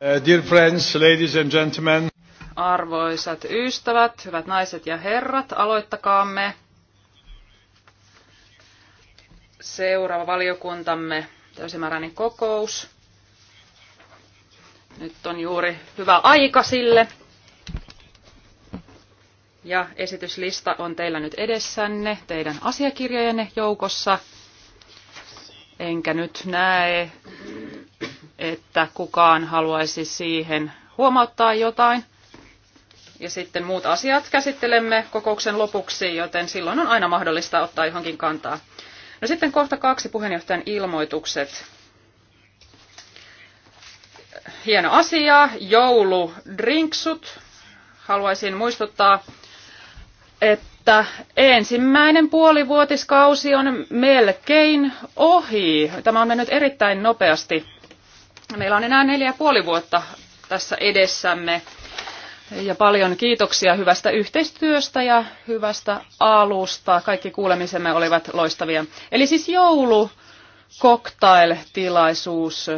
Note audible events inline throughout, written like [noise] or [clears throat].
Uh, dear friends, ladies and gentlemen. Arvoisat ystävät, hyvät naiset ja herrat, aloittakaamme seuraava valiokuntamme täysimääräinen kokous. Nyt on juuri hyvä aika sille. Ja esityslista on teillä nyt edessänne teidän asiakirjojenne joukossa. Enkä nyt näe että kukaan haluaisi siihen huomauttaa jotain. Ja sitten muut asiat käsittelemme kokouksen lopuksi, joten silloin on aina mahdollista ottaa johonkin kantaa. No sitten kohta kaksi puheenjohtajan ilmoitukset. Hieno asia, jouludrinksut. Haluaisin muistuttaa, että ensimmäinen puolivuotiskausi on melkein ohi. Tämä on mennyt erittäin nopeasti Meillä on enää neljä ja puoli vuotta tässä edessämme. Ja paljon kiitoksia hyvästä yhteistyöstä ja hyvästä alusta. Kaikki kuulemisemme olivat loistavia. Eli siis joulu cocktail-tilaisuus.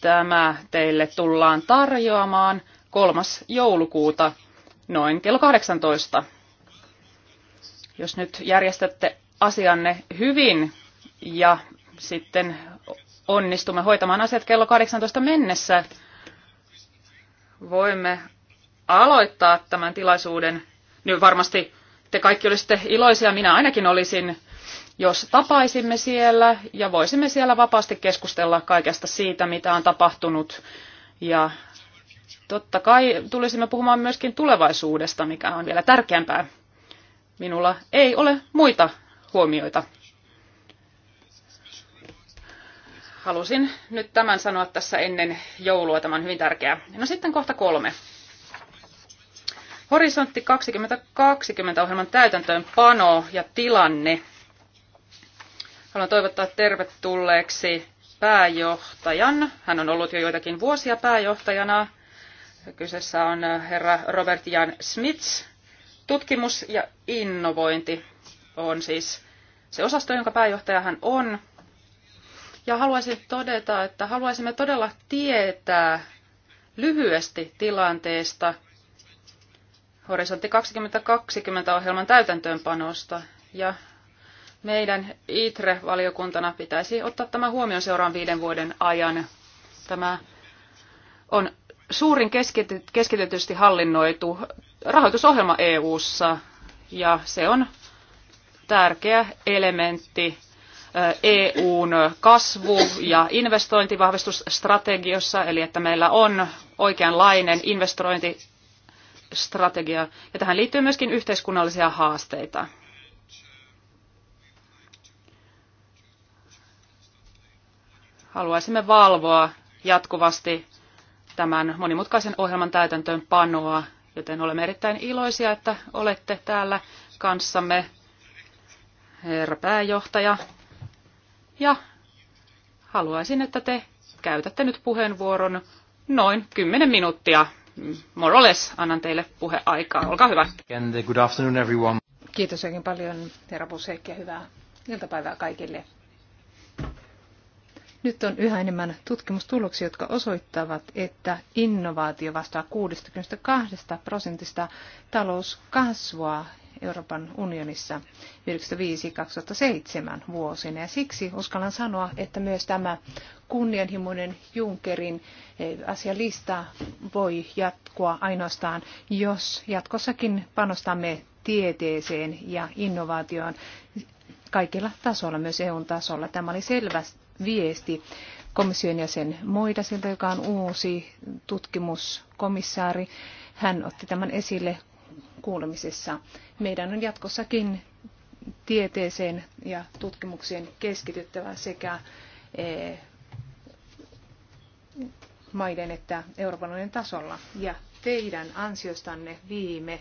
Tämä teille tullaan tarjoamaan kolmas joulukuuta noin kello 18. Jos nyt järjestätte asianne hyvin ja sitten onnistumme hoitamaan asiat kello 18 mennessä, voimme aloittaa tämän tilaisuuden. Nyt varmasti te kaikki olisitte iloisia, minä ainakin olisin, jos tapaisimme siellä ja voisimme siellä vapaasti keskustella kaikesta siitä, mitä on tapahtunut. Ja totta kai tulisimme puhumaan myöskin tulevaisuudesta, mikä on vielä tärkeämpää. Minulla ei ole muita huomioita. halusin nyt tämän sanoa tässä ennen joulua, tämä on hyvin tärkeää. No sitten kohta kolme. Horisontti 2020 ohjelman pano ja tilanne. Haluan toivottaa tervetulleeksi pääjohtajan. Hän on ollut jo joitakin vuosia pääjohtajana. Kyseessä on äh, herra Robert Jan Smits. Tutkimus ja innovointi on siis se osasto, jonka pääjohtaja hän on. Ja haluaisin todeta, että haluaisimme todella tietää lyhyesti tilanteesta Horisontti 2020-ohjelman täytäntöönpanosta. Ja meidän ITRE-valiokuntana pitäisi ottaa tämä huomioon seuraan viiden vuoden ajan. Tämä on suurin keskitetysti hallinnoitu rahoitusohjelma EU:ssa ja se on tärkeä elementti EUn kasvu- ja investointivahvistusstrategiossa, eli että meillä on oikeanlainen investointistrategia, ja tähän liittyy myöskin yhteiskunnallisia haasteita. Haluaisimme valvoa jatkuvasti tämän monimutkaisen ohjelman täytäntöönpanoa, joten olemme erittäin iloisia, että olette täällä kanssamme, herra pääjohtaja, ja haluaisin, että te käytätte nyt puheenvuoron noin 10 minuuttia. More or less annan teille puheaikaa. Olkaa hyvä. And uh, good afternoon everyone. Kiitos oikein paljon, herra Busseikki, ja hyvää iltapäivää kaikille. Nyt on yhä enemmän tutkimustuloksia, jotka osoittavat, että innovaatio vastaa 62 prosentista talouskasvua Euroopan unionissa 1995-2007 vuosina. Ja siksi uskallan sanoa, että myös tämä kunnianhimoinen Junckerin eh, asialista voi jatkua ainoastaan, jos jatkossakin panostamme tieteeseen ja innovaatioon kaikilla tasoilla, myös EUn tasolla. Tämä oli selvä viesti komission jäsen Moidasilta, joka on uusi tutkimuskomissaari. Hän otti tämän esille kuulemisissa. Meidän on jatkossakin tieteeseen ja tutkimukseen keskityttävä sekä e, maiden että Euroopan unionin tasolla. Ja teidän ansiostanne viime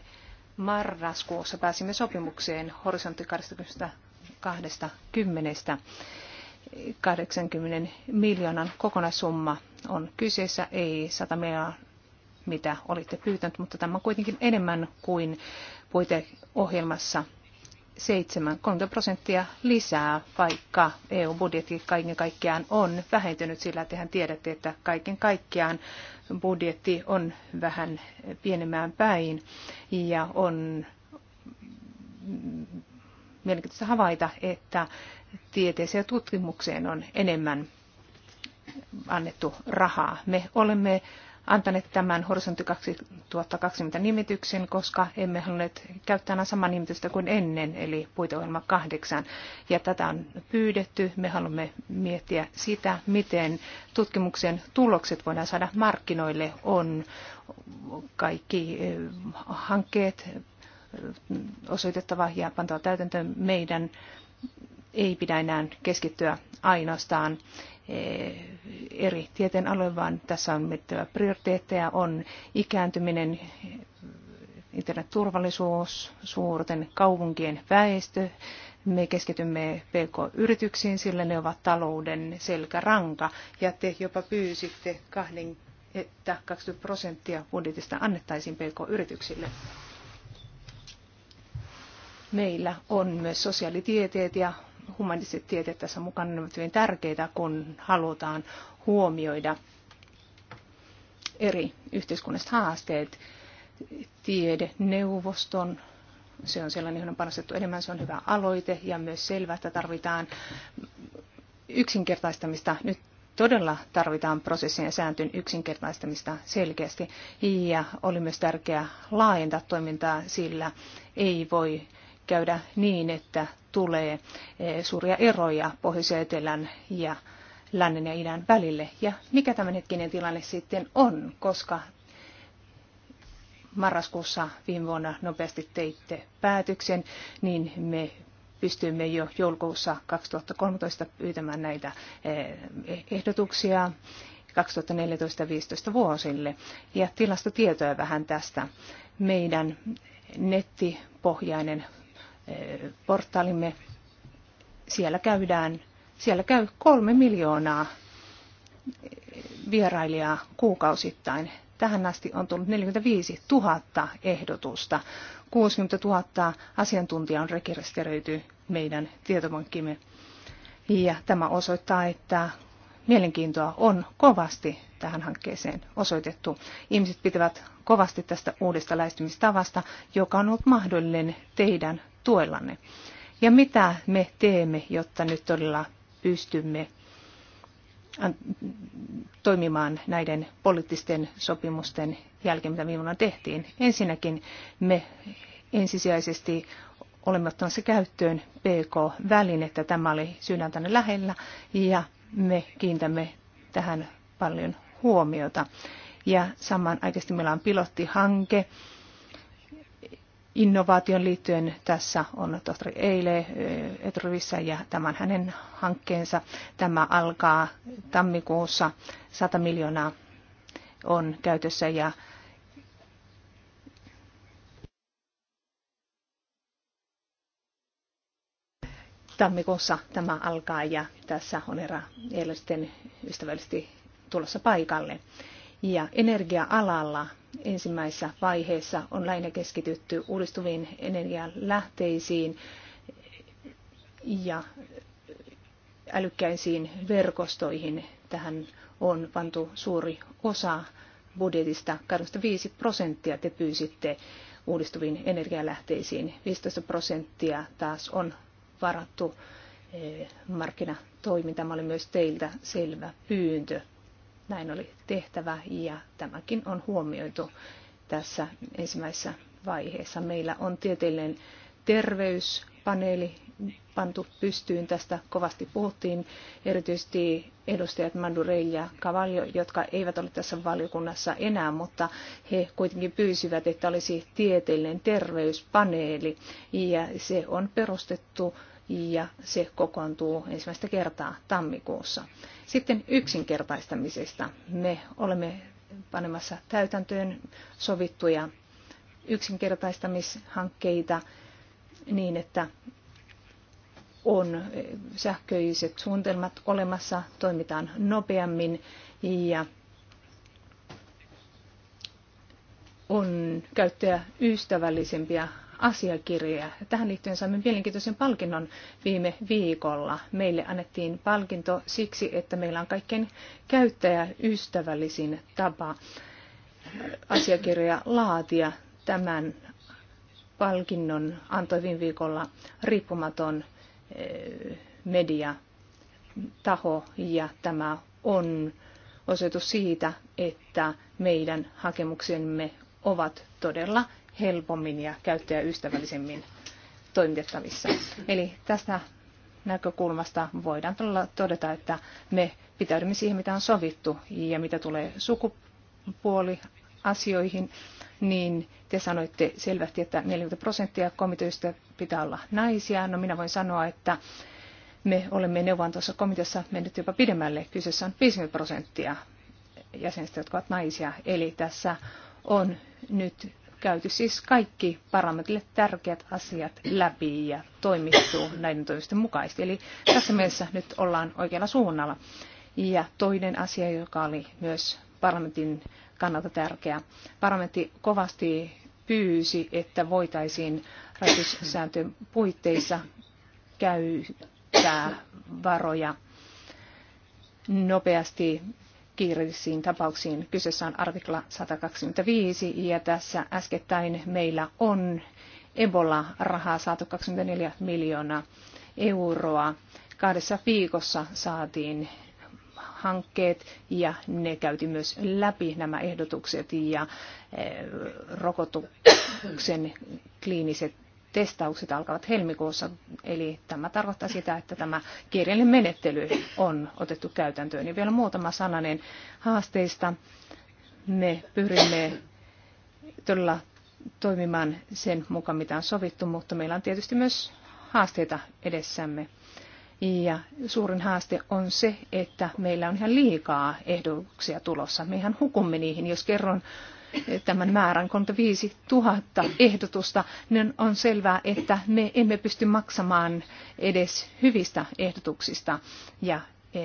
marraskuussa pääsimme sopimukseen horisontti 2020. 80 miljoonan kokonaissumma on kyseessä, ei 100 miljoonaa mitä olitte pyytänyt, mutta tämä on kuitenkin enemmän kuin puiteohjelmassa 7, 30 prosenttia lisää, vaikka EU-budjetti kaiken kaikkiaan on vähentynyt, sillä hän tiedätte, että kaiken kaikkiaan budjetti on vähän pienemään päin ja on mielenkiintoista havaita, että tieteeseen ja tutkimukseen on enemmän annettu rahaa. Me olemme antaneet tämän Horisontti 2020 nimityksen, koska emme halunneet käyttää aina samaa nimitystä kuin ennen, eli puiteohjelma kahdeksan. Ja tätä on pyydetty. Me haluamme miettiä sitä, miten tutkimuksen tulokset voidaan saada markkinoille. On kaikki eh, hankkeet eh, osoitettava ja pantava täytäntöön meidän ei pidä enää keskittyä ainoastaan Eh, eri tieteen aloja, vaan tässä on mittava prioriteetteja, on ikääntyminen, internetturvallisuus, suurten kaupunkien väestö, me keskitymme PK-yrityksiin, sillä ne ovat talouden selkäranka. Ja te jopa pyysitte, kahden, että 20 prosenttia budjetista annettaisiin PK-yrityksille. Meillä on myös sosiaalitieteet ja humanistiset tieteet tässä mukana ovat hyvin tärkeitä, kun halutaan huomioida eri yhteiskunnalliset haasteet. Tiedeneuvoston, se on sellainen, johon on panostettu enemmän, se on hyvä aloite ja myös selvää, että tarvitaan yksinkertaistamista. Nyt todella tarvitaan prosessien ja sääntön yksinkertaistamista selkeästi. Ja oli myös tärkeää laajentaa toimintaa, sillä ei voi käydä niin, että tulee eh, suuria eroja pohjois- ja etelän ja lännen ja idän välille. Ja mikä tämänhetkinen tilanne sitten on, koska marraskuussa viime vuonna nopeasti teitte päätöksen, niin me pystyimme jo joulukuussa 2013 pyytämään näitä eh, ehdotuksia 2014-2015 vuosille. Ja tilastotietoja vähän tästä. Meidän nettipohjainen portaalimme. Siellä käydään, siellä käy kolme miljoonaa eh, vierailijaa kuukausittain. Tähän asti on tullut 45 000 ehdotusta. 60 000 asiantuntijaa on rekisteröity meidän tietopankkimme. Ja tämä osoittaa, että mielenkiintoa on kovasti tähän hankkeeseen osoitettu. Ihmiset pitävät kovasti tästä uudesta lähestymistavasta, joka on ollut mahdollinen teidän tuellanne. Ja mitä me teemme, jotta nyt todella pystymme toimimaan näiden poliittisten sopimusten jälkeen, mitä viime tehtiin. Ensinnäkin me ensisijaisesti olemme ottamassa käyttöön pk että Tämä oli sydäntäni lähellä ja me kiintämme tähän paljon huomiota. Ja samanaikaisesti meillä on pilottihanke, innovaation liittyen. Tässä on tohtori Eile eh, Etruvissa ja tämän hänen hankkeensa. Tämä alkaa tammikuussa. 100 miljoonaa on käytössä ja tammikuussa tämä alkaa ja tässä on erä eilen ystävällisesti tulossa paikalle. Ja energia-alalla ensimmäisessä vaiheessa on lähinnä keskitytty uudistuviin energialähteisiin ja älykkäisiin verkostoihin. Tähän on pantu suuri osa budjetista, 25 prosenttia te pyysitte uudistuviin energialähteisiin, 15 prosenttia taas on varattu eh, markkinatoiminta. Mä oli myös teiltä selvä pyyntö näin oli tehtävä ja tämäkin on huomioitu tässä ensimmäisessä vaiheessa. Meillä on tieteellinen terveyspaneeli pantu pystyyn. Tästä kovasti puhuttiin erityisesti edustajat Mandurei ja Cavallio, jotka eivät ole tässä valiokunnassa enää, mutta he kuitenkin pyysivät, että olisi tieteellinen terveyspaneeli ja se on perustettu ja se kokoontuu ensimmäistä kertaa tammikuussa. Sitten yksinkertaistamisesta. Me olemme panemassa täytäntöön sovittuja yksinkertaistamishankkeita niin, että on sähköiset suunnitelmat olemassa, toimitaan nopeammin ja on käyttäjäystävällisempiä asiakirjoja. Tähän liittyen saimme mielenkiintoisen palkinnon viime viikolla. Meille annettiin palkinto siksi, että meillä on kaikkein käyttäjäystävällisin tapa asiakirjoja laatia. Tämän palkinnon antoi viime viikolla riippumaton eh, mediataho ja tämä on osoitus siitä, että meidän hakemuksemme ovat todella helpommin ja käyttäjäystävällisemmin toimitettavissa. Eli tästä näkökulmasta voidaan todeta, että me pitäydymme siihen, mitä on sovittu ja mitä tulee sukupuoliasioihin, niin te sanoitte selvästi, että 40 prosenttia komiteoista pitää olla naisia. No minä voin sanoa, että me olemme neuvontossa komiteassa mennyt jopa pidemmälle. Kyseessä on 50 prosenttia jäsenistä, jotka ovat naisia. Eli tässä on nyt käyty siis kaikki parlamentille tärkeät asiat läpi ja toimittu näiden toimisten mukaisesti. Eli tässä mielessä nyt ollaan oikealla suunnalla. Ja toinen asia, joka oli myös parlamentin kannalta tärkeä. Parlamentti kovasti pyysi, että voitaisiin rajoitussääntöjen puitteissa käyttää varoja nopeasti kiireellisiin tapauksiin. Kyseessä on artikla 125 ja tässä äskettäin meillä on Ebola-rahaa saatu 24 miljoonaa euroa. Kahdessa viikossa saatiin hankkeet ja ne käytiin myös läpi nämä ehdotukset ja eh, rokotuksen kliiniset testaukset alkavat helmikuussa, eli tämä tarkoittaa sitä, että tämä kirjallinen menettely on otettu käytäntöön. Ja vielä muutama sananen niin haasteista. Me pyrimme todella toimimaan sen mukaan, mitä on sovittu, mutta meillä on tietysti myös haasteita edessämme. Ja suurin haaste on se, että meillä on ihan liikaa ehdotuksia tulossa. ihan hukumme niihin. Jos kerron tämän määrän 35 000 ehdotusta, niin on selvää, että me emme pysty maksamaan edes hyvistä ehdotuksista ja e,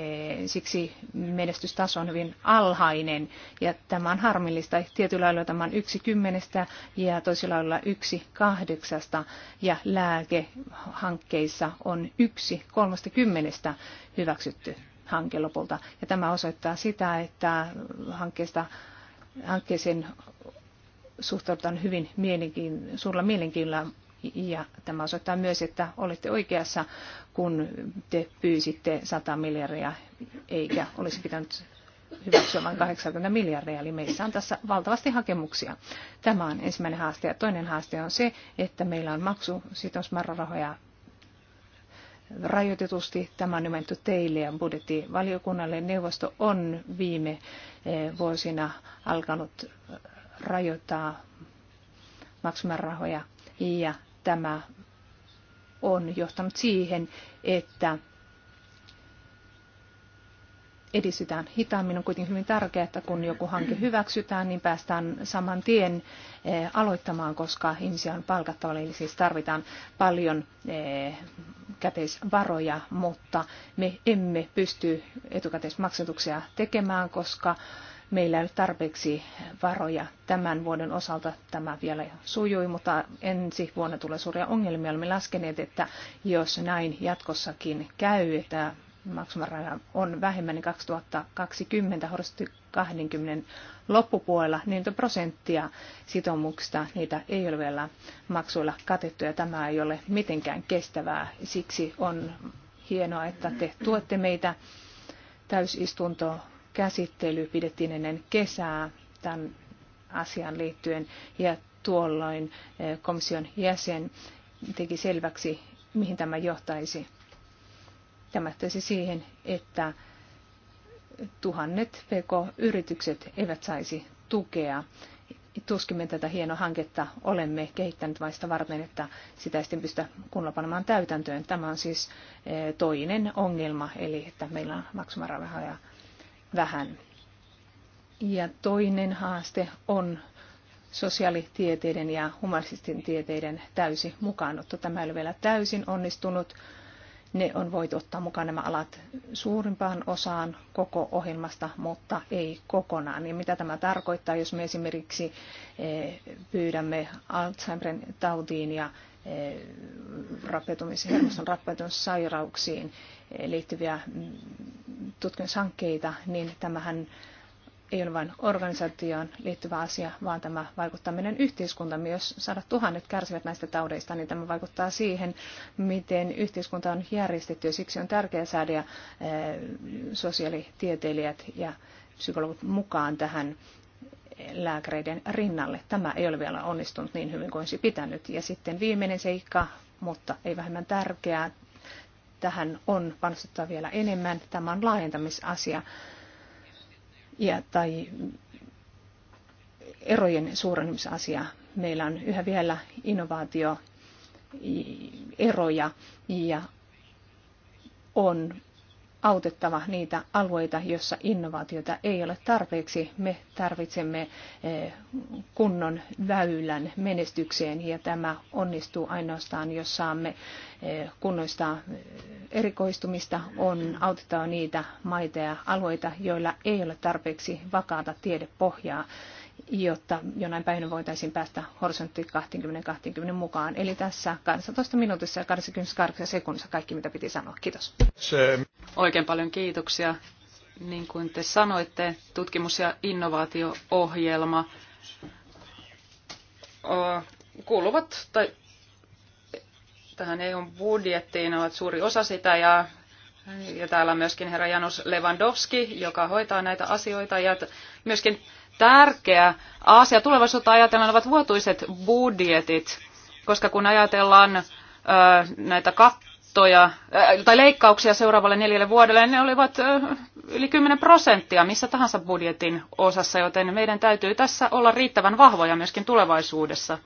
siksi menestystaso on hyvin alhainen ja tämä on harmillista. Tietyllä lailla tämä on yksi kymmenestä ja toisella lailla yksi kahdeksasta ja lääkehankkeissa on yksi kolmesta kymmenestä hyväksytty hanke lopulta. Ja tämä osoittaa sitä, että hankkeesta hankkeeseen suhtaudutaan hyvin mielenkiin, suurella mielenkiinnolla ja tämä osoittaa myös, että olitte oikeassa, kun te pyysitte 100 miljardia, eikä olisi pitänyt hyväksyä vain 80 miljardia, eli meissä on tässä valtavasti hakemuksia. Tämä on ensimmäinen haaste. Ja toinen haaste on se, että meillä on maksusitosmäärärahoja rajoitetusti. Tämä on nimetty teille ja budjettivaliokunnalle. Neuvosto on viime eh, vuosina alkanut eh, rajoittaa maksumäärärahoja ja tämä on johtanut siihen, että edistytään hitaammin. On kuitenkin hyvin tärkeää, että kun joku hanke hyväksytään, niin päästään saman tien eh, aloittamaan, koska ihmisiä on palkattava, eli siis tarvitaan paljon eh, käteisvaroja, mutta me emme pysty etukäteismaksatuksia tekemään, koska meillä ei ole tarpeeksi varoja tämän vuoden osalta. Tämä vielä sujui, mutta ensi vuonna tulee suuria ongelmia. Olemme laskeneet, että jos näin jatkossakin käy, että maksumäärä on vähemmän niin 2020 horisontti 20 loppupuolella 40 prosenttia sitoumuksista, niitä ei ole vielä maksuilla katettu ja tämä ei ole mitenkään kestävää. Siksi on hienoa, että te tuette meitä. Täysistunto käsittely pidettiin ennen kesää tämän asian liittyen ja tuolloin eh, komission jäsen teki selväksi, mihin tämä johtaisi Tämä siihen, että tuhannet PK-yritykset eivät saisi tukea. Tuskin me tätä hienoa hanketta olemme kehittäneet vain sitä varten, että sitä sitten pystytä kunnolla panemaan täytäntöön. Tämä on siis eh, toinen ongelma, eli että meillä on maksumarahoja vähän. Ja toinen haaste on sosiaalitieteiden ja humanististen tieteiden täysi mukaanotto. Tämä ei ole vielä täysin onnistunut, ne on voitu ottaa mukaan nämä alat suurimpaan osaan koko ohjelmasta, mutta ei kokonaan. Ja niin mitä tämä tarkoittaa, jos me esimerkiksi eh, pyydämme Alzheimerin tautiin ja eh, rappeutumisen, hermoston rappeutumissairauksiin eh, liittyviä mm, tutkimushankkeita, niin tämähän ei ole vain organisaatioon liittyvä asia, vaan tämä vaikuttaa meidän yhteiskuntamme. Jos sadat tuhannet kärsivät näistä taudeista, niin tämä vaikuttaa siihen, miten yhteiskunta on järjestetty. Ja siksi on tärkeää saada eh, sosiaalitieteilijät ja psykologit mukaan tähän eh, lääkäreiden rinnalle. Tämä ei ole vielä onnistunut niin hyvin kuin olisi pitänyt. Ja sitten viimeinen seikka, mutta ei vähemmän tärkeää, tähän on panostettava vielä enemmän. Tämä on laajentamisasia ja, tai erojen suurenemisasia. Meillä on yhä vielä innovaatioeroja ja on autettava niitä alueita, joissa innovaatiota ei ole tarpeeksi. Me tarvitsemme eh, kunnon väylän menestykseen ja tämä onnistuu ainoastaan, jos saamme eh, kunnoista eh, erikoistumista. On autettava niitä maita ja alueita, joilla ei ole tarpeeksi vakaata tiedepohjaa jotta jonain päivänä voitaisiin päästä horisontti 20-20 mukaan. Eli tässä 12 minuutissa ja 28 sekunnissa kaikki, mitä piti sanoa. Kiitos. Oikein paljon kiitoksia. Niin kuin te sanoitte, tutkimus- ja innovaatio-ohjelma kuuluvat tai tähän eu budjettiin ovat suuri osa sitä ja, ja täällä on myöskin herra Janus Lewandowski, joka hoitaa näitä asioita ja myöskin tärkeä asia tulevaisuutta ajatellen ovat vuotuiset budjetit, koska kun ajatellaan näitä kattoja tai leikkauksia seuraavalle neljälle vuodelle, ne olivat yli 10 prosenttia missä tahansa budjetin osassa, joten meidän täytyy tässä olla riittävän vahvoja myöskin tulevaisuudessa.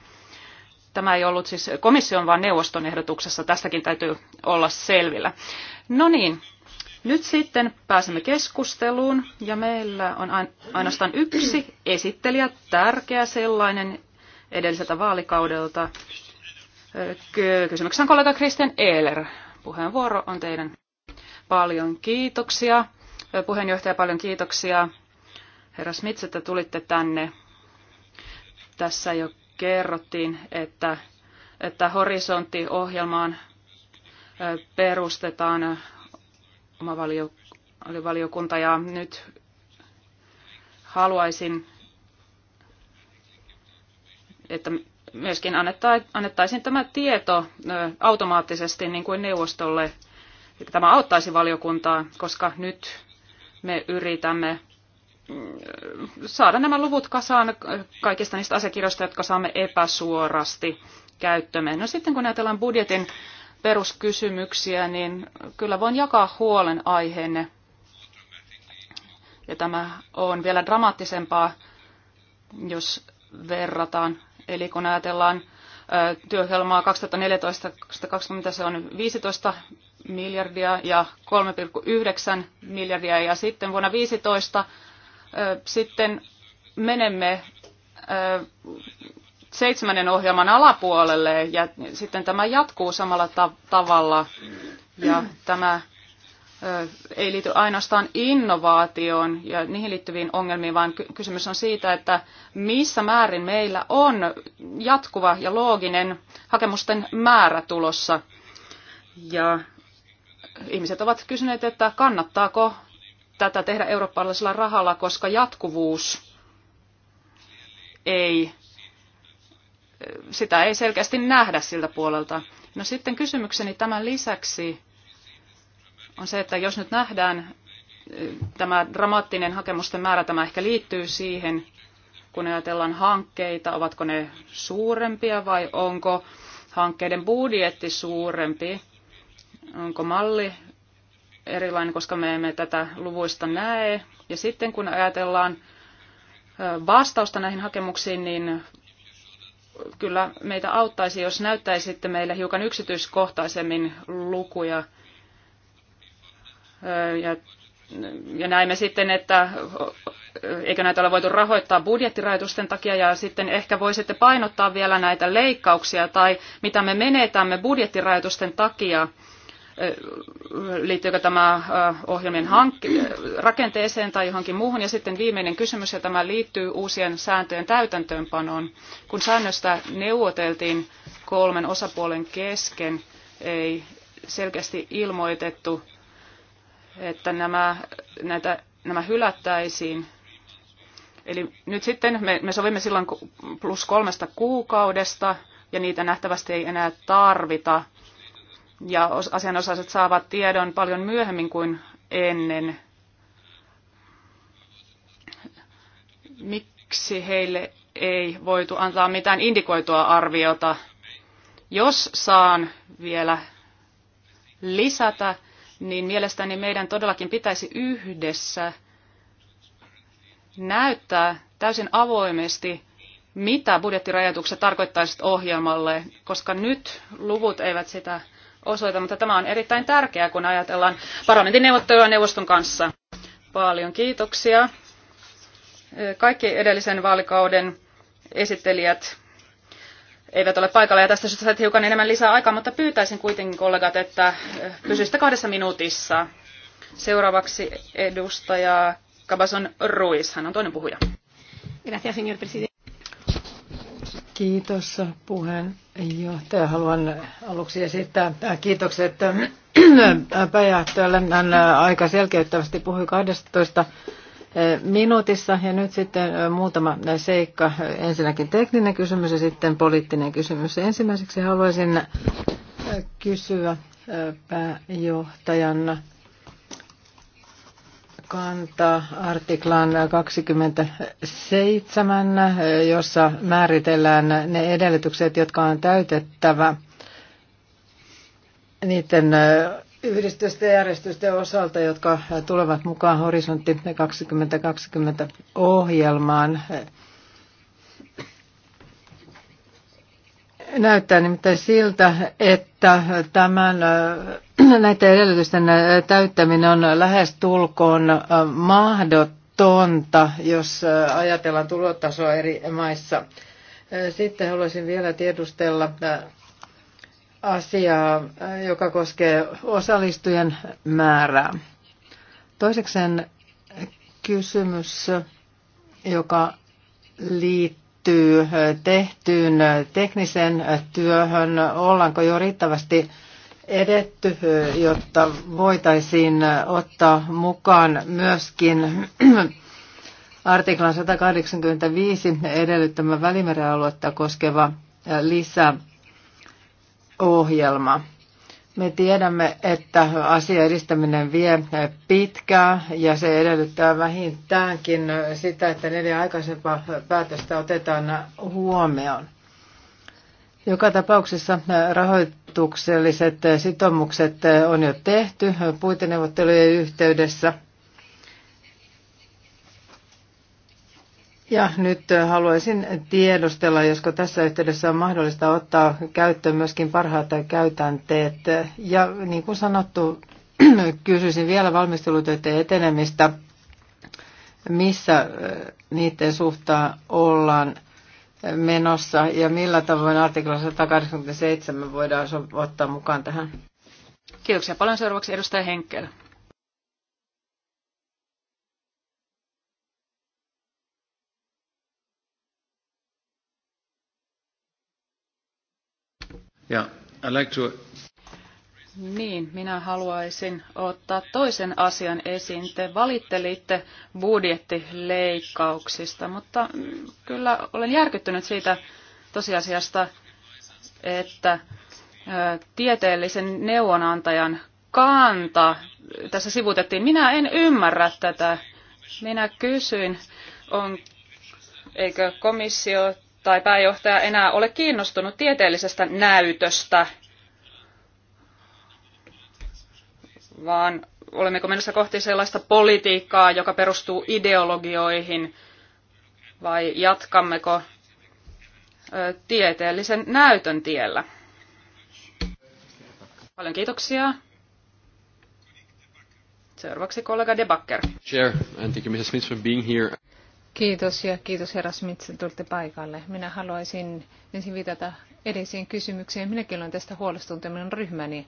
Tämä ei ollut siis komission, vaan neuvoston ehdotuksessa. Tästäkin täytyy olla selvillä. No niin, nyt sitten pääsemme keskusteluun ja meillä on ainoastaan yksi esittelijä, tärkeä sellainen edelliseltä vaalikaudelta. Kysymyksessä on kollega Kristian Ehler. Puheenvuoro on teidän. Paljon kiitoksia. Puheenjohtaja, paljon kiitoksia. Herra Smits, että tulitte tänne. Tässä jo kerrottiin, että, että horisonttiohjelmaan perustetaan oma valio, valiokunta ja nyt haluaisin, että myöskin annettaisiin tämä tieto automaattisesti niin kuin neuvostolle, että tämä auttaisi valiokuntaa, koska nyt me yritämme mm, saada nämä luvut kasaan kaikista niistä asiakirjoista, jotka saamme epäsuorasti käyttöömme. No sitten kun ajatellaan budjetin peruskysymyksiä, niin kyllä voin jakaa huolen aiheenne. Ja tämä on vielä dramaattisempaa, jos verrataan. Eli kun ajatellaan työohjelmaa 2014-2020, se on 15 miljardia ja 3,9 miljardia. Ja sitten vuonna 2015 sitten menemme seitsemännen ohjelman alapuolelle ja sitten tämä jatkuu samalla ta- tavalla ja tämä ö, ei liity ainoastaan innovaatioon ja niihin liittyviin ongelmiin, vaan ky- kysymys on siitä, että missä määrin meillä on jatkuva ja looginen hakemusten määrä tulossa. Ja ihmiset ovat kysyneet, että kannattaako tätä tehdä eurooppalaisella rahalla, koska jatkuvuus ei sitä ei selkeästi nähdä siltä puolelta. No sitten kysymykseni tämän lisäksi on se, että jos nyt nähdään tämä dramaattinen hakemusten määrä, tämä ehkä liittyy siihen, kun ajatellaan hankkeita, ovatko ne suurempia vai onko hankkeiden budjetti suurempi, onko malli erilainen, koska me emme tätä luvuista näe. Ja sitten kun ajatellaan vastausta näihin hakemuksiin, niin kyllä meitä auttaisi, jos näyttäisitte meille hiukan yksityiskohtaisemmin lukuja. Ja, ja näemme sitten, että eikö näitä ole voitu rahoittaa budjettirajoitusten takia, ja sitten ehkä voisitte painottaa vielä näitä leikkauksia tai mitä me menetämme budjettirajoitusten takia liittyykö tämä ohjelmien rakenteeseen tai johonkin muuhun. Ja sitten viimeinen kysymys, ja tämä liittyy uusien sääntöjen täytäntöönpanoon. Kun säännöstä neuvoteltiin kolmen osapuolen kesken, ei selkeästi ilmoitettu, että nämä, näitä, nämä hylättäisiin. Eli nyt sitten me, me sovimme silloin plus kolmesta kuukaudesta, ja niitä nähtävästi ei enää tarvita ja asianosaiset saavat tiedon paljon myöhemmin kuin ennen. Miksi heille ei voitu antaa mitään indikoitua arviota? Jos saan vielä lisätä, niin mielestäni meidän todellakin pitäisi yhdessä näyttää täysin avoimesti, mitä budjettirajoitukset tarkoittaisivat ohjelmalle, koska nyt luvut eivät sitä osoita, mutta tämä on erittäin tärkeää, kun ajatellaan parlamentin neuvotteluja neuvoston kanssa. Paljon kiitoksia. Kaikki edellisen vaalikauden esittelijät eivät ole paikalla ja tästä syystä sait hiukan enemmän lisää aikaa, mutta pyytäisin kuitenkin kollegat, että eh, pysyisitte kahdessa minuutissa. Seuraavaksi edustaja Cabazon Ruiz, hän on toinen puhuja. Gracias, señor presidente. Kiitos puheenjohtaja. Haluan aluksi esittää kiitokset äh, pääjohtajalle. Hän äh, aika selkeyttävästi puhui 12 äh, minuutissa ja nyt sitten muutama seikka. Ensinnäkin tekninen kysymys ja sitten poliittinen kysymys. Ensimmäiseksi haluaisin kysyä pääjohtajan kantaa artiklan 27, jossa määritellään ne edellytykset, jotka on täytettävä niiden yhdistysten ja järjestysten osalta, jotka tulevat mukaan horisontti 2020 ohjelmaan. Näyttää nimittäin siltä, että tämän, äh, [clears throat] näiden edellytysten äh, täyttäminen on lähes tulkoon äh, mahdotonta, jos ajatellaan tulotasoa eri maissa. Sitten haluaisin vielä tiedustella asiaa, joka koskee osallistujien määrää. Toisekseen kysymys, joka liittyy liittyy äh, tehtyyn äh, tekniseen äh, työhön? Ollaanko jo riittävästi edetty, jotta voitaisiin ottaa mukaan myöskin [clears throat] artiklan 185 edellyttämä välimerealuetta koskeva lisäohjelma? Me tiedämme, että asia edistäminen vie pitkään ja se edellyttää vähintäänkin sitä, että neljä aikaisempaa päätöstä otetaan huomioon. Joka tapauksessa rahoitukselliset sitoumukset on jo tehty puiteneuvottelujen yhteydessä – Ja nyt äh, haluaisin tiedustella, josko tässä yhteydessä on mahdollista ottaa käyttöön myöskin parhaat käytänteet. Ja niin kuin sanottu, [clears throat] kysyisin vielä valmistelutöiden etenemistä, missä äh, niiden suhtaan ollaan äh, menossa ja millä tavoin artikla 187 voidaan ottaa mukaan tähän. Kiitoksia paljon seuraavaksi edustaja Henkel. Yeah, like to... Niin, minä haluaisin ottaa toisen asian esiin. Te valittelitte budjettileikkauksista, mutta mm, kyllä olen järkyttynyt siitä tosiasiasta, että tieteellisen neuvonantajan kanta tässä sivutettiin. Minä en ymmärrä tätä. Minä kysyin, on, eikö komissio tai pääjohtaja enää ole kiinnostunut tieteellisestä näytöstä, vaan olemmeko menossa kohti sellaista politiikkaa, joka perustuu ideologioihin, vai jatkammeko tieteellisen näytön tiellä. Paljon kiitoksia. Seuraavaksi kollega Debakker. Chair, and thank you Mrs. Smith for being here. Kiitos ja kiitos herra Smith, että tulitte paikalle. Minä haluaisin ensin viitata edellisiin kysymykseen. Minäkin olen tästä huolestunut minun ryhmäni,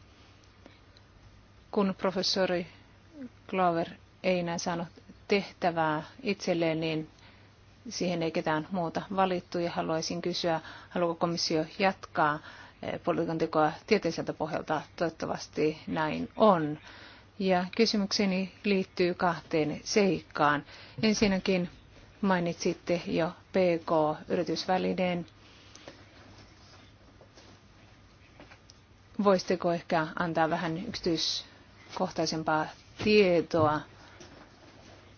kun professori Glover ei enää saanut tehtävää itselleen, niin siihen ei ketään muuta valittu ja haluaisin kysyä, haluaako komissio jatkaa eh, politiikan tekoa tieteelliseltä pohjalta. Toivottavasti näin on. Ja kysymykseni liittyy kahteen seikkaan. Ensinnäkin Mainitsitte jo PK-yritysvälineen. Voisitteko ehkä antaa vähän yksityiskohtaisempaa tietoa,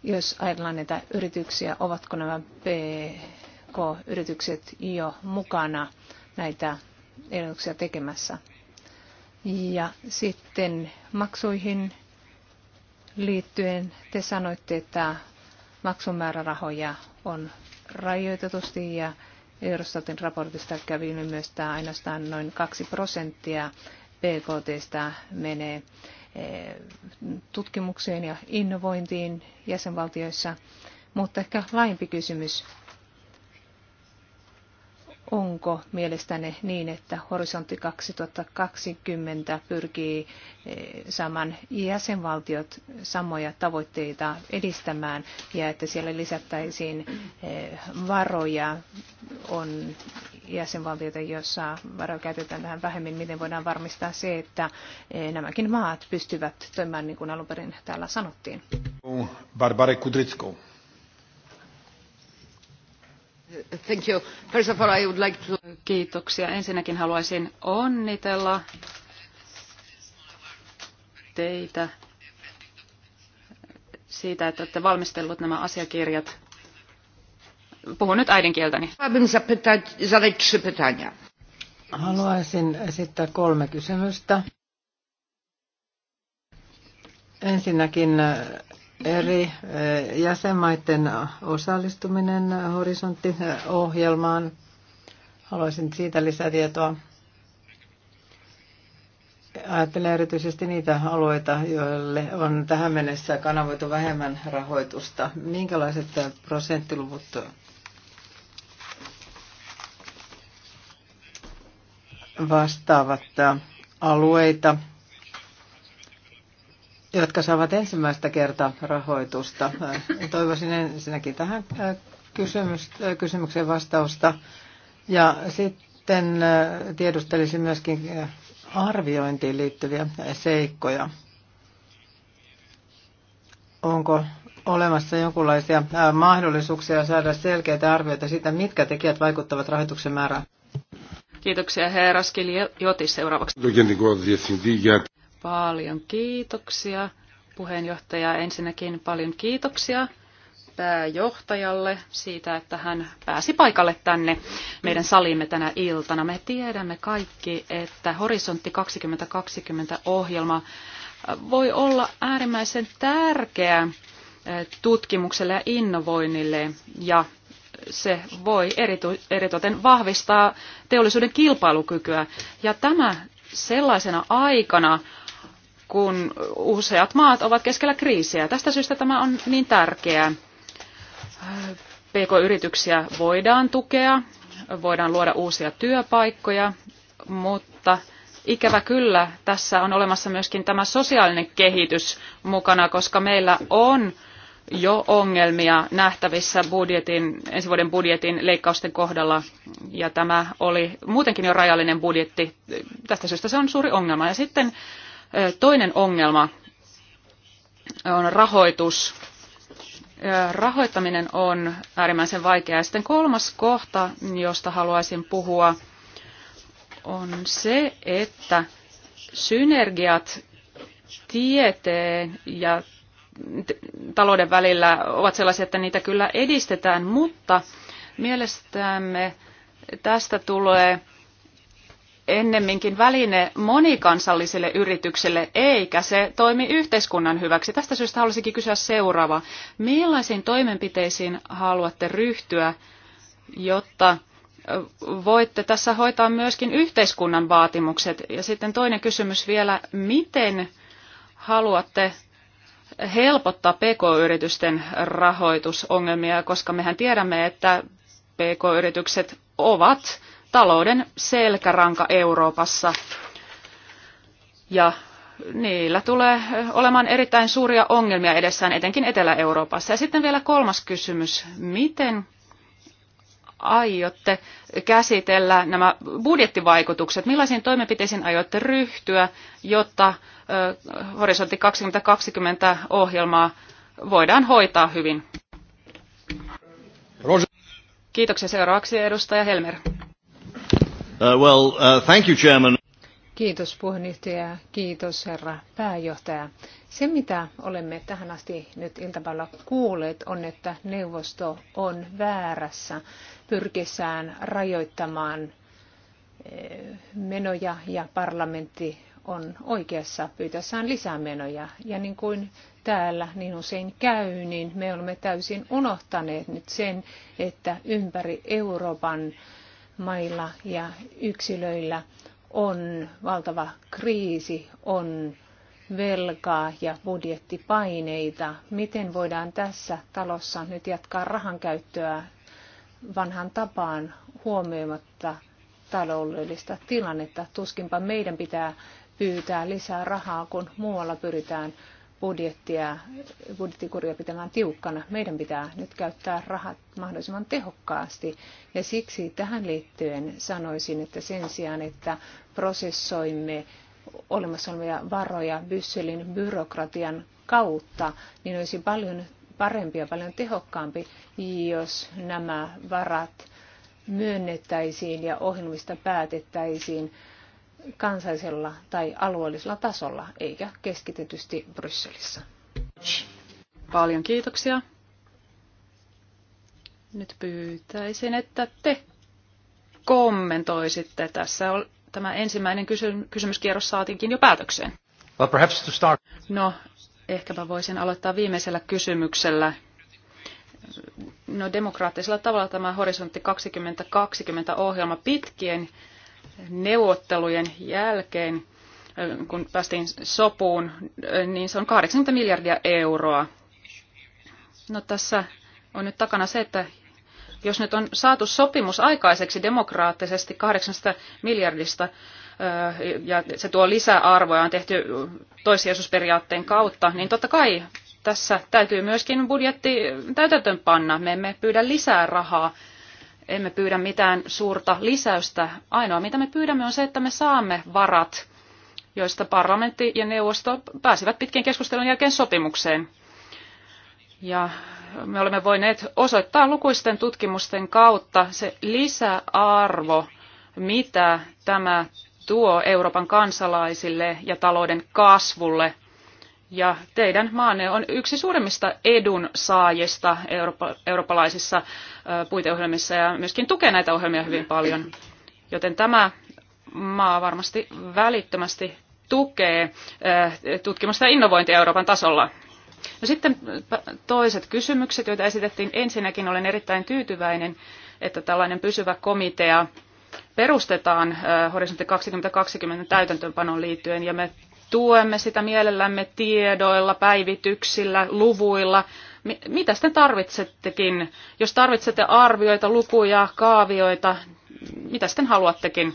jos ajatellaan näitä yrityksiä, ovatko nämä PK-yritykset jo mukana näitä ehdotuksia tekemässä? Ja sitten maksuihin liittyen te sanoitte, että maksumäärärahoja on rajoitetusti ja Eurostatin raportista kävi ilmi myös, että ainoastaan noin 2 prosenttia BKTstä menee eh, tutkimukseen ja innovointiin jäsenvaltioissa. Mutta ehkä laajempi kysymys onko mielestäne niin, että horisontti 2020 pyrkii eh, saman jäsenvaltiot samoja tavoitteita edistämään ja että siellä lisättäisiin eh, varoja on jäsenvaltioita, joissa varoja käytetään vähän vähemmän, miten voidaan varmistaa se, että eh, nämäkin maat pystyvät toimimaan niin kuin alun perin täällä sanottiin. Kiitoksia. Ensinnäkin haluaisin onnitella teitä siitä, että olette valmistellut nämä asiakirjat. Puhun nyt äidinkieltäni. Haluaisin esittää kolme kysymystä. Ensinnäkin eri eh, jäsenmaiden osallistuminen horisonttiohjelmaan. Haluaisin siitä lisätietoa. Ajattelen erityisesti niitä alueita, joille on tähän mennessä kanavoitu vähemmän rahoitusta. Minkälaiset prosenttiluvut vastaavat alueita? jotka saavat ensimmäistä kertaa rahoitusta. Äh, toivoisin ensinnäkin tähän äh, äh, kysymykseen vastausta. Ja sitten tiedustelisin myöskin arviointiin liittyviä seikkoja. Onko olemassa jonkinlaisia mahdollisuuksia saada selkeitä arvioita siitä, mitkä tekijät vaikuttavat rahoituksen määrään? Kiitoksia herra Skili Jotis seuraavaksi. Paljon kiitoksia puheenjohtaja. Ensinnäkin paljon kiitoksia pääjohtajalle siitä, että hän pääsi paikalle tänne meidän saliimme tänä iltana. Me tiedämme kaikki, että Horisontti 2020 ohjelma voi olla äärimmäisen tärkeä eh, tutkimukselle ja innovoinnille ja se voi eritoten vahvistaa teollisuuden kilpailukykyä. Ja tämä sellaisena aikana, kun useat maat ovat keskellä kriisiä. Tästä syystä tämä on niin tärkeää. PK-yrityksiä voidaan tukea, voidaan luoda uusia työpaikkoja, mutta ikävä kyllä tässä on olemassa myöskin tämä sosiaalinen kehitys mukana, koska meillä on jo ongelmia nähtävissä budjetin, ensi vuoden budjetin leikkausten kohdalla, ja tämä oli muutenkin jo rajallinen budjetti. Tästä syystä se on suuri ongelma. Ja sitten Toinen ongelma on rahoitus. Rahoittaminen on äärimmäisen vaikeaa. Sitten kolmas kohta, josta haluaisin puhua, on se, että synergiat tieteen ja talouden välillä ovat sellaisia, että niitä kyllä edistetään, mutta mielestämme tästä tulee ennemminkin väline monikansallisille yrityksille, eikä se toimi yhteiskunnan hyväksi. Tästä syystä haluaisinkin kysyä seuraava. Millaisiin toimenpiteisiin haluatte ryhtyä, jotta voitte tässä hoitaa myöskin yhteiskunnan vaatimukset? Ja sitten toinen kysymys vielä, miten haluatte helpottaa pk-yritysten rahoitusongelmia, koska mehän tiedämme, että pk-yritykset ovat talouden selkäranka Euroopassa. Ja niillä tulee olemaan erittäin suuria ongelmia edessään, etenkin Etelä-Euroopassa. Ja sitten vielä kolmas kysymys. Miten aiotte käsitellä nämä budjettivaikutukset? Millaisiin toimenpiteisiin aiotte ryhtyä, jotta Horisontti 2020 ohjelmaa voidaan hoitaa hyvin? Kiitoksia seuraavaksi edustaja Helmer. Uh, well, uh, thank you, Chairman. Kiitos puheenjohtaja, kiitos herra pääjohtaja. Se, mitä olemme tähän asti nyt iltapäivällä kuulleet, on, että neuvosto on väärässä pyrkissään rajoittamaan eh, menoja ja parlamentti on oikeassa pyytäessään lisää menoja. Ja niin kuin täällä niin usein käy, niin me olemme täysin unohtaneet nyt sen, että ympäri Euroopan mailla ja yksilöillä on valtava kriisi, on velkaa ja budjettipaineita. Miten voidaan tässä talossa nyt jatkaa rahan käyttöä vanhan tapaan huomioimatta taloudellista tilannetta? Tuskinpa meidän pitää pyytää lisää rahaa, kun muualla pyritään budjettia, budjettikuria pitämään tiukkana. Meidän pitää nyt käyttää rahat mahdollisimman tehokkaasti. Ja siksi tähän liittyen sanoisin, että sen sijaan, että prosessoimme olemassa olevia varoja Brysselin byrokratian kautta, niin olisi paljon parempi ja paljon tehokkaampi, jos nämä varat myönnettäisiin ja ohjelmista päätettäisiin kansallisella tai alueellisella tasolla, eikä keskitetysti Brysselissä. Paljon kiitoksia. Nyt pyytäisin, että te kommentoisitte. Tässä on, tämä ensimmäinen kysy- kysymyskierros saatiinkin jo päätökseen. Well, perhaps to start. No, ehkäpä voisin aloittaa viimeisellä kysymyksellä. No, demokraattisella tavalla tämä Horisontti 2020-ohjelma pitkien neuvottelujen jälkeen, äh, kun päästiin sopuun, äh, niin se on 80 miljardia euroa. No tässä on nyt takana se, että jos nyt on saatu sopimus aikaiseksi demokraattisesti 800 miljardista, äh, ja se tuo lisäarvoja on tehty toissijaisuusperiaatteen kautta, niin totta kai tässä täytyy myöskin budjetti täytäntöön panna. Me emme pyydä lisää rahaa emme pyydä mitään suurta lisäystä. Ainoa, mitä me pyydämme, on se, että me saamme varat, joista parlamentti ja neuvosto pääsivät pitkien keskustelun jälkeen sopimukseen. Ja me olemme voineet osoittaa lukuisten tutkimusten kautta se lisäarvo, mitä tämä tuo Euroopan kansalaisille ja talouden kasvulle. Ja teidän maanne on yksi suurimmista edun saajista eurooppa, eurooppalaisissa puiteohjelmissa ja myöskin tukee näitä ohjelmia hyvin paljon. Joten tämä maa varmasti välittömästi tukee tutkimusta ja innovointia Euroopan tasolla. No sitten toiset kysymykset, joita esitettiin. Ensinnäkin olen erittäin tyytyväinen, että tällainen pysyvä komitea perustetaan Horisontti 2020 täytäntöönpanoon liittyen ja me tuemme sitä mielellämme tiedoilla, päivityksillä, luvuilla. Mitä sitten tarvitsettekin? Jos tarvitsette arvioita, lukuja, kaavioita, mitä sitten haluattekin?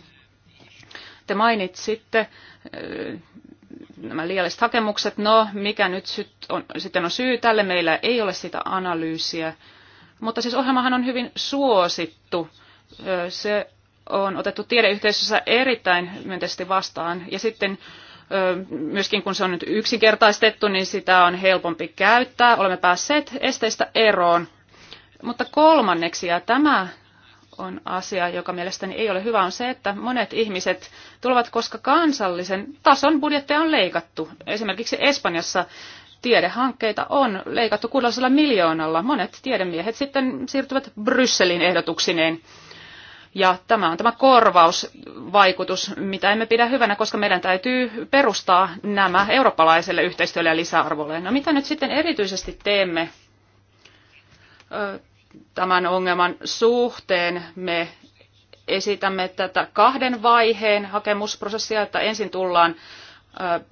Te mainitsitte äh, nämä liialliset hakemukset. No, mikä nyt on, sitten on syy tälle? Meillä ei ole sitä analyysiä. Mutta siis ohjelmahan on hyvin suosittu. Äh, se on otettu tiedeyhteisössä erittäin myönteisesti vastaan. Ja sitten myöskin kun se on nyt yksinkertaistettu, niin sitä on helpompi käyttää. Olemme päässeet esteistä eroon. Mutta kolmanneksi, ja tämä on asia, joka mielestäni ei ole hyvä, on se, että monet ihmiset tulevat, koska kansallisen tason budjetteja on leikattu. Esimerkiksi Espanjassa tiedehankkeita on leikattu 600 miljoonalla. Monet tiedemiehet sitten siirtyvät Brysselin ehdotuksineen. Ja tämä on tämä korvausvaikutus, mitä emme pidä hyvänä, koska meidän täytyy perustaa nämä eurooppalaiselle yhteistyölle ja lisäarvolle. No mitä nyt sitten erityisesti teemme tämän ongelman suhteen? Me esitämme tätä kahden vaiheen hakemusprosessia, että ensin tullaan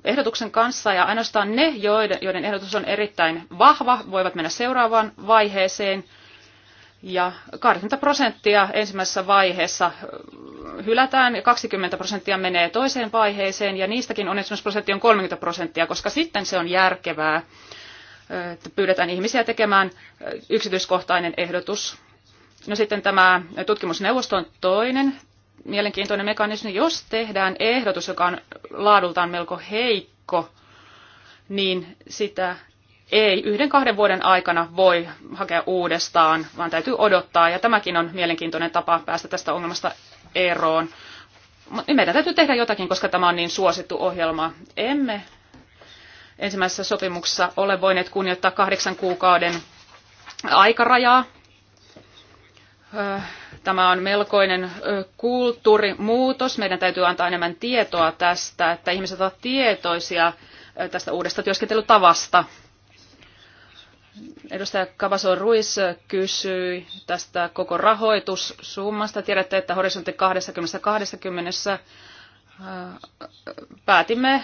ehdotuksen kanssa ja ainoastaan ne, joiden, ehdotus on erittäin vahva, voivat mennä seuraavaan vaiheeseen – ja 80 prosenttia ensimmäisessä vaiheessa hylätään ja 20 prosenttia menee toiseen vaiheeseen ja niistäkin prosentti on 30 prosenttia, koska sitten se on järkevää, että pyydetään ihmisiä tekemään yksityiskohtainen ehdotus. No sitten tämä tutkimusneuvosto on toinen mielenkiintoinen mekanismi. Jos tehdään ehdotus, joka on laadultaan melko heikko, niin sitä ei yhden kahden vuoden aikana voi hakea uudestaan, vaan täytyy odottaa. Ja tämäkin on mielenkiintoinen tapa päästä tästä ongelmasta eroon. Niin meidän täytyy tehdä jotakin, koska tämä on niin suosittu ohjelma. Emme ensimmäisessä sopimuksessa ole voineet kunnioittaa kahdeksan kuukauden aikarajaa. Tämä on melkoinen kulttuurimuutos. Meidän täytyy antaa enemmän tietoa tästä, että ihmiset ovat tietoisia tästä uudesta työskentelytavasta. Edustaja Kavason Ruiz kysyi tästä koko rahoitussummasta. Tiedätte, että horisontti 2020 äh, päätimme äh,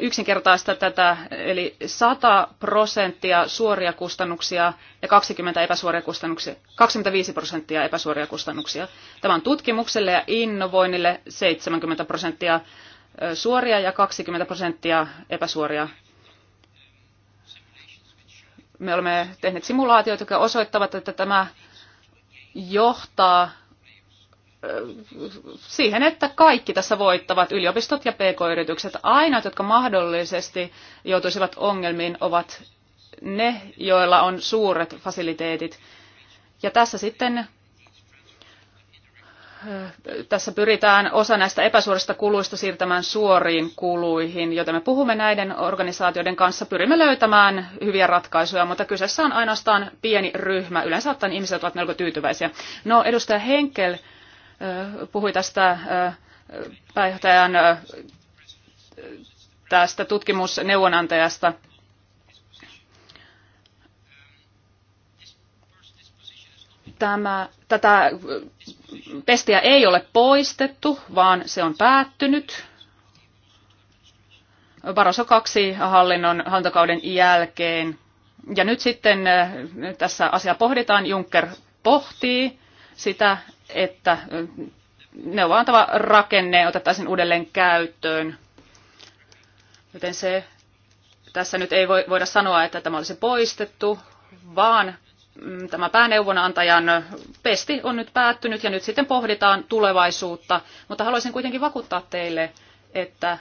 yksinkertaista tätä, eli 100 prosenttia suoria kustannuksia ja 20 epäsuoria kustannuksia, 25 prosenttia epäsuoria kustannuksia. Tämä on tutkimukselle ja innovoinnille 70 prosenttia äh, suoria ja 20 prosenttia epäsuoria me olemme tehneet simulaatioita, jotka osoittavat, että tämä johtaa äh, siihen, että kaikki tässä voittavat, yliopistot ja pk-yritykset, ainoat, jotka mahdollisesti joutuisivat ongelmiin, ovat ne, joilla on suuret fasiliteetit. Ja tässä sitten tässä pyritään osa näistä epäsuorista kuluista siirtämään suoriin kuluihin, joten me puhumme näiden organisaatioiden kanssa, pyrimme löytämään hyviä ratkaisuja, mutta kyseessä on ainoastaan pieni ryhmä. Yleensä ottaen ihmiset ovat melko tyytyväisiä. No, edustaja Henkel puhui tästä päihtäjän tästä tutkimusneuvonantajasta. Tämä, tätä pestiä ei ole poistettu, vaan se on päättynyt Barroso 2 hallinnon hallintokauden jälkeen. Ja nyt sitten äh, tässä asia pohditaan. Juncker pohtii sitä, että äh, neuvoantava rakenne otettaisiin uudelleen käyttöön. Joten se tässä nyt ei voida sanoa, että tämä olisi poistettu, vaan Mm, tämä pääneuvonantajan pesti on nyt päättynyt ja nyt sitten pohditaan tulevaisuutta, mutta haluaisin kuitenkin vakuuttaa teille, että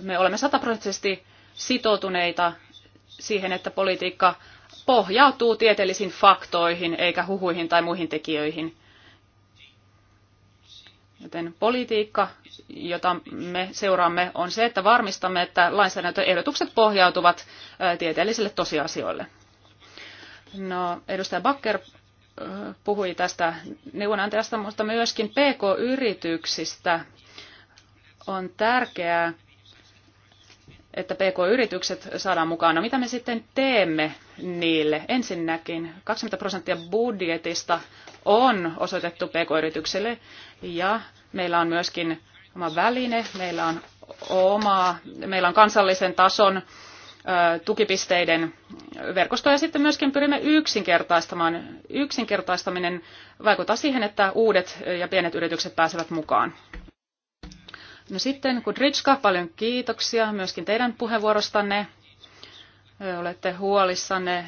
me olemme sataprosenttisesti sitoutuneita siihen, että politiikka pohjautuu tieteellisiin faktoihin eikä huhuihin tai muihin tekijöihin. Joten politiikka, jota me seuraamme, on se, että varmistamme, että lainsäädäntöehdotukset pohjautuvat tieteellisille tosiasioille. No, edustaja Bakker äh, puhui tästä neuvonantajasta, mutta myöskin PK-yrityksistä on tärkeää, että PK-yritykset saadaan mukaan. No, mitä me sitten teemme niille? Ensinnäkin 20 prosenttia budjetista on osoitettu PK-yrityksille ja meillä on myöskin oma väline, meillä on oma, meillä on kansallisen tason tukipisteiden verkostoa ja sitten myöskin pyrimme yksinkertaistamaan. Yksinkertaistaminen vaikuttaa siihen, että uudet ja pienet yritykset pääsevät mukaan. No sitten Kudritska, paljon kiitoksia myöskin teidän puheenvuorostanne. Olette huolissanne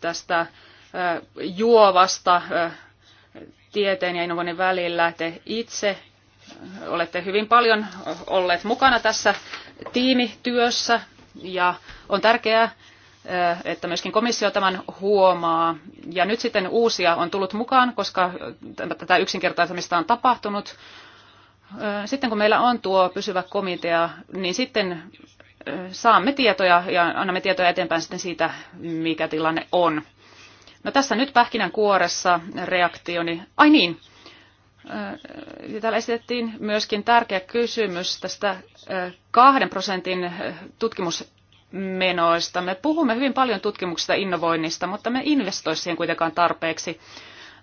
tästä juovasta tieteen ja innovoinnin välillä. Te itse olette hyvin paljon olleet mukana tässä tiimityössä ja on tärkeää, eh, että myöskin komissio tämän huomaa. Ja nyt sitten uusia on tullut mukaan, koska tätä yksinkertaistamista on tapahtunut. Eh, sitten kun meillä on tuo pysyvä komitea, niin sitten eh, saamme tietoja ja annamme tietoja eteenpäin sitten siitä, mikä tilanne on. No tässä nyt pähkinän kuoressa reaktioni. Ai niin, Täällä esitettiin myöskin tärkeä kysymys tästä kahden prosentin tutkimusmenoista. Me puhumme hyvin paljon tutkimuksesta innovoinnista, mutta me investoisi siihen kuitenkaan tarpeeksi.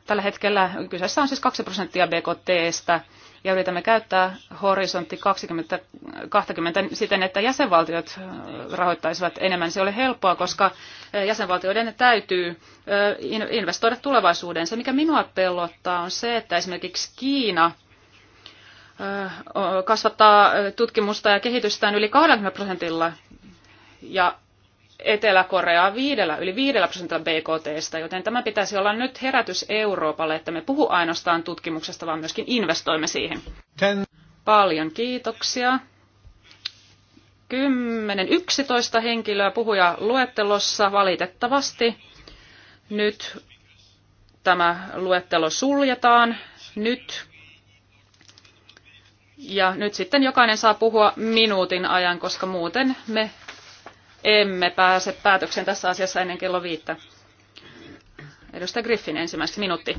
Tällä hetkellä kyseessä on siis 2 prosenttia BKTstä ja yritämme käyttää horisontti 2020 siten, että jäsenvaltiot rahoittaisivat enemmän. Se ei ole helppoa, koska jäsenvaltioiden täytyy investoida tulevaisuuteen. Se, mikä minua pelottaa, on se, että esimerkiksi Kiina kasvattaa tutkimusta ja kehitystään yli 20 prosentilla ja Etelä-Koreaa viidellä, yli viidellä prosentilla BKTstä, joten tämä pitäisi olla nyt herätys Euroopalle, että me puhu ainoastaan tutkimuksesta, vaan myöskin investoimme siihen. Ten. Paljon kiitoksia. 10, 11 henkilöä puhuja luettelossa valitettavasti. Nyt tämä luettelo suljetaan nyt. Ja nyt sitten jokainen saa puhua minuutin ajan, koska muuten me emme pääse päätökseen tässä asiassa ennen kello viittä. Edustaja Griffin ensimmäistä minuutti.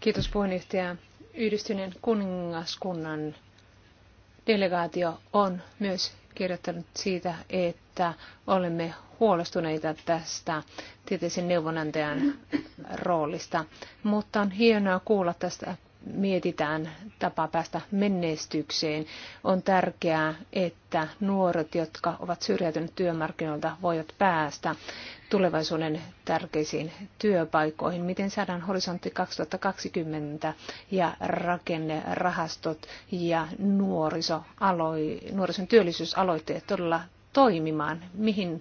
Kiitos puheenjohtaja. Yhdistyneen kuningaskunnan delegaatio on myös kirjoittanut siitä, että olemme huolestuneita tästä tieteisen neuvonantajan roolista. Mutta on hienoa kuulla tästä mietitään tapaa päästä menneistykseen, on tärkeää, että nuoret, jotka ovat syrjäytyneet työmarkkinoilta, voivat päästä tulevaisuuden tärkeisiin työpaikoihin. Miten saadaan horisontti 2020 ja rakennerahastot ja nuorison työllisyysaloitteet todella toimimaan? Mihin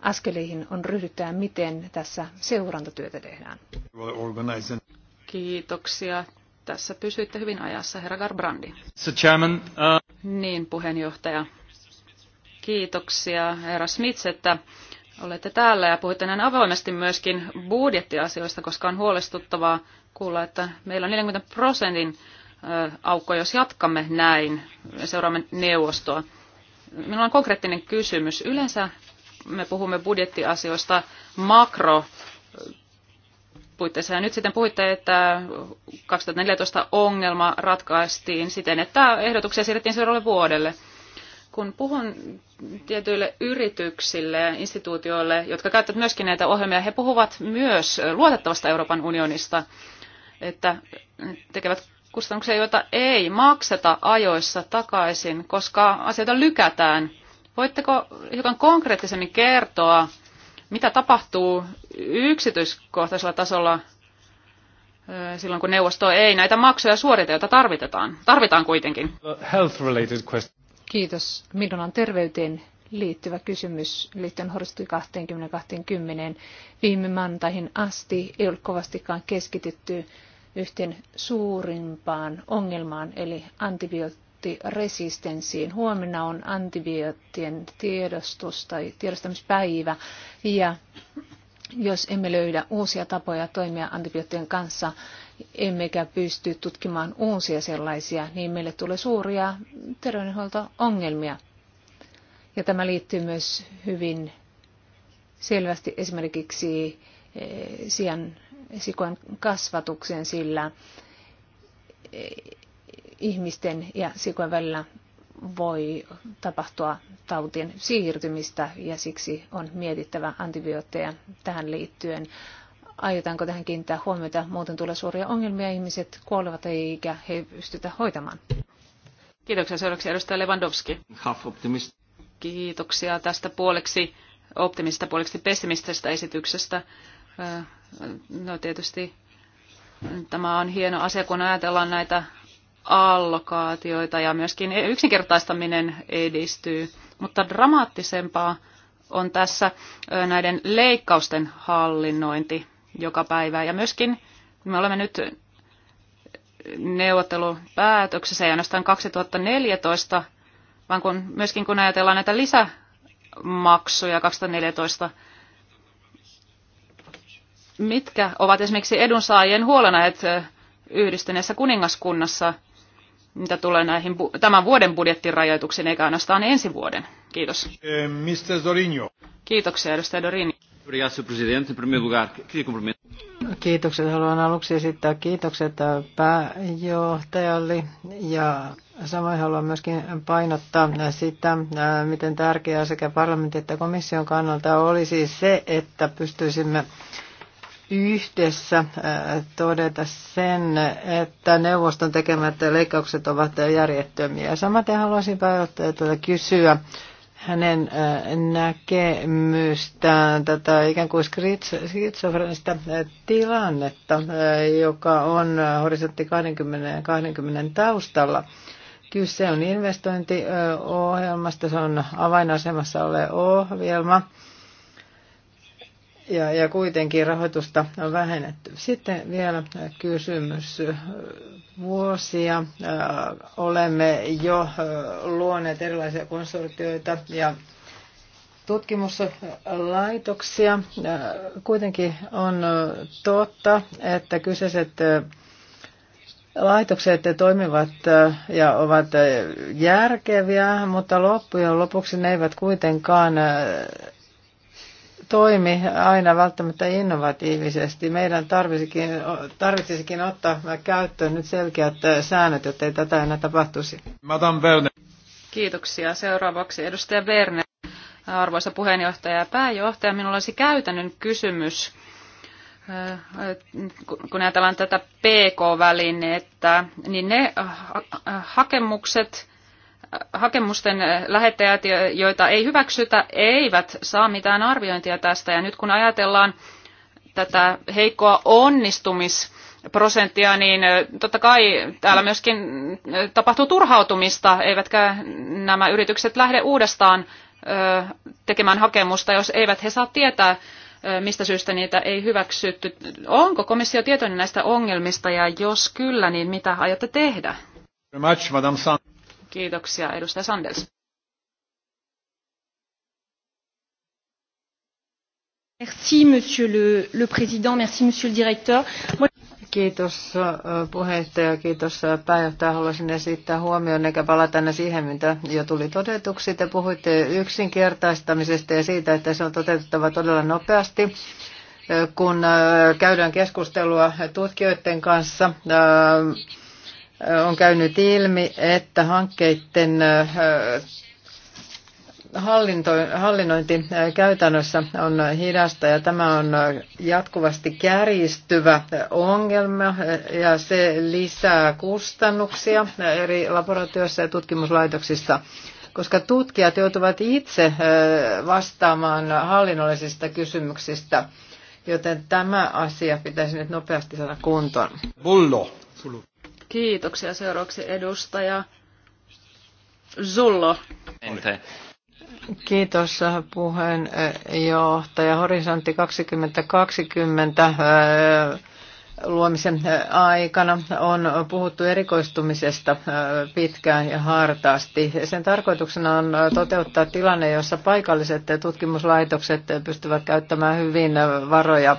askeleihin on ryhdytään, miten tässä seurantatyötä tehdään? Kiitoksia tässä pysyitte hyvin ajassa, herra Garbrandi. Chairman, uh... Niin, puheenjohtaja. Kiitoksia, herra Smits, että olette täällä ja puhutte näin avoimesti myöskin budjettiasioista, koska on huolestuttavaa kuulla, että meillä on 40 prosentin aukko, jos jatkamme näin. Seuraamme neuvostoa. Minulla on konkreettinen kysymys. Yleensä me puhumme budjettiasioista makro puitteissa. Ja nyt sitten puhuitte, että 2014 ongelma ratkaistiin siten, että ehdotuksia siirrettiin seuraavalle vuodelle. Kun puhun tietyille yrityksille ja instituutioille, jotka käyttävät myöskin näitä ohjelmia, he puhuvat myös luotettavasta Euroopan unionista, että tekevät kustannuksia, joita ei makseta ajoissa takaisin, koska asioita lykätään. Voitteko hiukan konkreettisemmin kertoa, mitä tapahtuu yksityiskohtaisella tasolla silloin, kun neuvosto ei näitä maksuja suorita, joita tarvitaan. Tarvitaan kuitenkin. Kiitos. Minun on terveyteen liittyvä kysymys liittyen horisontti 2020. Viime mantaihin asti ei ollut kovastikaan keskitytty yhteen suurimpaan ongelmaan, eli antibiootti antibioottiresistenssiin. Huomenna on antibioottien tiedostus tai tiedostamispäivä ja jos emme löydä uusia tapoja toimia antibioottien kanssa, emmekä pysty tutkimaan uusia sellaisia, niin meille tulee suuria terveydenhuolto-ongelmia. Ja tämä liittyy myös hyvin selvästi esimerkiksi eh, sian, sikojen kasvatukseen, sillä eh, ihmisten ja sikojen välillä voi tapahtua tautien siirtymistä ja siksi on mietittävä antibiootteja tähän liittyen. Aiotaanko tähän kiinnittää huomiota, muuten tulee suuria ongelmia, ihmiset kuolevat eikä he pystytä hoitamaan. Kiitoksia seuraavaksi edustaja Lewandowski. Kiitoksia tästä puoleksi optimista puoleksi pessimistisestä esityksestä. No tietysti tämä on hieno asia, kun ajatellaan näitä allokaatioita ja myöskin yksinkertaistaminen edistyy. Mutta dramaattisempaa on tässä näiden leikkausten hallinnointi joka päivä. Ja myöskin me olemme nyt neuvottelupäätöksessä, ei ainoastaan 2014, vaan kun, myöskin kun ajatellaan näitä lisämaksuja 2014, mitkä ovat esimerkiksi edunsaajien huolena, että yhdistyneessä kuningaskunnassa – mitä tulee näihin tämän vuoden budjettirajoituksiin, eikä ainoastaan ensi vuoden. Kiitos. Eh, Mr. Zorinho. Kiitoksia, edustaja Dorini. Kiitokset. Haluan aluksi esittää kiitokset pääjohtajalle ja samoin haluan myöskin painottaa sitä, äh, miten tärkeää sekä parlamentin että komission kannalta olisi se, että pystyisimme yhdessä äh, todeta sen, että neuvoston tekemät leikkaukset ovat järjettömiä. Samaten haluaisin pääjohtajalta kysyä hänen äh, näkemystään tätä ikään kuin skitsofrenista äh, tilannetta, joka on horisontti 20, 20 taustalla. Kyse on investointiohjelmasta, se on avainasemassa ole ohjelma ja, ja kuitenkin rahoitusta on vähennetty. Sitten vielä kysymys. Vuosia äh, olemme jo äh, luoneet erilaisia konsortioita ja tutkimuslaitoksia. Äh, kuitenkin on totta, että kyseiset laitokset toimivat ja ovat järkeviä, mutta loppujen lopuksi ne eivät kuitenkaan toimi aina välttämättä innovatiivisesti. Meidän tarvitsisikin, tarvitsisikin ottaa käyttöön nyt selkeät säännöt, jotta ei tätä enää tapahtuisi. Madame Kiitoksia. Seuraavaksi edustaja Werner. Arvoisa puheenjohtaja ja pääjohtaja, minulla olisi käytännön kysymys kun ajatellaan tätä PK-välinettä, niin ne hakemukset, hakemusten lähettäjät, joita ei hyväksytä, eivät saa mitään arviointia tästä. Ja nyt kun ajatellaan tätä heikkoa onnistumisprosenttia, niin totta kai täällä myöskin tapahtuu turhautumista, eivätkä nämä yritykset lähde uudestaan tekemään hakemusta, jos eivät he saa tietää, mistä syystä niitä ei hyväksytty. Onko komissio tietoinen näistä ongelmista ja jos kyllä, niin mitä aiotte tehdä? Kiitoksia, edustaja Sanders. Merci, monsieur le, le président, merci, monsieur le directeur. Moi... Kiitos puheenjohtaja, kiitos pääjohtaja. Haluaisin esittää huomioon eikä palata siihen, mitä jo tuli todetuksi. Te puhuitte yksinkertaistamisesta ja siitä, että se on toteutettava todella nopeasti kun käydään keskustelua tutkijoiden kanssa on käynyt ilmi, että hankkeiden hallinto, hallinnointi käytännössä on hidasta ja tämä on jatkuvasti kärjistyvä ongelma ja se lisää kustannuksia eri laboratorioissa ja tutkimuslaitoksissa, koska tutkijat joutuvat itse vastaamaan hallinnollisista kysymyksistä, joten tämä asia pitäisi nyt nopeasti saada kuntoon. Bullo. Kiitoksia seuraavaksi edustaja Zullo. Ente. Kiitos äh, puheenjohtaja. Horisontti 2020 äh, luomisen äh, aikana on puhuttu erikoistumisesta pitkään ja hartaasti. Sen tarkoituksena on toteuttaa tilanne, jossa paikalliset tutkimuslaitokset pystyvät käyttämään hyvin varoja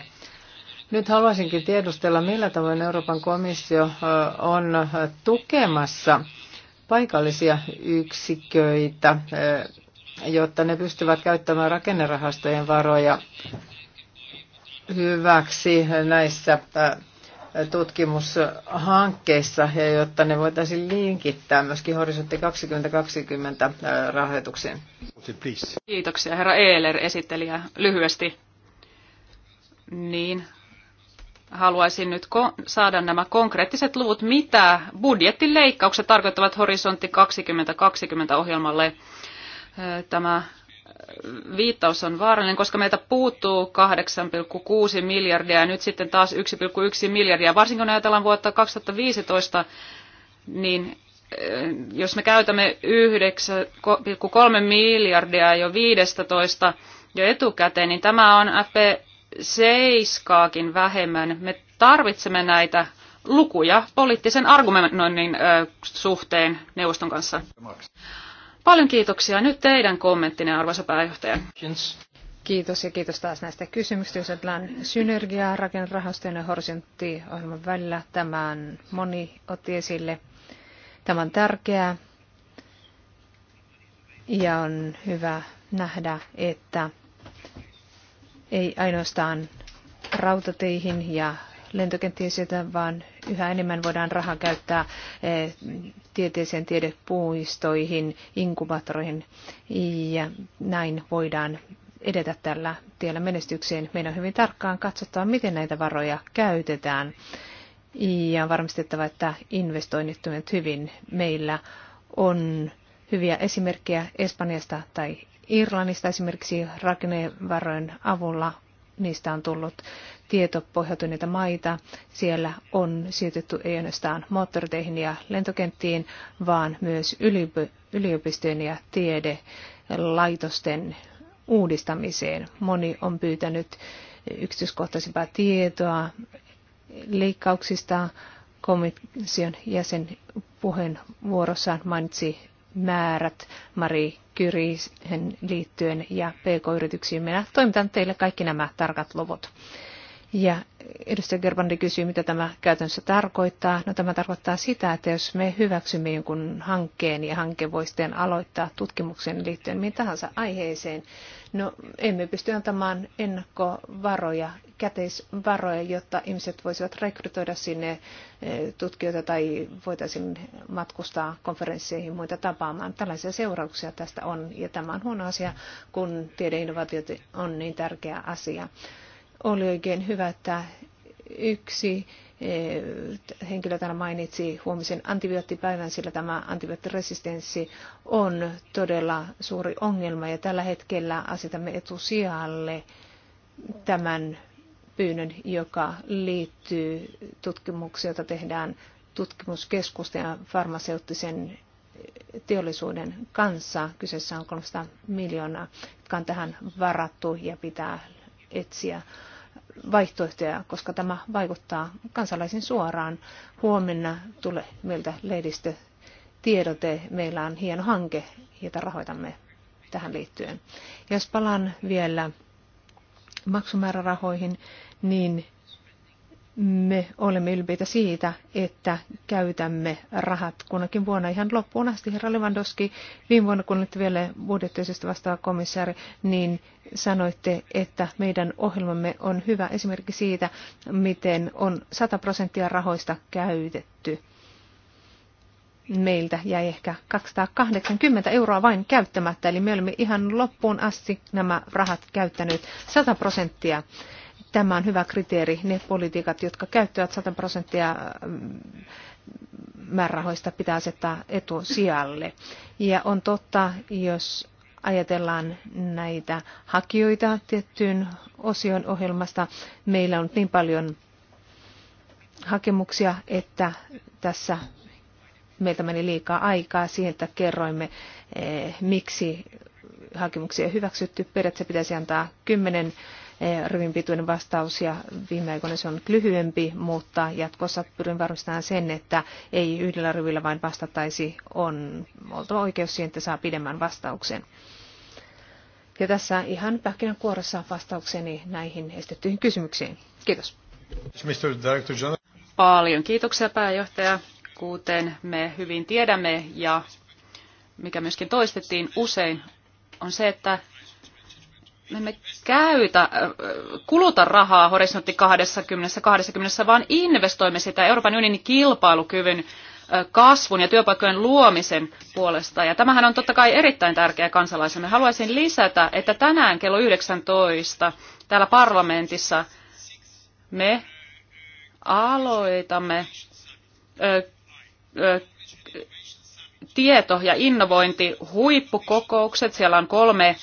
nyt haluaisinkin tiedustella, millä tavoin Euroopan komissio on tukemassa paikallisia yksiköitä, jotta ne pystyvät käyttämään rakennerahastojen varoja hyväksi näissä tutkimushankkeissa ja jotta ne voitaisiin linkittää myöskin Horisontti 2020 rahoituksiin. Kiitoksia herra Eeler esittelijä lyhyesti. Niin, haluaisin nyt saada nämä konkreettiset luvut, mitä budjettileikkaukset tarkoittavat horisontti 2020 ohjelmalle. Tämä viittaus on vaarallinen, koska meiltä puuttuu 8,6 miljardia ja nyt sitten taas 1,1 miljardia. Varsinkin kun ajatellaan vuotta 2015, niin jos me käytämme 9,3 miljardia jo 15 jo etukäteen, niin tämä on FP seiskaakin vähemmän. Me tarvitsemme näitä lukuja poliittisen argumentoinnin suhteen neuvoston kanssa. Paljon kiitoksia. Nyt teidän kommenttinne, arvoisa pääjohtaja. Kiitos ja kiitos taas näistä kysymyksistä. Jos ajatellaan synergiaa rakennerahastojen ja horisonttiohjelman välillä, tämän moni otti esille. Tämä on tärkeää ja on hyvä nähdä, että ei ainoastaan rautateihin ja lentokenttiin sieltä, vaan yhä enemmän voidaan rahaa käyttää eh, tieteeseen tiedepuistoihin, inkubaattoreihin ja näin voidaan edetä tällä tiellä menestykseen. Meidän on hyvin tarkkaan katsottava, miten näitä varoja käytetään ja on varmistettava, että investoinnit hyvin meillä on hyviä esimerkkejä Espanjasta tai Irlannista esimerkiksi rakennevarojen avulla niistä on tullut tietopohjautuneita maita. Siellä on sijoitettu ei ainoastaan moottoriteihin ja lentokenttiin, vaan myös yliopistojen ja tiedelaitosten uudistamiseen. Moni on pyytänyt yksityiskohtaisempaa tietoa leikkauksista. Komission jäsen puheenvuorossaan mainitsi määrät Mari Kyriin liittyen ja PK-yrityksiin. Minä toimitan teille kaikki nämä tarkat luvut. Ja edustaja Gerbandi kysyy, mitä tämä käytännössä tarkoittaa. No tämä tarkoittaa sitä, että jos me hyväksymme jonkun hankkeen ja hanke voi sitten aloittaa tutkimuksen liittyen mihin tahansa aiheeseen, no emme pysty antamaan ennakkovaroja, käteisvaroja, jotta ihmiset voisivat rekrytoida sinne eh, tutkijoita tai voitaisiin matkustaa konferensseihin muita tapaamaan. Tällaisia seurauksia tästä on ja tämä on huono asia, kun tiedeinnovaatiot on niin tärkeä asia. Oli oikein hyvä, että yksi eh, henkilö täällä mainitsi huomisen antibioottipäivän, sillä tämä antibioottiresistenssi on todella suuri ongelma ja tällä hetkellä asetamme etusijalle tämän pyynnön, joka liittyy tutkimuksiin, jota tehdään tutkimuskeskusten ja farmaseuttisen teollisuuden kanssa. Kyseessä on 300 miljoonaa, jotka on tähän varattu ja pitää etsiä vaihtoehtoja, koska tämä vaikuttaa kansalaisin suoraan. Huomenna tulee meiltä lehdistö tiedote. Meillä on hieno hanke, jota rahoitamme tähän liittyen. Jos palaan vielä maksumäärärahoihin, niin me olemme ylpeitä siitä, että käytämme rahat kunakin vuonna ihan loppuun asti. Herra Lewandowski, viime vuonna kun olette vielä budjettisesta vastaava komissaari, niin sanoitte, että meidän ohjelmamme on hyvä esimerkki siitä, miten on 100 prosenttia rahoista käytetty. Meiltä jäi ehkä 280 euroa vain käyttämättä, eli me olemme ihan loppuun asti nämä rahat käyttäneet 100 prosenttia. Tämä on hyvä kriteeri. Ne politiikat, jotka käyttävät 100 prosenttia mm, määrärahoista, pitää asettaa etusijalle. Ja on totta, jos ajatellaan näitä hakijoita tiettyyn osion ohjelmasta, meillä on niin paljon hakemuksia, että tässä meiltä meni liikaa aikaa siihen, että kerroimme, eh, miksi hakemuksia ei hyväksytty. Periaatteessa pitäisi antaa kymmenen Eh, rivin pituinen vastaus ja viime aikoina se on lyhyempi, mutta jatkossa pyrin varmistamaan sen, että ei yhdellä rivillä vain vastattaisi, on oltava oikeus siihen, että saa pidemmän vastauksen. Ja tässä ihan pähkinänkuoressa vastaukseni näihin esitettyihin kysymyksiin. Kiitos. Paljon kiitoksia pääjohtaja. Kuten me hyvin tiedämme ja mikä myöskin toistettiin usein, on se, että me emme käytä, äh, kuluta rahaa horisontti 20, 20, vaan investoimme sitä Euroopan unionin kilpailukyvyn äh, kasvun ja työpaikkojen luomisen puolesta. Ja tämähän on totta kai erittäin tärkeä kansalaisemme. Haluaisin lisätä, että tänään kello 19 täällä parlamentissa me aloitamme ö, ö, tieto- ja innovointi huippukokoukset. Siellä on kolme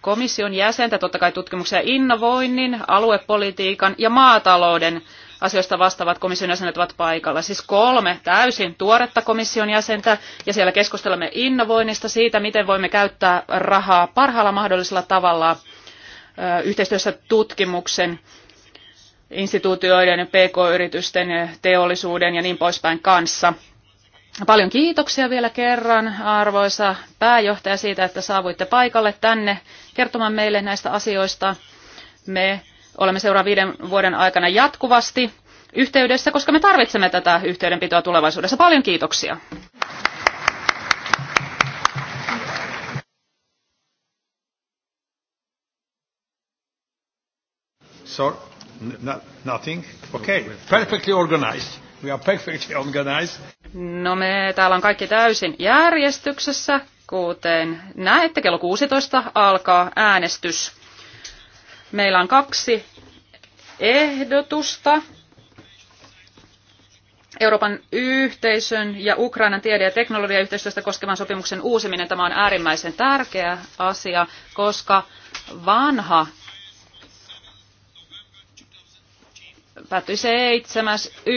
komission jäsentä, totta kai tutkimuksen ja innovoinnin, aluepolitiikan ja maatalouden asioista vastaavat komission jäsenet ovat paikalla. Siis kolme täysin tuoretta komission jäsentä ja siellä keskustelemme innovoinnista siitä, miten voimme käyttää rahaa parhaalla mahdollisella tavalla yhteistyössä tutkimuksen, instituutioiden, pk-yritysten, teollisuuden ja niin poispäin kanssa. Paljon kiitoksia vielä kerran, arvoisa pääjohtaja, siitä, että saavuitte paikalle tänne kertomaan meille näistä asioista. Me olemme seuraavan viiden vuoden aikana jatkuvasti yhteydessä, koska me tarvitsemme tätä yhteydenpitoa tulevaisuudessa. Paljon kiitoksia. So, nothing. Okay, perfectly organized. We are perfectly organized. No me täällä on kaikki täysin järjestyksessä, kuten näette kello 16 alkaa äänestys. Meillä on kaksi ehdotusta. Euroopan yhteisön ja Ukrainan tiede- ja teknologiayhteistyöstä koskevan sopimuksen uusiminen. Tämä on äärimmäisen tärkeä asia, koska vanha päättyi 7.11.2014,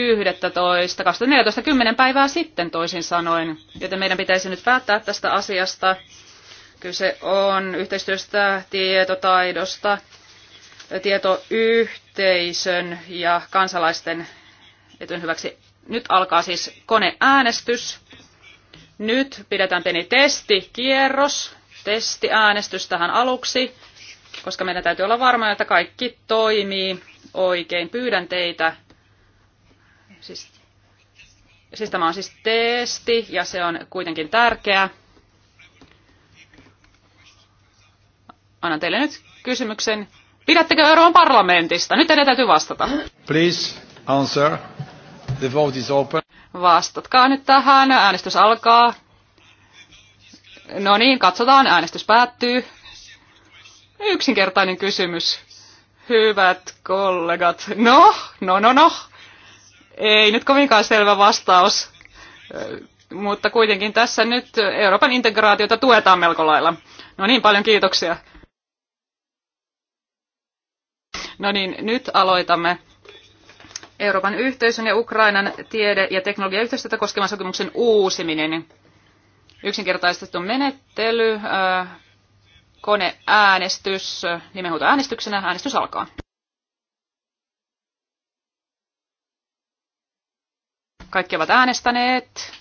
10 päivää sitten toisin sanoen, joten meidän pitäisi nyt päättää tästä asiasta. Kyse on yhteistyöstä, tietotaidosta, tietoyhteisön ja kansalaisten etun hyväksi. Nyt alkaa siis koneäänestys. Nyt pidetään pieni testikierros, testiäänestys tähän aluksi, koska meidän täytyy olla varmoja, että kaikki toimii oikein. Pyydän teitä, siis, siis tämä on siis testi ja se on kuitenkin tärkeä. Annan teille nyt kysymyksen. Pidättekö Euroopan parlamentista? Nyt teidän täytyy vastata. Please answer. The vote is open. Vastatkaa nyt tähän. Äänestys alkaa. No niin, katsotaan. Äänestys päättyy. Yksinkertainen kysymys. Hyvät kollegat, no, no, no, no. Ei nyt kovinkaan selvä vastaus, mutta kuitenkin tässä nyt Euroopan integraatiota tuetaan melko lailla. No niin, paljon kiitoksia. No niin, nyt aloitamme Euroopan yhteisön ja Ukrainan tiede- ja teknologiayhteistyötä koskevan sopimuksen uusiminen. Yksinkertaistettu menettely koneäänestys, äänestyksenä, Äänestys alkaa. Kaikki ovat äänestäneet.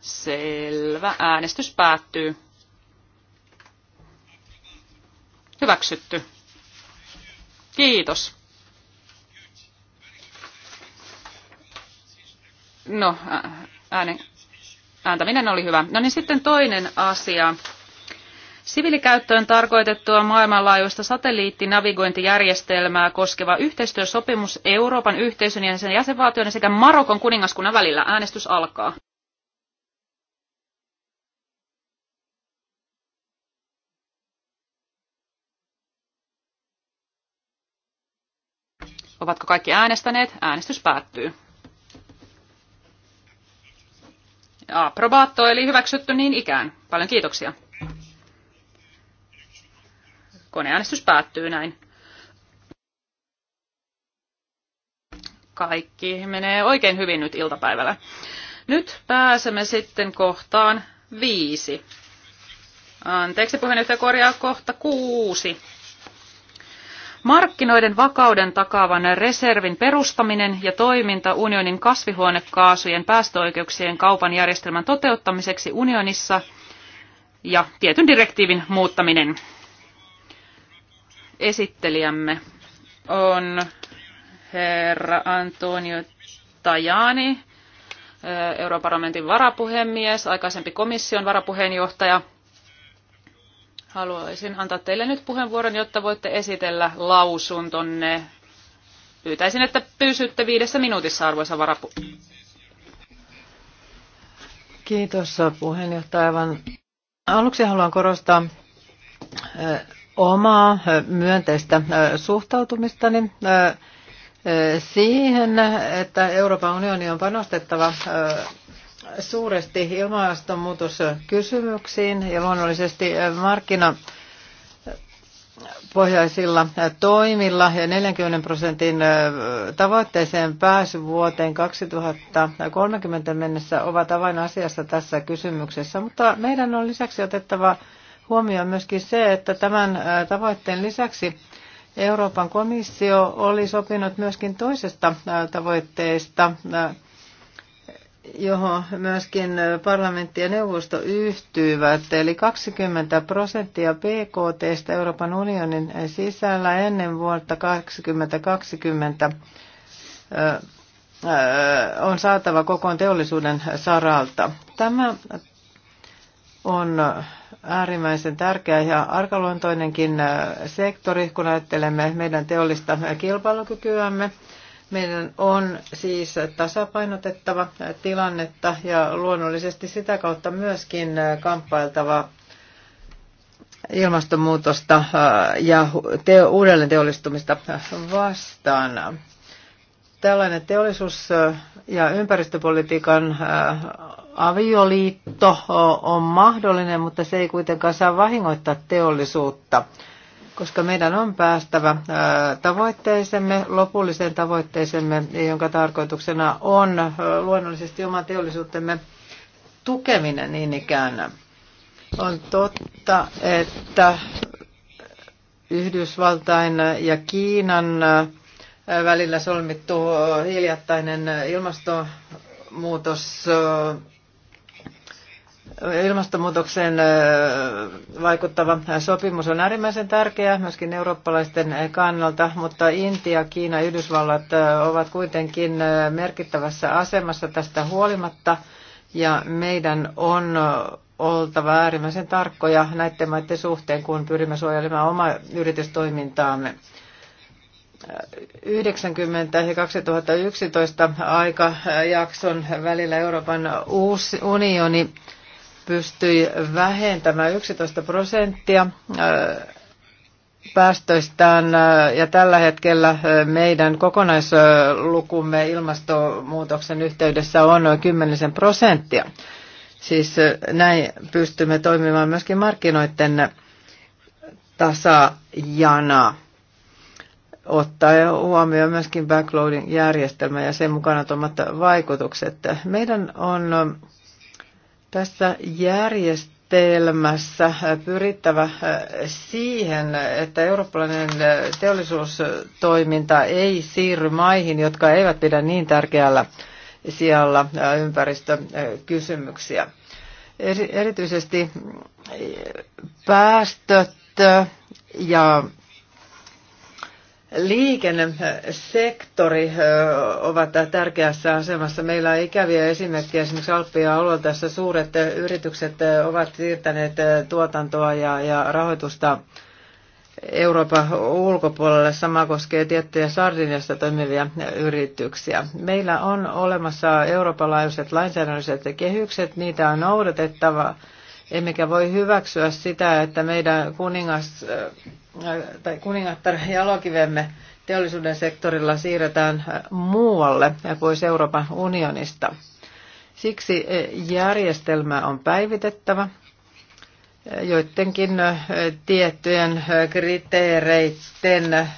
Selvä. Äänestys päättyy. Hyväksytty. Kiitos. No, äänen, ääntäminen oli hyvä. No niin sitten toinen asia. Siviilikäyttöön tarkoitettua maailmanlaajuista satelliittinavigointijärjestelmää koskeva yhteistyösopimus Euroopan yhteisön ja sen jäsenvaltioiden sekä Marokon kuningaskunnan välillä. Äänestys alkaa. Ovatko kaikki äänestäneet? Äänestys päättyy. Aprobaatto eli hyväksytty niin ikään. Paljon kiitoksia. Koneäänestys päättyy näin. Kaikki menee oikein hyvin nyt iltapäivällä. Nyt pääsemme sitten kohtaan viisi. Anteeksi, puheenjohtaja korjaa kohta kuusi. Markkinoiden vakauden takaavan reservin perustaminen ja toiminta unionin kasvihuonekaasujen päästöoikeuksien kaupan järjestelmän toteuttamiseksi unionissa ja tietyn direktiivin muuttaminen. Esittelijämme on herra Antonio Tajani, Euroopan parlamentin varapuhemies, aikaisempi komission varapuheenjohtaja – Haluaisin antaa teille nyt puheenvuoron, jotta voitte esitellä lausuntonne. Pyytäisin, että pysytte viidessä minuutissa, arvoisa varapu. Kiitos puheenjohtaja. Aivan aluksi haluan korostaa eh, omaa eh, myönteistä eh, suhtautumistani siihen, että Euroopan unioni on panostettava suuresti ilmastonmuutoskysymyksiin ja luonnollisesti äh, markkina pohjaisilla äh, toimilla ja 40 prosentin äh, tavoitteeseen pääsy vuoteen 2030 mennessä ovat avainasiassa tässä kysymyksessä. Mutta meidän on lisäksi otettava huomioon myöskin se, että tämän tavoitteen lisäksi Euroopan komissio oli sopinut myöskin toisesta tavoitteesta johon myöskin parlamentti ja neuvosto yhtyivät, eli 20 prosenttia BKT Euroopan unionin sisällä ennen vuotta 2020 on saatava kokoon teollisuuden saralta. Tämä on äärimmäisen tärkeä ja arkaluontoinenkin sektori, kun ajattelemme meidän teollista kilpailukykyämme meidän on siis tasapainotettava tilannetta ja luonnollisesti sitä kautta myöskin kamppailtava ilmastonmuutosta ja teo, uudelleen teollistumista vastaan. Tällainen teollisuus- ja ympäristöpolitiikan äh, avioliitto on mahdollinen, mutta se ei kuitenkaan saa vahingoittaa teollisuutta koska meidän on päästävä tavoitteisemme, lopulliseen tavoitteisemme, jonka tarkoituksena on luonnollisesti oma teollisuutemme tukeminen niin ikään. On totta, että Yhdysvaltain ja Kiinan välillä solmittu hiljattainen ilmastonmuutos ilmastonmuutokseen vaikuttava sopimus on äärimmäisen tärkeä myöskin eurooppalaisten kannalta, mutta Intia, Kiina ja Yhdysvallat ovat kuitenkin merkittävässä asemassa tästä huolimatta ja meidän on oltava äärimmäisen tarkkoja näiden maiden suhteen, kun pyrimme suojelemaan omaa yritystoimintaamme. 90 ja 2011 aikajakson välillä Euroopan unioni pystyi vähentämään 11 prosenttia äh, päästöistään äh, ja tällä hetkellä äh, meidän kokonaislukumme ilmastonmuutoksen yhteydessä on noin 10 prosenttia. Siis näin pystymme toimimaan myöskin markkinoiden tasajana ottaen huomioon myöskin backloading-järjestelmä ja sen mukana tuomat vaikutukset. Meidän on tässä järjestelmässä pyrittävä äh, siihen, että eurooppalainen äh, teollisuustoiminta ei siirry maihin, jotka eivät pidä niin tärkeällä sijalla äh, ympäristökysymyksiä. Erityisesti päästöt ja liikennesektori ovat tärkeässä asemassa. Meillä on ikäviä esimerkkejä esimerkiksi Alppia alueella. Tässä suuret yritykset ovat siirtäneet tuotantoa ja, ja rahoitusta Euroopan ulkopuolelle. Sama koskee tiettyjä Sardiniassa toimivia yrityksiä. Meillä on olemassa Euroopan laajuiset lainsäädännölliset kehykset. Niitä on noudatettava Emmekä voi hyväksyä sitä, että meidän kuningas, äh, tai kuningattar jalokivemme teollisuuden sektorilla siirretään äh, muualle pois Euroopan unionista. Siksi äh, järjestelmä on päivitettävä joidenkin tiettyjen kriteereiden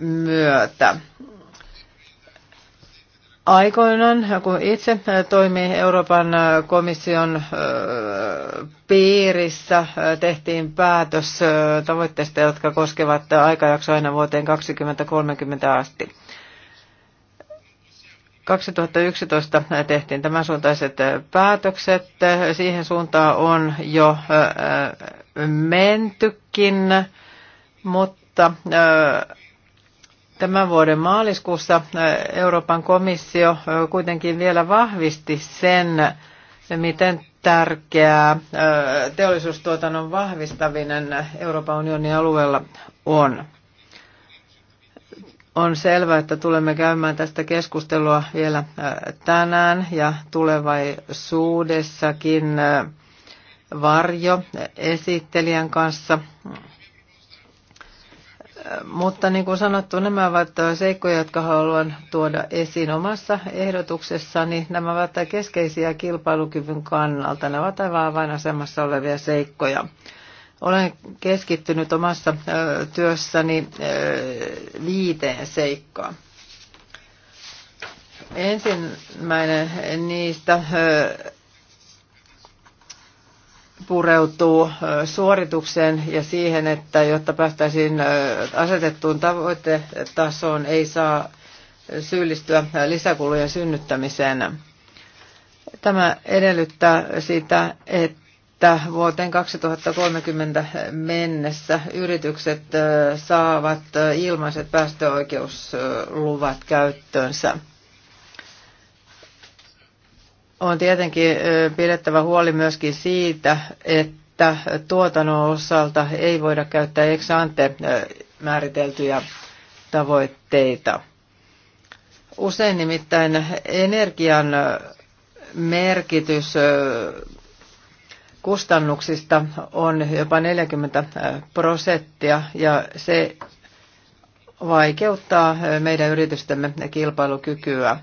myötä. Aikoinaan, kun itse toimin Euroopan komission piirissä, tehtiin päätös tavoitteista, jotka koskevat aikajaksoa aina vuoteen 2030 asti. 2011 tehtiin tämän suuntaiset päätökset. Siihen suuntaan on jo mentykin, mutta Tämän vuoden maaliskuussa Euroopan komissio kuitenkin vielä vahvisti sen, miten tärkeää teollisuustuotannon vahvistaminen Euroopan unionin alueella on. On selvää, että tulemme käymään tästä keskustelua vielä tänään ja tulevaisuudessakin varjo esittelijän kanssa mutta niin kuin sanottu, nämä ovat seikkoja, jotka haluan tuoda esiin omassa ehdotuksessani. Nämä ovat keskeisiä kilpailukyvyn kannalta. Ne ovat aivan avainasemassa olevia seikkoja. Olen keskittynyt omassa työssäni viiteen seikkaan. Ensimmäinen niistä pureutuu suoritukseen ja siihen, että jotta päästäisiin asetettuun tavoitetasoon, ei saa syyllistyä lisäkulujen synnyttämiseen. Tämä edellyttää sitä, että vuoteen 2030 mennessä yritykset saavat ilmaiset päästöoikeusluvat käyttöönsä on tietenkin pidettävä huoli myöskin siitä, että tuotannon osalta ei voida käyttää ex ante määriteltyjä tavoitteita. Usein nimittäin energian merkitys kustannuksista on jopa 40 prosenttia ja se vaikeuttaa meidän yritystemme kilpailukykyä.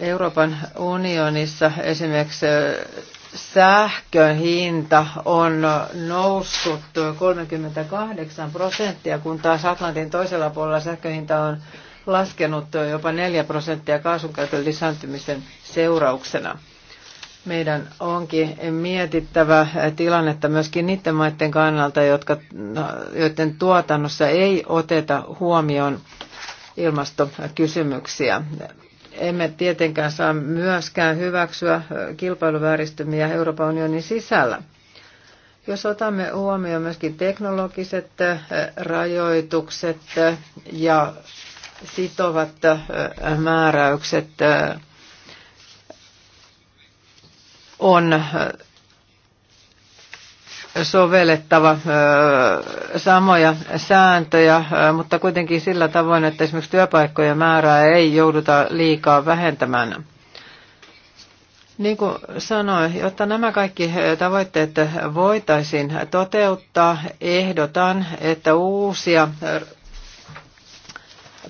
Euroopan unionissa esimerkiksi sähkön hinta on noussut 38 prosenttia, kun taas Atlantin toisella puolella sähkön hinta on laskenut jopa 4 prosenttia kaasukäytön lisääntymisen seurauksena. Meidän onkin mietittävä tilannetta myöskin niiden maiden kannalta, jotka, joiden tuotannossa ei oteta huomioon ilmastokysymyksiä emme tietenkään saa myöskään hyväksyä kilpailuvääristymiä Euroopan unionin sisällä. Jos otamme huomioon myöskin teknologiset eh, rajoitukset eh, ja sitovat eh, määräykset, on sovellettava samoja sääntöjä, mutta kuitenkin sillä tavoin, että esimerkiksi työpaikkojen määrää ei jouduta liikaa vähentämään. Niin kuin sanoin, jotta nämä kaikki tavoitteet voitaisiin toteuttaa, ehdotan, että uusia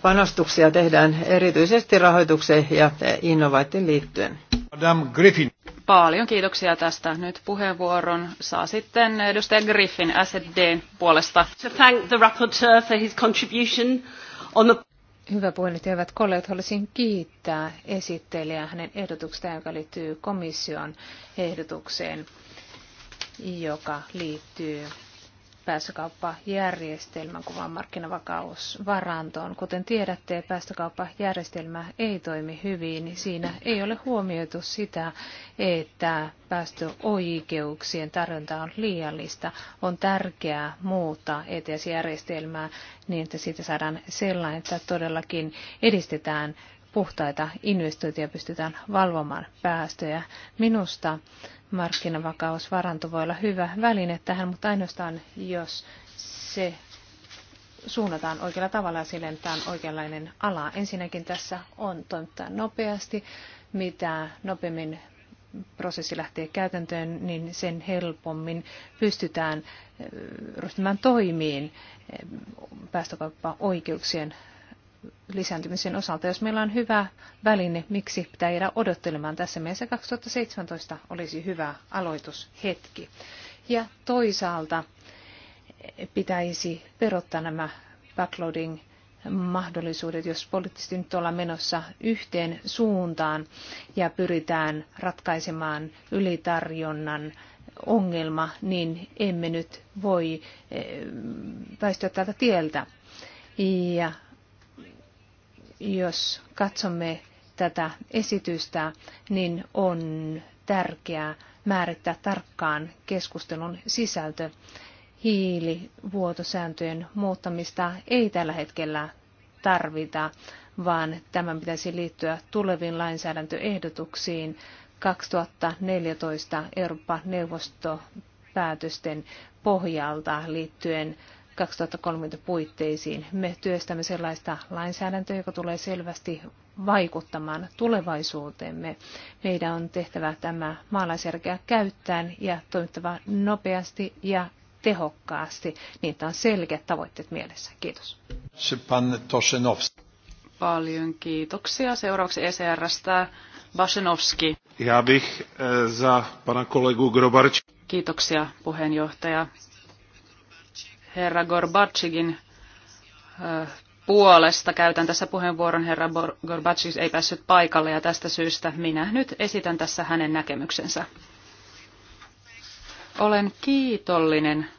panostuksia tehdään erityisesti rahoitukseen ja innovaatioon liittyen. Madame Griffin. Paljon kiitoksia tästä. Nyt puheenvuoron saa sitten edustaja Griffin SDn puolesta. To thank the rapporteur for his contribution on the... Hyvä puheenjohtaja, hyvät kollegat, haluaisin kiittää esittelijää hänen ehdotuksestaan, joka liittyy komission ehdotukseen, joka liittyy päästökauppajärjestelmän kuin vaan markkinavakausvarantoon. Kuten tiedätte, päästökauppajärjestelmä ei toimi hyvin. siinä ei ole huomioitu sitä, että päästöoikeuksien tarjonta on liiallista. On tärkeää muuttaa ETS-järjestelmää niin, että siitä saadaan sellainen, että todellakin edistetään puhtaita investointeja pystytään valvomaan päästöjä. Minusta markkinavakausvaranto voi olla hyvä väline tähän, mutta ainoastaan jos se suunnataan oikealla tavalla ja sille on oikeanlainen ala. Ensinnäkin tässä on toimittaa nopeasti, mitä nopeammin prosessi lähtee käytäntöön, niin sen helpommin pystytään eh, ryhtymään toimiin eh, päästökauppa-oikeuksien lisääntymisen osalta. Jos meillä on hyvä väline, miksi pitää jäädä odottelemaan tässä mielessä 2017 olisi hyvä aloitushetki. Ja toisaalta pitäisi verottaa nämä backloading mahdollisuudet, jos poliittisesti nyt ollaan menossa yhteen suuntaan ja pyritään ratkaisemaan ylitarjonnan ongelma, niin emme nyt voi eh, väistyä tältä tieltä. Ja jos katsomme tätä esitystä, niin on tärkeää määrittää tarkkaan keskustelun sisältö. Hiilivuotosääntöjen muuttamista ei tällä hetkellä tarvita, vaan tämän pitäisi liittyä tuleviin lainsäädäntöehdotuksiin 2014 Eurooppa-neuvosto päätösten pohjalta liittyen 2030 puitteisiin. Me työstämme sellaista lainsäädäntöä, joka tulee selvästi vaikuttamaan tulevaisuuteemme. Meidän on tehtävä tämä maalaisjärkeä käyttäen ja toimittava nopeasti ja tehokkaasti. niin, että on selkeät tavoitteet mielessä. Kiitos. Paljon kiitoksia. Seuraavaksi ECRstä Basenovski. Já bych eh, za pana kolegu Grobarčka. Kiitoksia puheenjohtaja herra Gorbatsikin puolesta käytän tässä puheenvuoron. Herra Gorbatsic ei päässyt paikalle ja tästä syystä minä nyt esitän tässä hänen näkemyksensä. Olen kiitollinen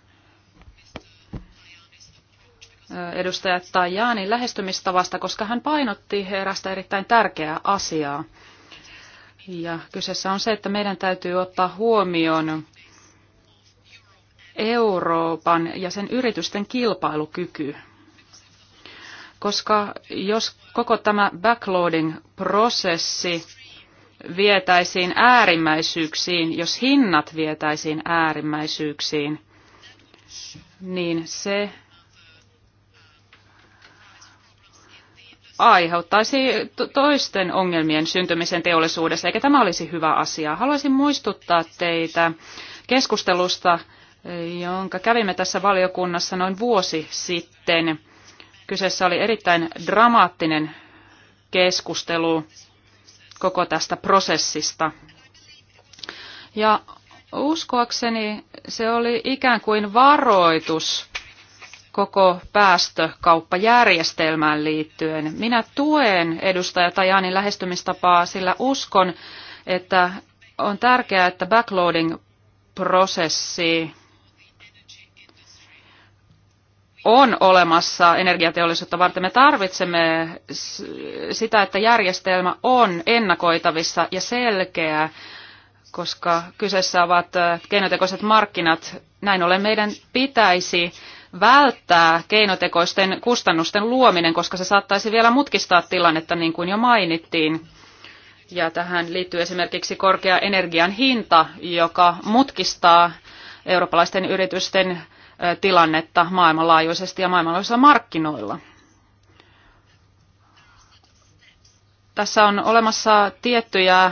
edustaja Tajani lähestymistavasta, koska hän painotti erästä erittäin tärkeää asiaa. Ja kyseessä on se, että meidän täytyy ottaa huomioon Euroopan ja sen yritysten kilpailukyky. Koska jos koko tämä backloading-prosessi vietäisiin äärimmäisyyksiin, jos hinnat vietäisiin äärimmäisyyksiin, niin se aiheuttaisi toisten ongelmien syntymisen teollisuudessa, eikä tämä olisi hyvä asia. Haluaisin muistuttaa teitä keskustelusta, jonka kävimme tässä valiokunnassa noin vuosi sitten. Kyseessä oli erittäin dramaattinen keskustelu koko tästä prosessista. Ja uskoakseni se oli ikään kuin varoitus koko päästökauppajärjestelmään liittyen. Minä tuen edustaja Tajanin lähestymistapaa, sillä uskon, että on tärkeää, että backloading-prosessi on olemassa energiateollisuutta varten. Me tarvitsemme sitä, että järjestelmä on ennakoitavissa ja selkeä, koska kyseessä ovat äh, keinotekoiset markkinat. Näin ollen meidän pitäisi välttää keinotekoisten kustannusten luominen, koska se saattaisi vielä mutkistaa tilannetta, niin kuin jo mainittiin. Ja tähän liittyy esimerkiksi korkea energian hinta, joka mutkistaa eurooppalaisten yritysten tilannetta maailmanlaajuisesti ja maailmanlaajuisilla markkinoilla. Tässä on olemassa tiettyjä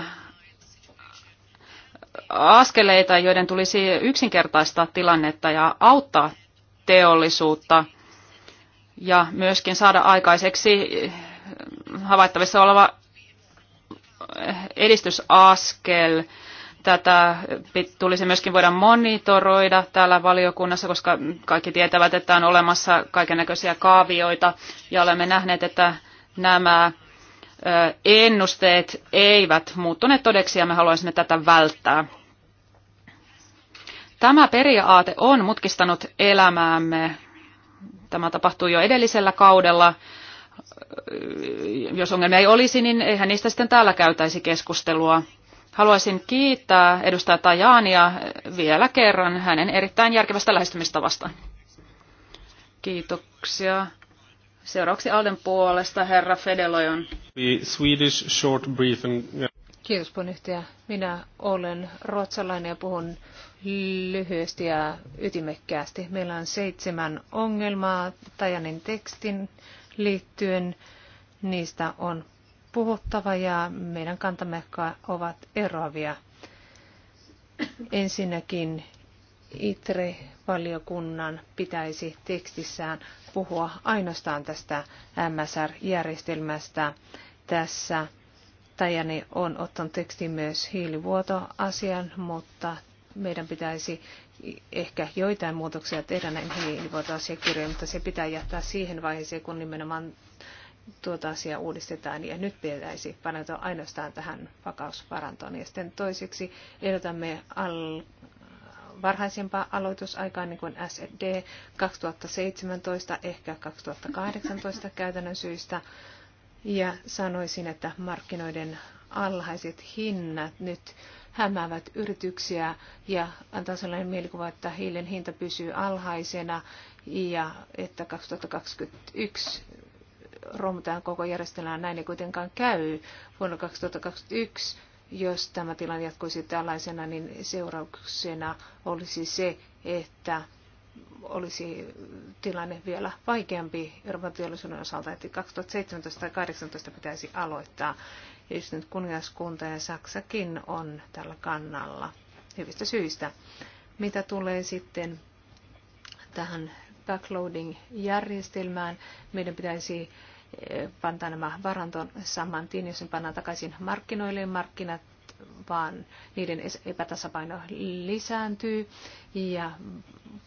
askeleita, joiden tulisi yksinkertaistaa tilannetta ja auttaa teollisuutta ja myöskin saada aikaiseksi havaittavissa oleva edistysaskel tätä tulisi myöskin voida monitoroida täällä valiokunnassa, koska kaikki tietävät, että on olemassa kaikenlaisia kaavioita ja olemme nähneet, että nämä ennusteet eivät muuttuneet todeksi ja me haluaisimme tätä välttää. Tämä periaate on mutkistanut elämäämme. Tämä tapahtui jo edellisellä kaudella. Jos ongelmia ei olisi, niin eihän niistä sitten täällä käytäisi keskustelua. Haluaisin kiittää edustaja Tajaania vielä kerran hänen erittäin järkevästä lähestymistavasta. Kiitoksia. Seuraavaksi Alden puolesta herra Fedelojon. Swedish short briefing. Kiitos puheenjohtaja. Minä olen ruotsalainen ja puhun lyhyesti ja ytimekkäästi. Meillä on seitsemän ongelmaa Tajanin tekstin liittyen. Niistä on puhuttava ja meidän kantamme ovat eroavia. Ensinnäkin ITRE-valiokunnan pitäisi tekstissään puhua ainoastaan tästä MSR-järjestelmästä. Tässä Tajani on ottanut teksti myös hiilivuotoasian, mutta meidän pitäisi ehkä joitain muutoksia tehdä näihin hiilivuotoasiakirjoihin, mutta se pitää jättää siihen vaiheeseen, kun nimenomaan tuota asiaa uudistetaan ja nyt pitäisi paneutua ainoastaan tähän vakausvarantoon. Ja sitten toiseksi ehdotamme al- varhaisempaa aloitusaikaa, niin kuin e SED 2017, ehkä 2018 käytännön syistä. Ja sanoisin, että markkinoiden alhaiset hinnat nyt hämäävät yrityksiä ja antaa sellainen mielikuva, että hiilen hinta pysyy alhaisena ja että 2021 romutaan koko järjestelmään. Näin ei kuitenkaan käy vuonna 2021. Jos tämä tilanne jatkuisi tällaisena, niin seurauksena olisi se, että olisi tilanne vielä vaikeampi Euroopan teollisuuden osalta, että 2017 tai 2018 pitäisi aloittaa. nyt kuningaskunta ja Saksakin on tällä kannalla hyvistä syistä. Mitä tulee sitten tähän backloading-järjestelmään, meidän pitäisi pantaa nämä varantoon saman tien, jos ne pannaan takaisin markkinoille, markkinat vaan niiden epätasapaino lisääntyy ja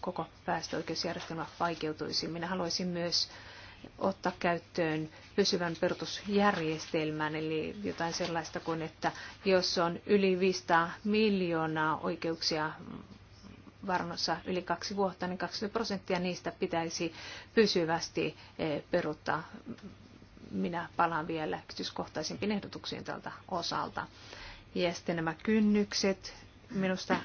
koko päästöoikeusjärjestelmä vaikeutuisi. Minä haluaisin myös ottaa käyttöön pysyvän perusjärjestelmän, eli jotain sellaista kuin, että jos on yli 500 miljoonaa oikeuksia varannossa yli kaksi vuotta, niin 20 prosenttia niistä pitäisi pysyvästi eh, peruttaa. Minä palaan vielä yksityiskohtaisempiin ehdotuksiin tältä osalta. Ja sitten nämä kynnykset. Minusta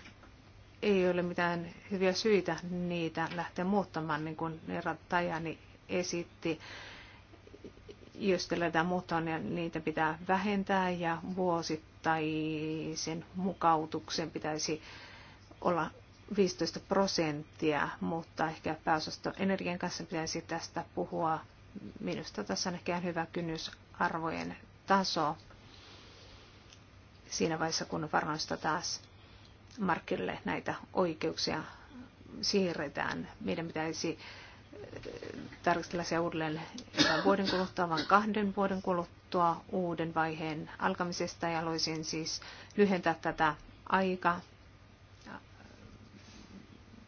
ei ole mitään hyviä syitä niitä lähteä muuttamaan, niin kuin Tajani esitti. Jos lähdetään muuttamaan, niin niitä pitää vähentää ja vuosittaisen mukautuksen pitäisi olla 15 prosenttia, mutta ehkä pääosasto energian kanssa pitäisi tästä puhua. Minusta tässä on ehkä hyvä kynnysarvojen taso siinä vaiheessa, kun varmasta taas markkille näitä oikeuksia siirretään. Meidän pitäisi eh, tarkastella se uudelleen vuoden kuluttua, vaan kahden vuoden kuluttua uuden vaiheen alkamisesta ja haluaisin siis lyhentää tätä aika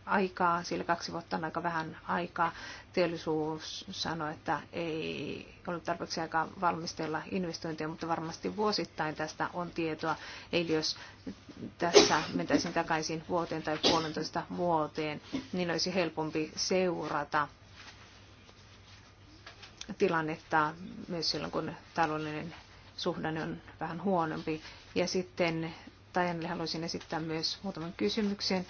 aikaa, sillä kaksi vuotta on aika vähän aikaa. Teollisuus sanoi, että ei ollut tarpeeksi aikaa valmistella investointeja, mutta varmasti vuosittain tästä on tietoa. Eli jos tässä mentäisiin takaisin vuoteen tai puolentoista vuoteen, niin olisi helpompi seurata tilannetta myös silloin, kun taloudellinen suhdanne on vähän huonompi. Ja sitten Tajanille haluaisin esittää myös muutaman kysymyksen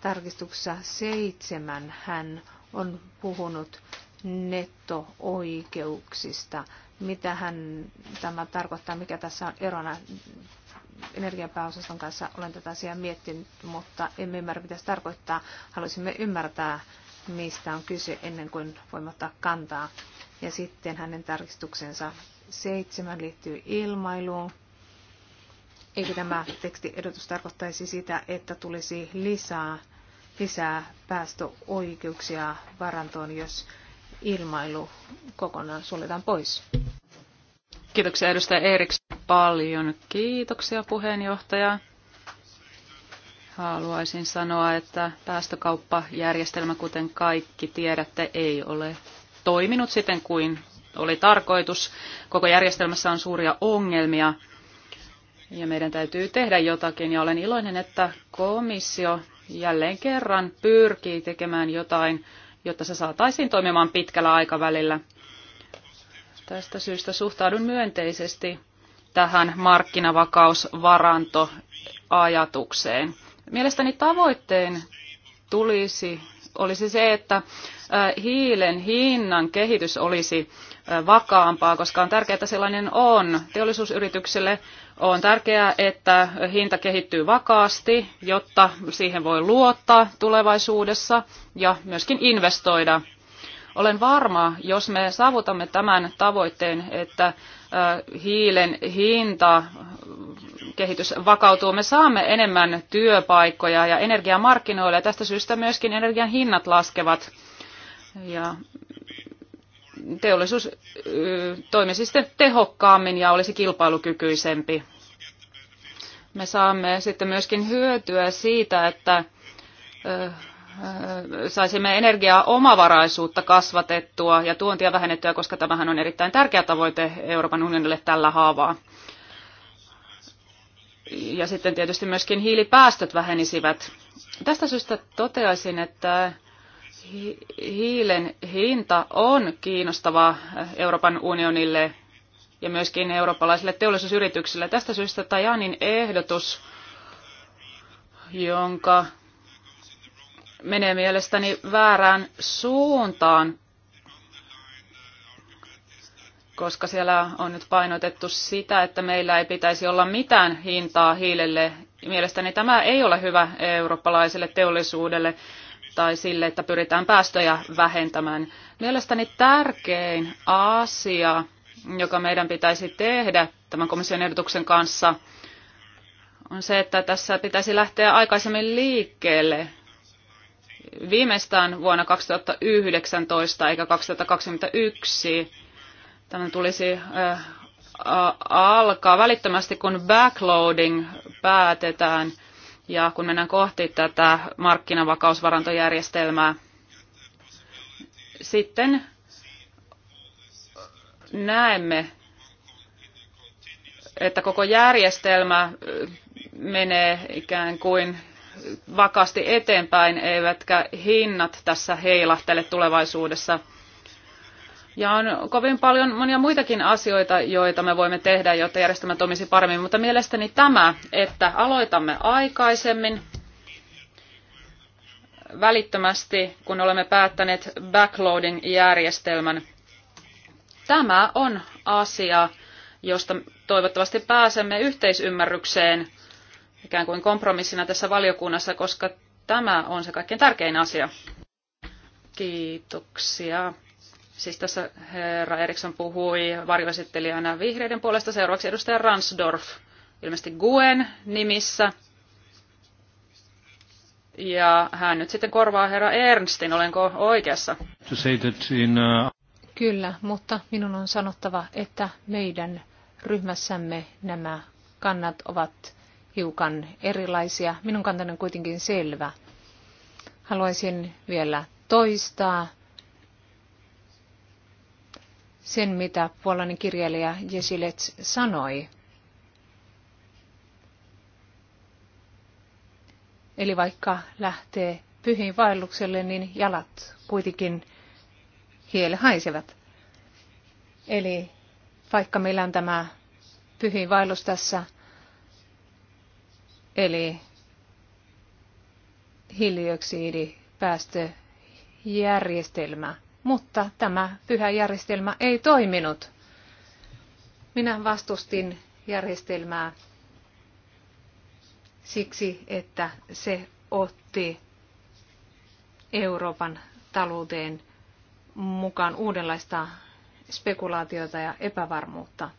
tarkistuksessa seitsemän hän on puhunut netto-oikeuksista. Mitä hän tämä tarkoittaa, mikä tässä on erona energiapääosaston kanssa olen tätä asiaa miettinyt, mutta emme ymmärrä, mitä se tarkoittaa. Haluaisimme ymmärtää, mistä on kyse ennen kuin voimme ottaa kantaa. Ja sitten hänen tarkistuksensa seitsemän liittyy ilmailuun. Eikö tämä tekstiedotus tarkoittaisi sitä, että tulisi lisää lisää päästöoikeuksia varantoon, jos ilmailu kokonaan suljetaan pois. Kiitoksia edustaja Eriks paljon. Kiitoksia puheenjohtaja. Haluaisin sanoa, että päästökauppajärjestelmä, kuten kaikki tiedätte, ei ole toiminut siten kuin oli tarkoitus. Koko järjestelmässä on suuria ongelmia ja meidän täytyy tehdä jotakin. Ja olen iloinen, että komissio jälleen kerran pyrkii tekemään jotain, jotta se saataisiin toimimaan pitkällä aikavälillä. Tästä syystä suhtaudun myönteisesti tähän markkinavakausvarantoajatukseen. Mielestäni tavoitteen tulisi, olisi se, että hiilen hinnan kehitys olisi vakaampaa, koska on tärkeää, että sellainen on. Teollisuusyritykselle on tärkeää, että hinta kehittyy vakaasti, jotta siihen voi luottaa tulevaisuudessa ja myöskin investoida. Olen varma, jos me saavutamme tämän tavoitteen, että hiilen hinta kehitys vakautuu, me saamme enemmän työpaikkoja ja energiamarkkinoille ja tästä syystä myöskin energian hinnat laskevat. Ja teollisuus toimisi sitten tehokkaammin ja olisi kilpailukykyisempi. Me saamme sitten myöskin hyötyä siitä, että saisimme energiaa omavaraisuutta kasvatettua ja tuontia vähennettyä, koska tämähän on erittäin tärkeä tavoite Euroopan unionille tällä haavaa. Ja sitten tietysti myöskin hiilipäästöt vähenisivät. Tästä syystä toteaisin, että hiilen hinta on kiinnostava Euroopan unionille ja myöskin eurooppalaisille teollisuusyrityksille. Tästä syystä Tajanin ehdotus, jonka menee mielestäni väärään suuntaan, koska siellä on nyt painotettu sitä, että meillä ei pitäisi olla mitään hintaa hiilelle. Mielestäni tämä ei ole hyvä eurooppalaiselle teollisuudelle tai sille, että pyritään päästöjä vähentämään. Mielestäni tärkein asia, joka meidän pitäisi tehdä tämän komission ehdotuksen kanssa, on se, että tässä pitäisi lähteä aikaisemmin liikkeelle viimeistään vuonna 2019 eikä 2021. Tämän tulisi äh, alkaa välittömästi, kun backloading päätetään – ja kun mennään kohti tätä markkinavakausvarantojärjestelmää, sitten näemme, että koko järjestelmä menee ikään kuin vakaasti eteenpäin, eivätkä hinnat tässä heilahtele tulevaisuudessa. Ja on kovin paljon monia muitakin asioita, joita me voimme tehdä, jotta järjestelmä toimisi paremmin. Mutta mielestäni tämä, että aloitamme aikaisemmin, välittömästi, kun olemme päättäneet backloading-järjestelmän, tämä on asia, josta toivottavasti pääsemme yhteisymmärrykseen ikään kuin kompromissina tässä valiokunnassa, koska tämä on se kaikkein tärkein asia. Kiitoksia. Siis tässä herra Eriksson puhui varjoesittelijänä vihreiden puolesta. Seuraavaksi edustaja Ransdorf, ilmeisesti Guen nimissä. Ja hän nyt sitten korvaa herra Ernstin, olenko oikeassa? Uh, Kyllä, mutta minun on sanottava, että meidän ryhmässämme nämä kannat ovat hiukan erilaisia. Minun kantani on kuitenkin selvä. Haluaisin vielä toistaa sen, mitä puolainen kirjailija Jesilets sanoi. Eli vaikka lähtee pyhiin vaellukselle, niin jalat kuitenkin hiele haisevat. Eli vaikka meillä on tämä pyhiin vaellus tässä, eli hiilidioksidipäästöjärjestelmä, mutta tämä pyhä järjestelmä ei toiminut. Minä vastustin järjestelmää siksi, että se otti Euroopan talouteen mukaan uudenlaista spekulaatiota ja epävarmuutta.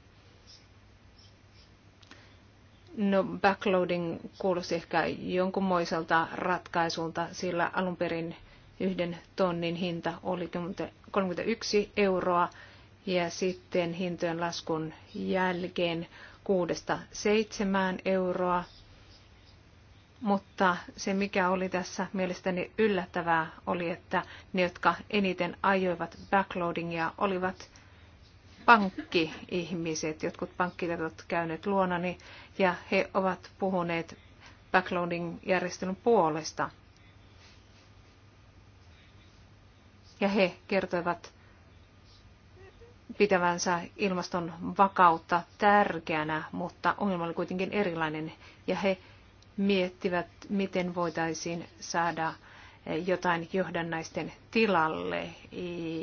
No, backloading kuulosi ehkä jonkunmoiselta ratkaisulta, sillä alun perin yhden tonnin hinta oli 31 euroa ja sitten hintojen laskun jälkeen 6-7 euroa. Mutta se, mikä oli tässä mielestäni yllättävää, oli, että ne, jotka eniten ajoivat backloadingia, olivat pankki-ihmiset, jotkut pankkit ovat käyneet luonani, ja he ovat puhuneet backloading-järjestelyn puolesta – ja he kertoivat pitävänsä ilmaston vakautta tärkeänä, mutta ongelma oli kuitenkin erilainen ja he miettivät, miten voitaisiin saada jotain johdannaisten tilalle,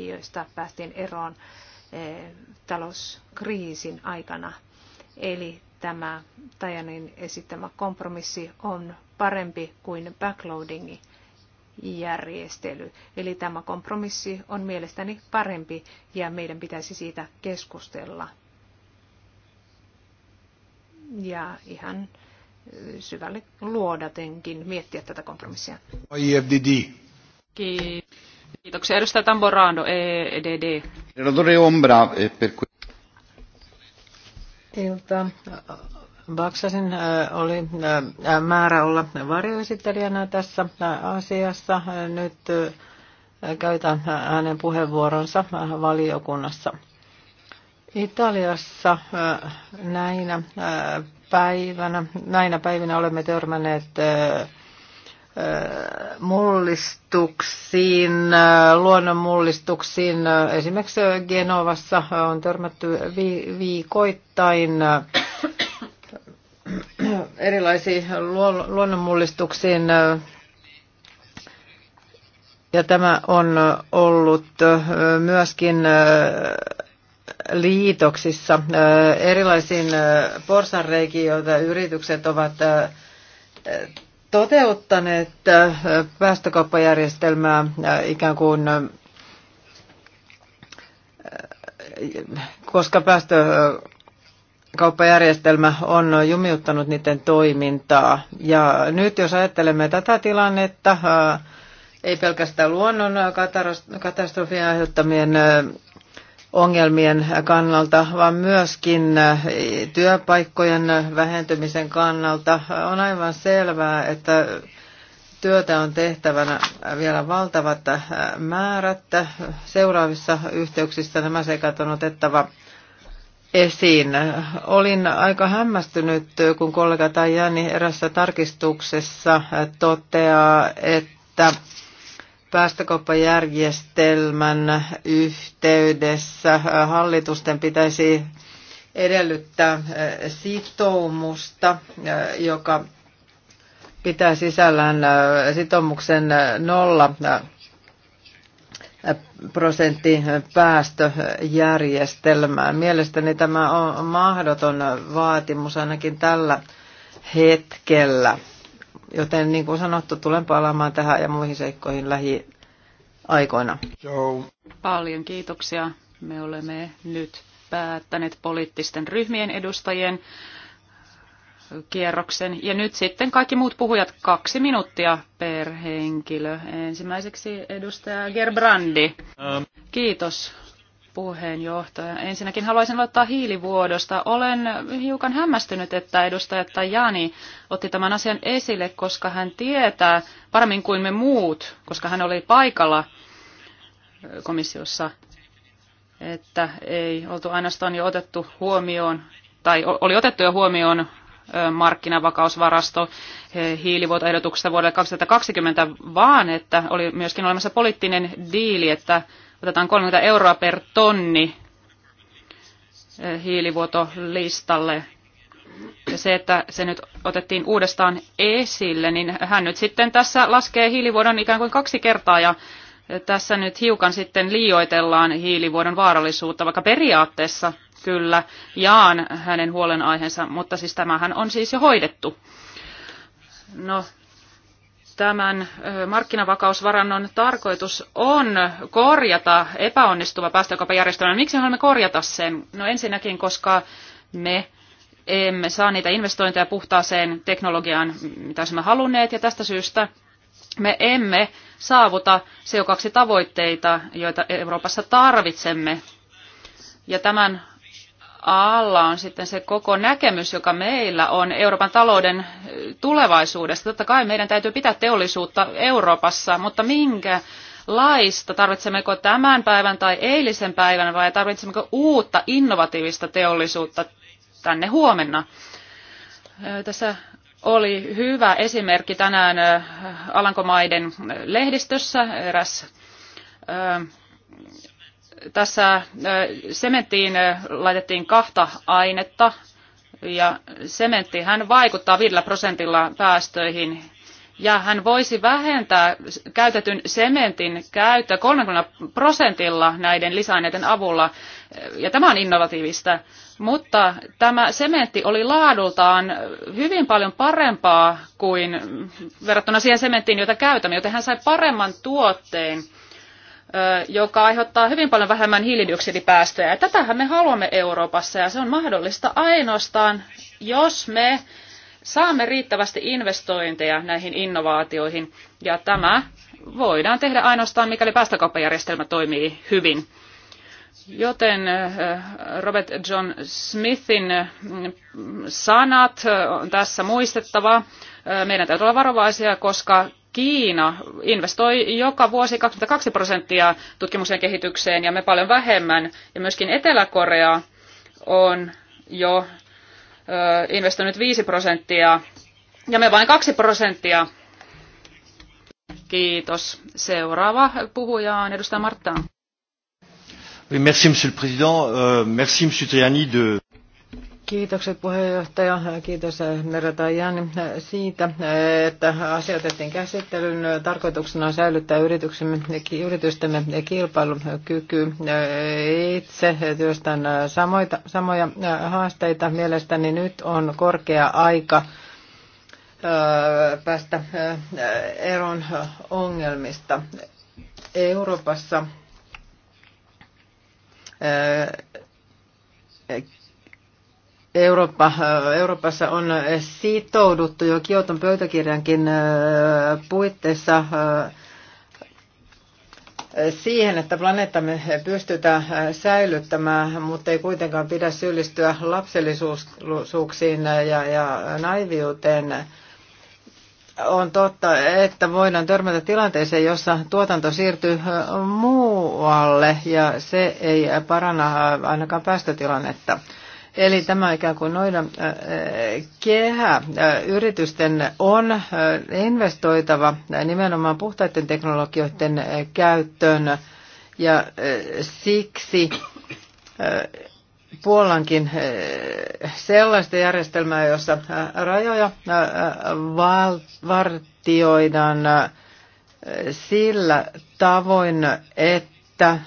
joista päästiin eroon eh, talouskriisin aikana. Eli tämä Tajanin esittämä kompromissi on parempi kuin backloadingi järjestely. Eli tämä kompromissi on mielestäni parempi ja meidän pitäisi siitä keskustella. Ja ihan syvälle luodatenkin miettiä tätä kompromissia. IFDD. Kiitoksia. Edustaja Tamborando, EDD. Ombra, eh, per... Ilta Baksasin oli määrä olla varjoesittelijänä tässä asiassa. Nyt käytän hänen puheenvuoronsa valiokunnassa. Italiassa näinä päivänä, näinä päivinä olemme törmänneet mullistuksiin, luonnon mullistuksiin. Esimerkiksi Genovassa on törmätty viikoittain erilaisiin luonnonmullistuksiin ja tämä on ollut myöskin liitoksissa erilaisiin porsanreikiin, joita yritykset ovat toteuttaneet päästökauppajärjestelmää ikään kuin koska päästö kauppajärjestelmä on jumiuttanut niiden toimintaa. Ja nyt jos ajattelemme tätä tilannetta, ei pelkästään luonnon katastrofien aiheuttamien ongelmien kannalta, vaan myöskin työpaikkojen vähentymisen kannalta on aivan selvää, että työtä on tehtävänä vielä valtavat määrät. Seuraavissa yhteyksissä nämä seikat on otettava esiin. Olin aika hämmästynyt, kun kollega Tajani erässä tarkistuksessa toteaa, että päästökauppajärjestelmän yhteydessä hallitusten pitäisi edellyttää sitoumusta, joka pitää sisällään sitoumuksen nolla prosentin päästöjärjestelmään. Mielestäni tämä on mahdoton vaatimus ainakin tällä hetkellä. Joten niin kuin sanottu, tulen palaamaan tähän ja muihin seikkoihin lähiaikoina. Paljon kiitoksia. Me olemme nyt päättäneet poliittisten ryhmien edustajien kierroksen. Ja nyt sitten kaikki muut puhujat kaksi minuuttia per henkilö. Ensimmäiseksi edustaja Gerbrandi. Ähm. Kiitos puheenjohtaja. Ensinnäkin haluaisin aloittaa hiilivuodosta. Olen hiukan hämmästynyt, että edustaja Tajani otti tämän asian esille, koska hän tietää paremmin kuin me muut, koska hän oli paikalla äh, komissiossa, että ei oltu ainoastaan jo otettu huomioon tai oli otettu jo huomioon markkinavakausvarasto hiilivuotoehdotuksesta vuodelle 2020, vaan että oli myöskin olemassa poliittinen diili, että otetaan 30 euroa per tonni hiilivuotolistalle. Ja se, että se nyt otettiin uudestaan esille, niin hän nyt sitten tässä laskee hiilivuodon ikään kuin kaksi kertaa ja tässä nyt hiukan sitten liioitellaan hiilivuodon vaarallisuutta, vaikka periaatteessa – kyllä jaan hänen huolenaiheensa, mutta siis tämähän on siis jo hoidettu. No, tämän markkinavakausvarannon tarkoitus on korjata epäonnistuva päästökauppajärjestelmä. Miksi haluamme korjata sen? No ensinnäkin, koska me emme saa niitä investointeja puhtaaseen teknologiaan, mitä olisimme halunneet, ja tästä syystä me emme saavuta CO2-tavoitteita, joita Euroopassa tarvitsemme. Ja tämän alla on sitten se koko näkemys, joka meillä on Euroopan talouden eh, tulevaisuudesta. Totta kai meidän täytyy pitää teollisuutta Euroopassa, mutta minkä laista, tarvitsemmeko tämän päivän tai eilisen päivän vai tarvitsemmeko uutta innovatiivista teollisuutta tänne huomenna. Eh, tässä oli hyvä esimerkki tänään eh, Alankomaiden lehdistössä eräs tässä sementtiin laitettiin kahta ainetta ja sementti hän vaikuttaa 5 prosentilla päästöihin ja hän voisi vähentää käytetyn sementin käyttöä 30 prosentilla näiden lisäaineiden avulla, ja tämä on innovatiivista, mutta tämä sementti oli laadultaan hyvin paljon parempaa kuin verrattuna siihen sementtiin, jota käytämme, joten hän sai paremman tuotteen joka aiheuttaa hyvin paljon vähemmän hiilidioksidipäästöjä. Ja tätähän me haluamme Euroopassa ja se on mahdollista ainoastaan, jos me saamme riittävästi investointeja näihin innovaatioihin. Ja tämä voidaan tehdä ainoastaan, mikäli päästökauppajärjestelmä toimii hyvin. Joten Robert John Smithin sanat on tässä muistettava. Meidän täytyy olla varovaisia, koska Kiina investoi joka vuosi 22 prosenttia tutkimukseen kehitykseen ja me paljon vähemmän. Ja myöskin Etelä-Korea on jo investoinut 5 prosenttia ja me vain 2 prosenttia. Kiitos. Seuraava puhuja on edustaja Martta. Merci, monsieur le président. Euh, merci, monsieur Triani, de... Kiitokset puheenjohtaja. Kiitos Meratajan siitä, että asia otettiin käsittelyyn. Tarkoituksena on säilyttää yritystemme kilpailukyky. Itse työstän samoita, samoja haasteita. Mielestäni nyt on korkea aika äh, päästä äh, eron ongelmista. Euroopassa äh, Eurooppa, Euroopassa on sitouduttu jo Kioton pöytäkirjankin puitteissa siihen, että planeettamme pystytään säilyttämään, mutta ei kuitenkaan pidä syyllistyä lapsellisuuksiin ja, ja naiviuteen. On totta, että voidaan törmätä tilanteeseen, jossa tuotanto siirtyy muualle ja se ei paranna ainakaan päästötilannetta. Eli tämä ikään kuin noiden kehä. Yritysten on investoitava nimenomaan puhtaiden teknologioiden käyttöön ja siksi Puolankin sellaista järjestelmää, jossa rajoja vartioidaan sillä tavoin, että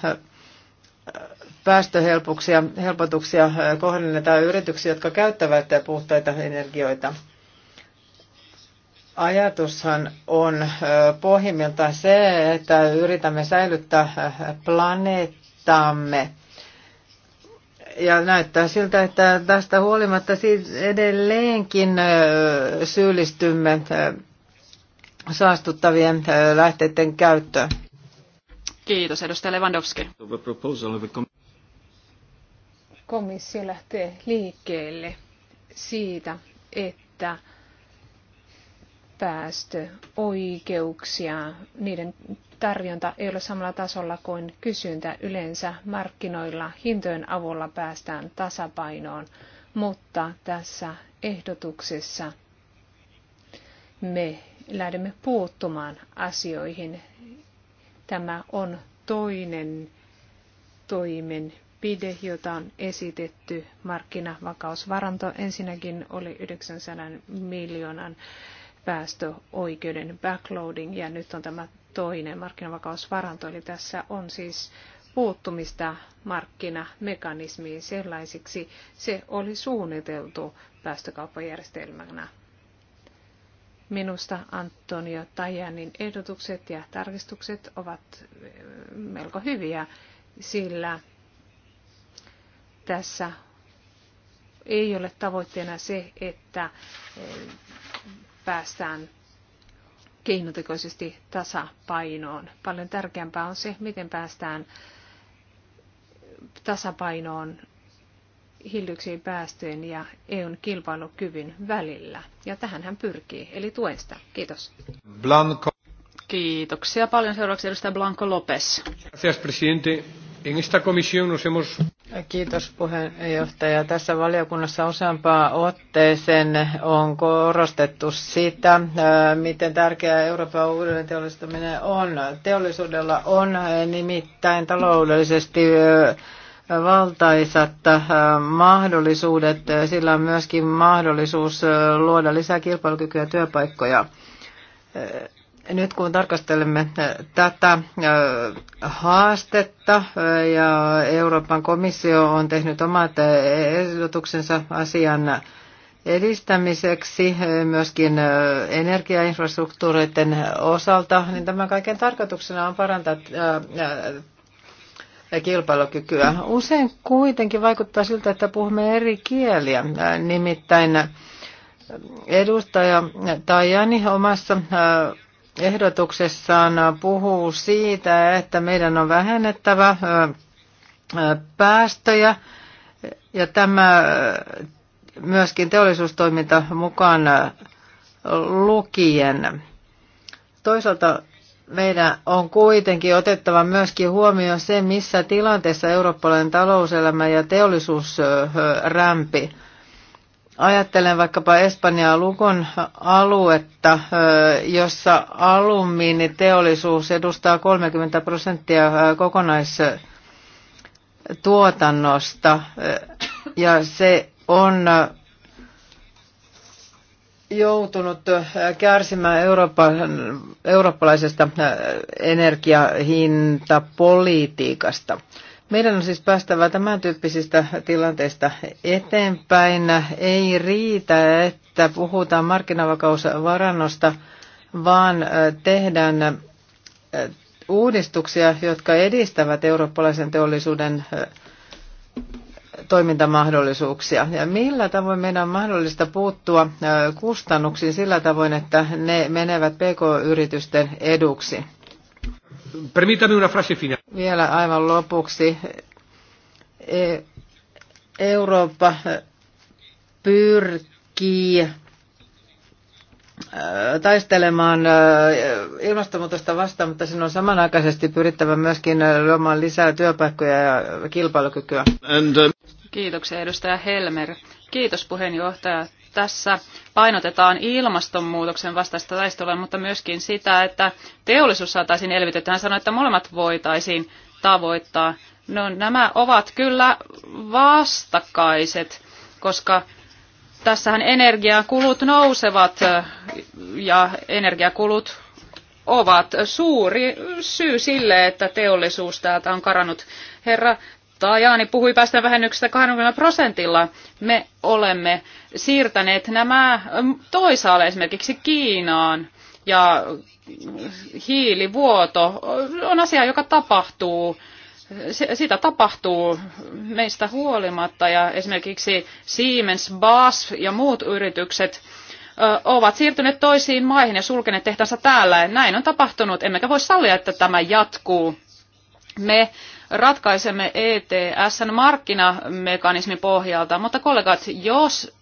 päästöhelpotuksia helpotuksia kohdennetaan yrityksiin, jotka käyttävät puhtaita energioita. Ajatushan on pohjimmiltaan se, että yritämme säilyttää planeettamme. Ja näyttää siltä, että tästä huolimatta siis edelleenkin syyllistymme saastuttavien lähteiden käyttöön. Kiitos, edustaja Lewandowski komissio lähtee liikkeelle siitä, että päästöoikeuksia, niiden tarjonta ei ole samalla tasolla kuin kysyntä. Yleensä markkinoilla hintojen avulla päästään tasapainoon, mutta tässä ehdotuksessa me lähdemme puuttumaan asioihin. Tämä on toinen toimenpide mielipide, jota on esitetty markkinavakausvaranto. Ensinnäkin oli 900 miljoonan päästöoikeuden backloading ja nyt on tämä toinen markkinavakausvaranto. Eli tässä on siis puuttumista markkinamekanismiin sellaisiksi. Se oli suunniteltu päästökauppajärjestelmänä. Minusta Antonio Tajanin ehdotukset ja tarkistukset ovat eh, melko hyviä, sillä tässä ei ole tavoitteena se, että eh, päästään keinotekoisesti tasapainoon. Paljon tärkeämpää on se, miten päästään tasapainoon hillyksiin päästöjen ja EUn kilpailukyvyn välillä. Ja tähän hän pyrkii, eli tuen sitä. Kiitos. Blanco. Kiitoksia paljon. Seuraavaksi edustaja Blanco Lopes. Gracias, presidente. En esta comisión nos hemos... Kiitos puheenjohtaja. Tässä valiokunnassa useampaan otteeseen on korostettu sitä, äh, miten tärkeää Euroopan uudelleen teollistuminen on. Teollisuudella on nimittäin taloudellisesti äh, valtaisat äh, mahdollisuudet. Sillä on myöskin mahdollisuus luoda lisää kilpailukykyä työpaikkoja nyt kun tarkastelemme äh, tätä äh, haastetta äh, ja Euroopan komissio on tehnyt omat ehdotuksensa asian edistämiseksi myöskin energiainfrastruktuureiden osalta, niin tämän kaiken tarkoituksena on parantaa kilpailukykyä. Usein kuitenkin vaikuttaa siltä, että puhumme eri kieliä, nimittäin edustaja Tajani omassa ehdotuksessaan puhuu siitä, että meidän on vähennettävä päästöjä ja tämä myöskin teollisuustoiminta mukaan lukien. Toisaalta meidän on kuitenkin otettava myöskin huomioon se, missä tilanteessa eurooppalainen talouselämä ja teollisuus rämpi. Ajattelen vaikkapa Espanjaa lukon aluetta, jossa alumiiniteollisuus edustaa 30 prosenttia kokonaistuotannosta ja se on joutunut kärsimään Eurooppa, eurooppalaisesta energiahintapolitiikasta. Meidän on siis päästävä tämän tyyppisistä tilanteista eteenpäin. Ei riitä, että puhutaan markkinavakausvarannosta, vaan tehdään uudistuksia, jotka edistävät eurooppalaisen teollisuuden toimintamahdollisuuksia. Ja millä tavoin meidän on mahdollista puuttua kustannuksiin sillä tavoin, että ne menevät pk-yritysten eduksi? Permítame una frase final. Vielä aivan lopuksi. E, Eurooppa pyrkii taistelemaan ilmastonmuutosta vastaan, mutta sinun on samanaikaisesti pyrittävä myöskin luomaan lisää työpaikkoja ja kilpailukykyä. And, uh... Kiitoksia edustaja Helmer. Kiitos puheenjohtaja tässä painotetaan ilmastonmuutoksen vastaista taistelua, mutta myöskin sitä, että teollisuus saataisiin elvytettyä. Hän sanoi, että molemmat voitaisiin tavoittaa. No, nämä ovat kyllä vastakkaiset, koska tässähän energiakulut nousevat ja energiakulut ovat suuri syy sille, että teollisuus täältä on karannut. Herra Jaani puhui päästövähennyksestä 20 prosentilla. Me olemme siirtäneet nämä mm, toisaalle esimerkiksi Kiinaan ja hiilivuoto on asia, joka tapahtuu. Sitä tapahtuu meistä huolimatta ja esimerkiksi Siemens, BASF ja muut yritykset ovat siirtyneet toisiin maihin ja sulkeneet tehtänsä täällä. Näin on tapahtunut, emmekä voi sallia, että tämä jatkuu. Me ratkaisemme ets markkinamekanismin pohjalta. Mutta kollegat, jos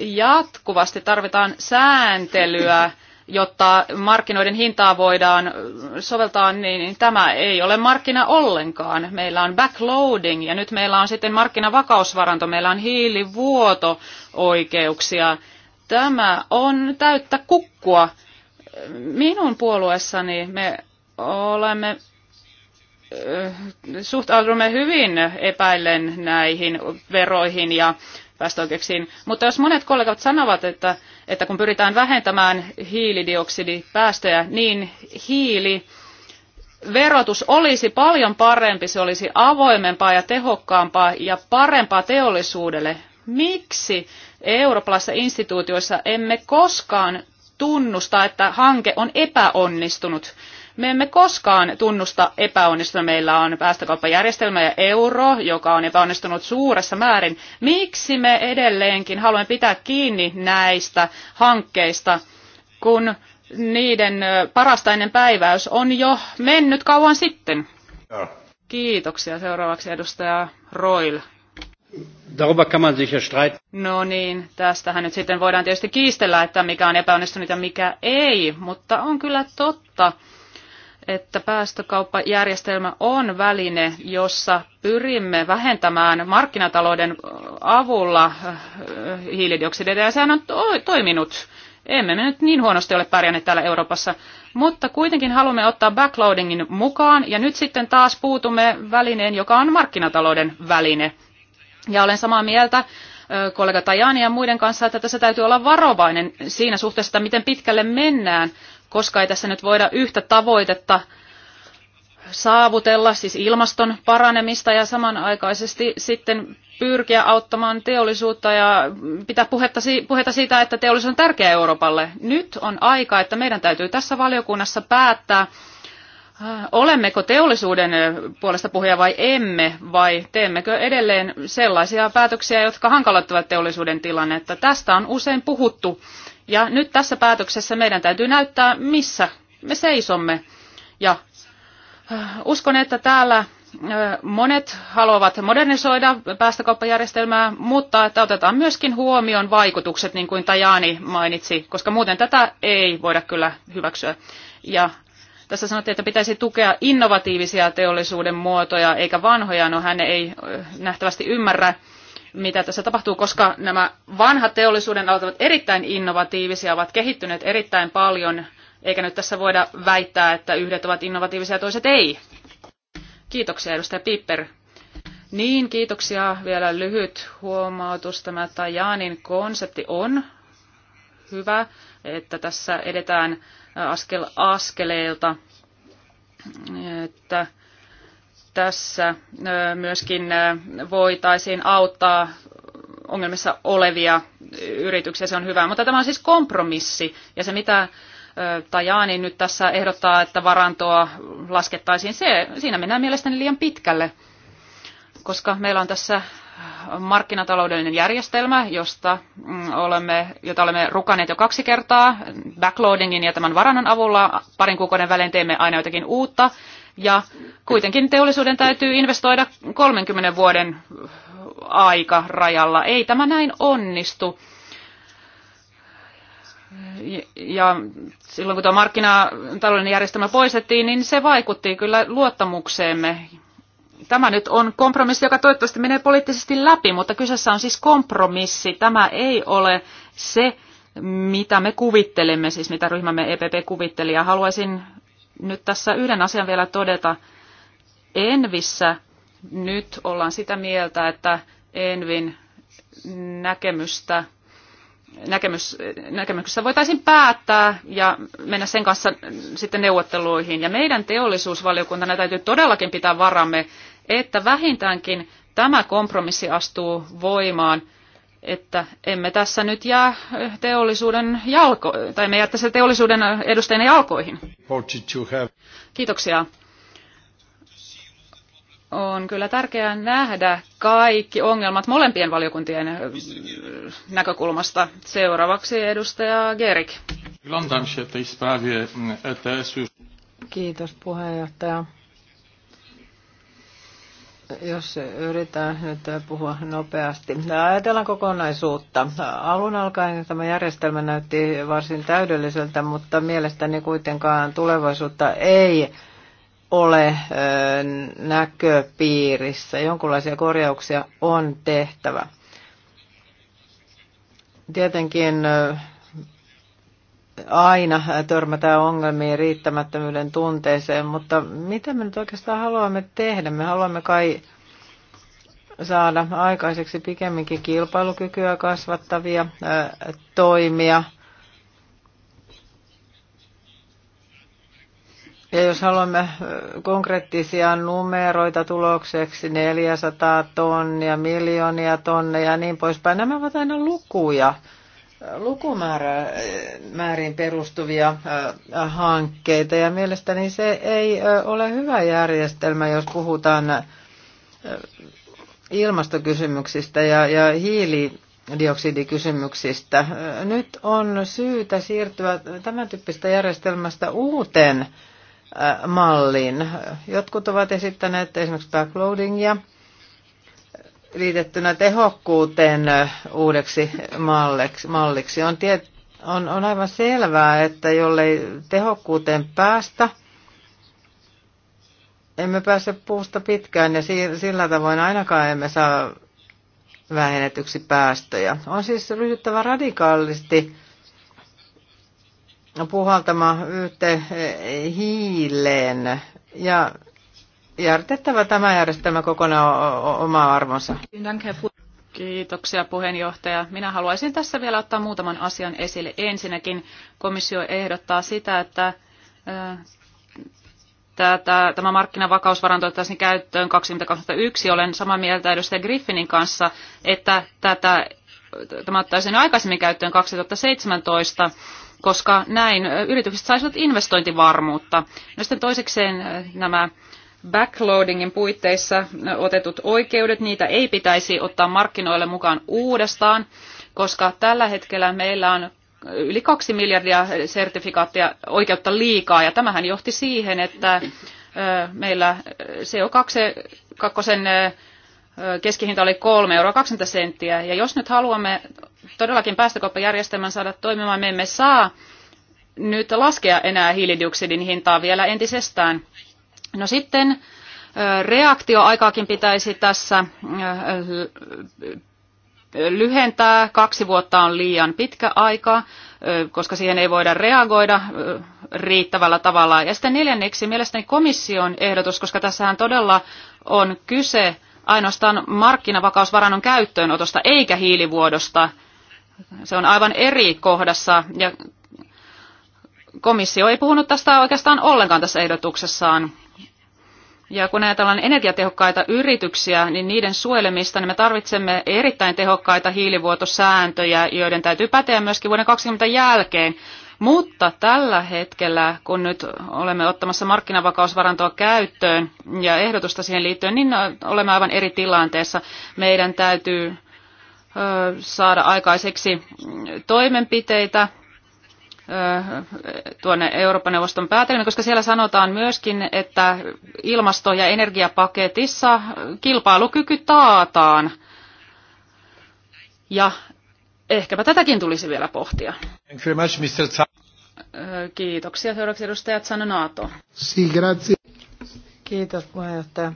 jatkuvasti tarvitaan sääntelyä, jotta markkinoiden hintaa voidaan soveltaa, niin tämä ei ole markkina ollenkaan. Meillä on backloading ja nyt meillä on sitten markkinavakausvaranto, meillä on hiilivuoto-oikeuksia. Tämä on täyttä kukkua. Minun puolueessani me olemme suhtaudumme hyvin epäillen näihin veroihin ja päästöoikeuksiin. Mutta jos monet kollegat sanovat, että, että kun pyritään vähentämään hiilidioksidipäästöjä, niin hiili verotus olisi paljon parempi, se olisi avoimempaa ja tehokkaampaa ja parempaa teollisuudelle. Miksi eurooppalaisissa instituutioissa emme koskaan tunnusta, että hanke on epäonnistunut? Me emme koskaan tunnusta epäonnistunut. Meillä on päästökauppajärjestelmä ja euro, joka on epäonnistunut suuressa määrin. Miksi me edelleenkin haluamme pitää kiinni näistä hankkeista, kun niiden parastainen päiväys on jo mennyt kauan sitten? Ja. Kiitoksia. Seuraavaksi edustaja Roil. Darüber kann man sicher streiten. No niin, tästähän nyt sitten voidaan tietysti kiistellä, että mikä on epäonnistunut ja mikä ei, mutta on kyllä totta, että päästökauppajärjestelmä on väline, jossa pyrimme vähentämään markkinatalouden avulla hiilidioksideja, ja sehän on to- toiminut. Emme me nyt niin huonosti ole pärjänneet täällä Euroopassa, mutta kuitenkin haluamme ottaa backloadingin mukaan, ja nyt sitten taas puutumme välineen, joka on markkinatalouden väline. Ja olen samaa mieltä kollega Tajani ja muiden kanssa, että tässä täytyy olla varovainen siinä suhteessa, että miten pitkälle mennään, koska ei tässä nyt voida yhtä tavoitetta saavutella, siis ilmaston paranemista ja samanaikaisesti sitten pyrkiä auttamaan teollisuutta ja pitää puhetta, puhetta siitä, että teollisuus on tärkeä Euroopalle. Nyt on aika, että meidän täytyy tässä valiokunnassa päättää, äh, olemmeko teollisuuden puolesta puhuja vai emme, vai teemmekö edelleen sellaisia päätöksiä, jotka hankaloittavat teollisuuden tilannetta. Tästä on usein puhuttu ja nyt tässä päätöksessä meidän täytyy näyttää, missä me seisomme. Ja äh, uskon, että täällä äh, monet haluavat modernisoida päästökauppajärjestelmää, mutta että otetaan myöskin huomioon vaikutukset, niin kuin Tajani mainitsi, koska muuten tätä ei voida kyllä hyväksyä. Ja tässä sanottiin, että pitäisi tukea innovatiivisia teollisuuden muotoja eikä vanhoja. No hän ei äh, nähtävästi ymmärrä, mitä tässä tapahtuu, koska nämä vanhat teollisuuden alat ovat erittäin innovatiivisia, ovat kehittyneet erittäin paljon, eikä nyt tässä voida väittää, että yhdet ovat innovatiivisia ja toiset ei. Kiitoksia, edustaja Piper. Niin, kiitoksia. Vielä lyhyt huomautus. Tämä Tajanin konsepti on hyvä, että tässä edetään askel askeleelta. Että tässä myöskin voitaisiin auttaa ongelmissa olevia yrityksiä, se on hyvä. Mutta tämä on siis kompromissi, ja se mitä Tajani nyt tässä ehdottaa, että varantoa laskettaisiin, se, siinä mennään mielestäni liian pitkälle, koska meillä on tässä markkinataloudellinen järjestelmä, josta mm, olemme, jota olemme rukaneet jo kaksi kertaa backloadingin ja tämän varannon avulla. Parin kuukauden välein teemme aina jotakin uutta. Ja kuitenkin teollisuuden täytyy investoida 30 vuoden aikarajalla. Ei tämä näin onnistu. Ja silloin kun tuo markkinatalouden järjestelmä poistettiin, niin se vaikutti kyllä luottamukseemme. Tämä nyt on kompromissi, joka toivottavasti menee poliittisesti läpi, mutta kyseessä on siis kompromissi. Tämä ei ole se, mitä me kuvittelemme, siis mitä ryhmämme EPP kuvitteli. Ja haluaisin nyt tässä yhden asian vielä todeta. Envissä nyt ollaan sitä mieltä, että Envin näkemystä näkemys, näkemyksessä voitaisiin päättää ja mennä sen kanssa sitten neuvotteluihin. Ja meidän teollisuusvaliokuntana täytyy todellakin pitää varamme, että vähintäänkin tämä kompromissi astuu voimaan – että emme tässä nyt jää teollisuuden jalko, tai me jättäisi teollisuuden edustajien jalkoihin. Kiitoksia. On kyllä tärkeää nähdä kaikki ongelmat molempien valiokuntien näkökulmasta. Seuraavaksi edustaja Gerik. E, Kiitos puheenjohtaja jos yritän nyt puhua nopeasti. Ajatellaan kokonaisuutta. Alun alkaen tämä järjestelmä näytti varsin täydelliseltä, mutta mielestäni kuitenkaan tulevaisuutta ei ole näköpiirissä. Jonkinlaisia korjauksia on tehtävä. Tietenkin aina törmätään ongelmiin riittämättömyyden tunteeseen, mutta mitä me nyt oikeastaan haluamme tehdä? Me haluamme kai saada aikaiseksi pikemminkin kilpailukykyä kasvattavia toimia. Ja jos haluamme konkreettisia numeroita tulokseksi, 400 tonnia, miljoonia tonneja ja niin poispäin, nämä ovat aina lukuja lukumääriin perustuvia hankkeita ja mielestäni se ei ole hyvä järjestelmä, jos puhutaan ilmastokysymyksistä ja, ja hiilidioksidikysymyksistä. Nyt on syytä siirtyä tämän tyyppistä järjestelmästä uuteen malliin. Jotkut ovat esittäneet esimerkiksi backloadingia liitettynä tehokkuuteen uudeksi malliksi. On, tie, on, on aivan selvää, että jollei tehokkuuteen päästä, emme pääse puusta pitkään ja sillä tavoin ainakaan emme saa vähennetyksi päästöjä. On siis ryhdyttävä radikaalisti puhaltama yhteen hiileen ja järjestettävä tämä järjestelmä kokonaan oma arvonsa. Kiitoksia puheenjohtaja. Minä haluaisin tässä vielä ottaa muutaman asian esille. Ensinnäkin komissio ehdottaa sitä, että tämä markkinavakausvaranto otettaisiin käyttöön 2021. Olen samaa mieltä edustaja Griffinin kanssa, että tätä, tämä ottaisiin aikaisemmin käyttöön 2017 koska näin yritykset saisivat investointivarmuutta. No sitten toisekseen nämä backloadingin puitteissa otetut oikeudet, niitä ei pitäisi ottaa markkinoille mukaan uudestaan, koska tällä hetkellä meillä on yli kaksi miljardia sertifikaattia oikeutta liikaa, ja tämähän johti siihen, että meillä CO2 keskihinta oli 3,20 euroa 20 senttiä. Ja jos nyt haluamme todellakin päästökauppajärjestelmän saada toimimaan, me emme saa nyt laskea enää hiilidioksidin hintaa vielä entisestään. No sitten reaktioaikaakin pitäisi tässä lyhentää. Kaksi vuotta on liian pitkä aika, koska siihen ei voida reagoida riittävällä tavalla. Ja sitten neljänneksi mielestäni komission ehdotus, koska tässähän todella on kyse ainoastaan markkinavakausvarannon käyttöönotosta eikä hiilivuodosta. Se on aivan eri kohdassa ja komissio ei puhunut tästä oikeastaan ollenkaan tässä ehdotuksessaan. Ja kun ajatellaan energiatehokkaita yrityksiä, niin niiden suojelemista, niin me tarvitsemme erittäin tehokkaita hiilivuotosääntöjä, joiden täytyy päteä myöskin vuoden 2020 jälkeen. Mutta tällä hetkellä, kun nyt olemme ottamassa markkinavakausvarantoa käyttöön ja ehdotusta siihen liittyen, niin olemme aivan eri tilanteessa. Meidän täytyy saada aikaiseksi toimenpiteitä, tuonne Euroopan neuvoston päätelmiin, koska siellä sanotaan myöskin, että ilmasto- ja energiapaketissa kilpailukyky taataan. Ja ehkäpä tätäkin tulisi vielä pohtia. Kiitoksia. Seuraavaksi edustaja Zananato. Kiitos puheenjohtaja.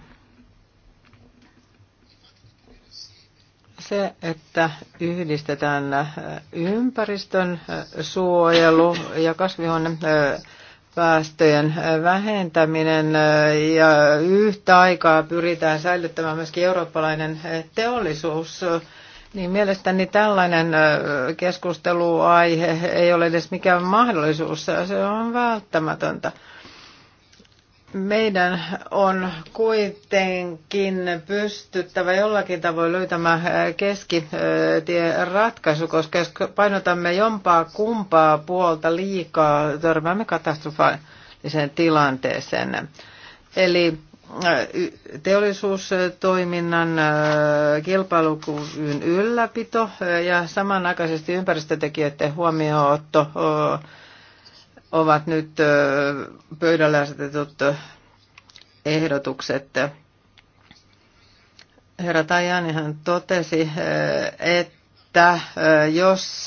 se, että yhdistetään äh, ympäristön äh, suojelu ja kasvihuone äh, päästöjen vähentäminen ja yhtä aikaa pyritään säilyttämään myöskin eurooppalainen teollisuus, niin mielestäni tällainen keskusteluaihe ei ole edes mikään mahdollisuus, se on välttämätöntä meidän on kuitenkin pystyttävä jollakin tavoin löytämään keskitien ratkaisu, koska jos painotamme jompaa kumpaa puolta liikaa, törmäämme katastrofaaliseen tilanteeseen. Eli teollisuustoiminnan kilpailukyvyn ylläpito ja samanaikaisesti ympäristötekijöiden huomioonotto ovat nyt pöydällä asetetut ehdotukset. Herra hän totesi, että jos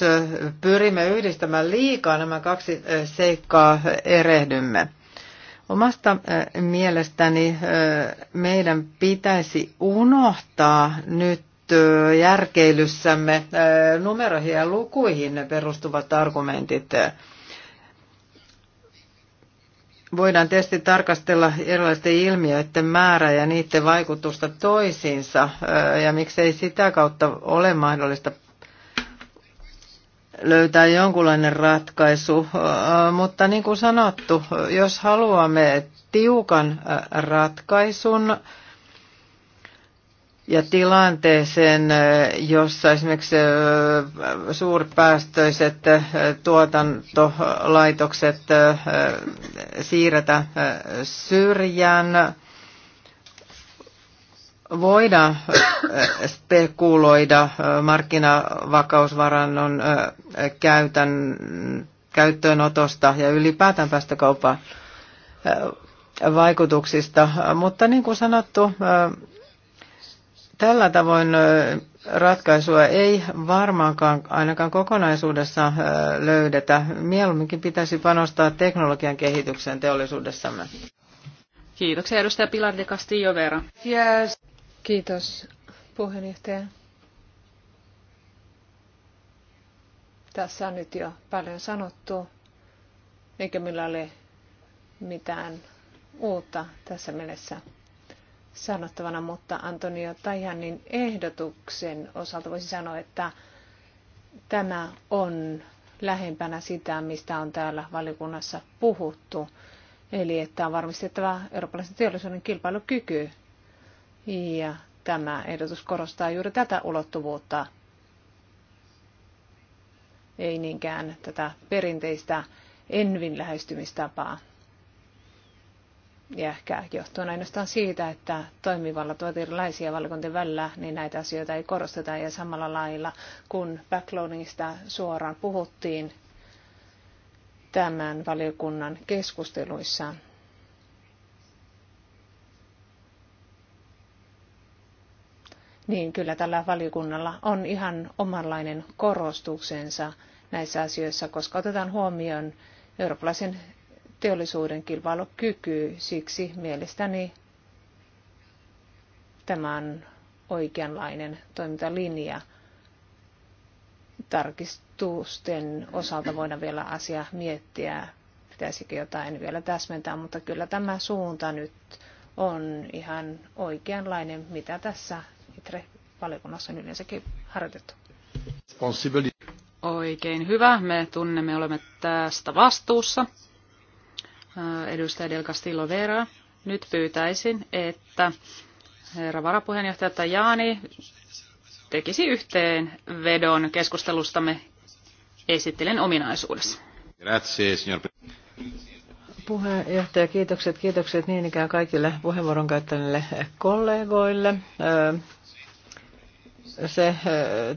pyrimme yhdistämään liikaa nämä kaksi seikkaa, erehdymme. Omasta mielestäni meidän pitäisi unohtaa nyt järkeilyssämme numeroihin ja lukuihin perustuvat argumentit voidaan tietysti tarkastella erilaisten ilmiöiden määrää ja niiden vaikutusta toisiinsa, ja miksei sitä kautta ole mahdollista löytää jonkunlainen ratkaisu. Mutta niin kuin sanottu, jos haluamme tiukan ratkaisun, ja tilanteeseen, jossa esimerkiksi suurpäästöiset tuotantolaitokset siirretään syrjään, Voidaan spekuloida markkinavakausvarannon käytän, käyttöönotosta ja ylipäätään päästökaupan vaikutuksista. Mutta niin kuin sanottu, Tällä tavoin ratkaisua ei varmaankaan ainakaan kokonaisuudessa löydetä. Mieluumminkin pitäisi panostaa teknologian kehitykseen teollisuudessamme. Kiitoksia edustaja Pilar de Castillo Vera. Yes. Kiitos puheenjohtaja. Tässä on nyt jo paljon sanottu, eikä meillä ole mitään uutta tässä mielessä sanottavana, mutta Antonio Tajanin ehdotuksen osalta voisi sanoa, että tämä on lähempänä sitä, mistä on täällä valiokunnassa puhuttu. Eli että on varmistettava eurooppalaisen teollisuuden kilpailukyky. Ja tämä ehdotus korostaa juuri tätä ulottuvuutta. Ei niinkään tätä perinteistä envin lähestymistapaa ja ehkä johtuen ainoastaan siitä, että toimivalla tuot erilaisia valkointien välillä, niin näitä asioita ei korosteta. Ja samalla lailla, kun backloadingista suoraan puhuttiin tämän valiokunnan keskusteluissa, niin kyllä tällä valiokunnalla on ihan omanlainen korostuksensa näissä asioissa, koska otetaan huomioon eurooppalaisen teollisuuden kilpailukyky. Siksi mielestäni tämä on oikeanlainen toimintalinja. Tarkistusten osalta voidaan vielä asia miettiä, pitäisikö jotain vielä täsmentää, mutta kyllä tämä suunta nyt on ihan oikeanlainen, mitä tässä itre valiokunnassa on yleensäkin harjoitettu. Oikein hyvä. Me tunnemme olemme tästä vastuussa. Äh, edustaja Del Castillo Vera. Nyt pyytäisin, että herra varapuheenjohtaja Tajani tekisi yhteen vedon keskustelustamme esittelen ominaisuudessa. signor puheenjohtaja, kiitokset, kiitokset niin ikään kaikille puheenvuoron käyttäneille kollegoille. Äh, se äh,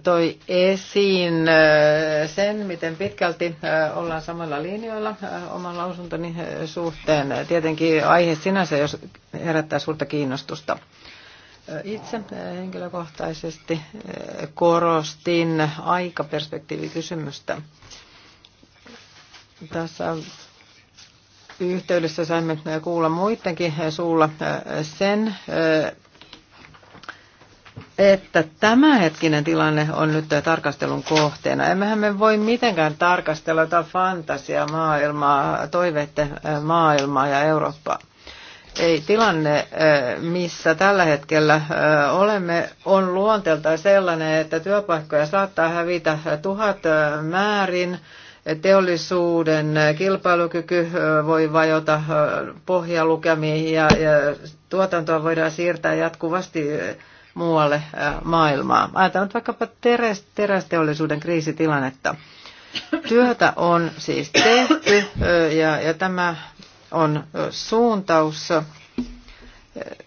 toi esiin äh, sen, miten pitkälti äh, ollaan samalla linjoilla oman lausuntoni suhteen. Tietenkin aihe sinänsä, jos herättää suurta kiinnostusta. Itse henkilökohtaisesti korostin aikaperspektiivikysymystä. Tässä yhteydessä saimme kuulla muidenkin suulla sen, että tämänhetkinen tilanne on nyt tarkastelun kohteena. Emmehän me voi mitenkään tarkastella jotain maailmaa, toiveiden maailmaa ja Eurooppaa. Ei tilanne, missä tällä hetkellä olemme, on luonteelta sellainen, että työpaikkoja saattaa hävitä tuhat määrin. Teollisuuden kilpailukyky voi vajota pohjalukemiin ja, ja tuotantoa voidaan siirtää jatkuvasti muualle äh, maailmaa. Ajatellaan nyt vaikkapa teräs, terästeollisuuden kriisitilannetta. Työtä on siis tehty ja, ja tämä on suuntaus.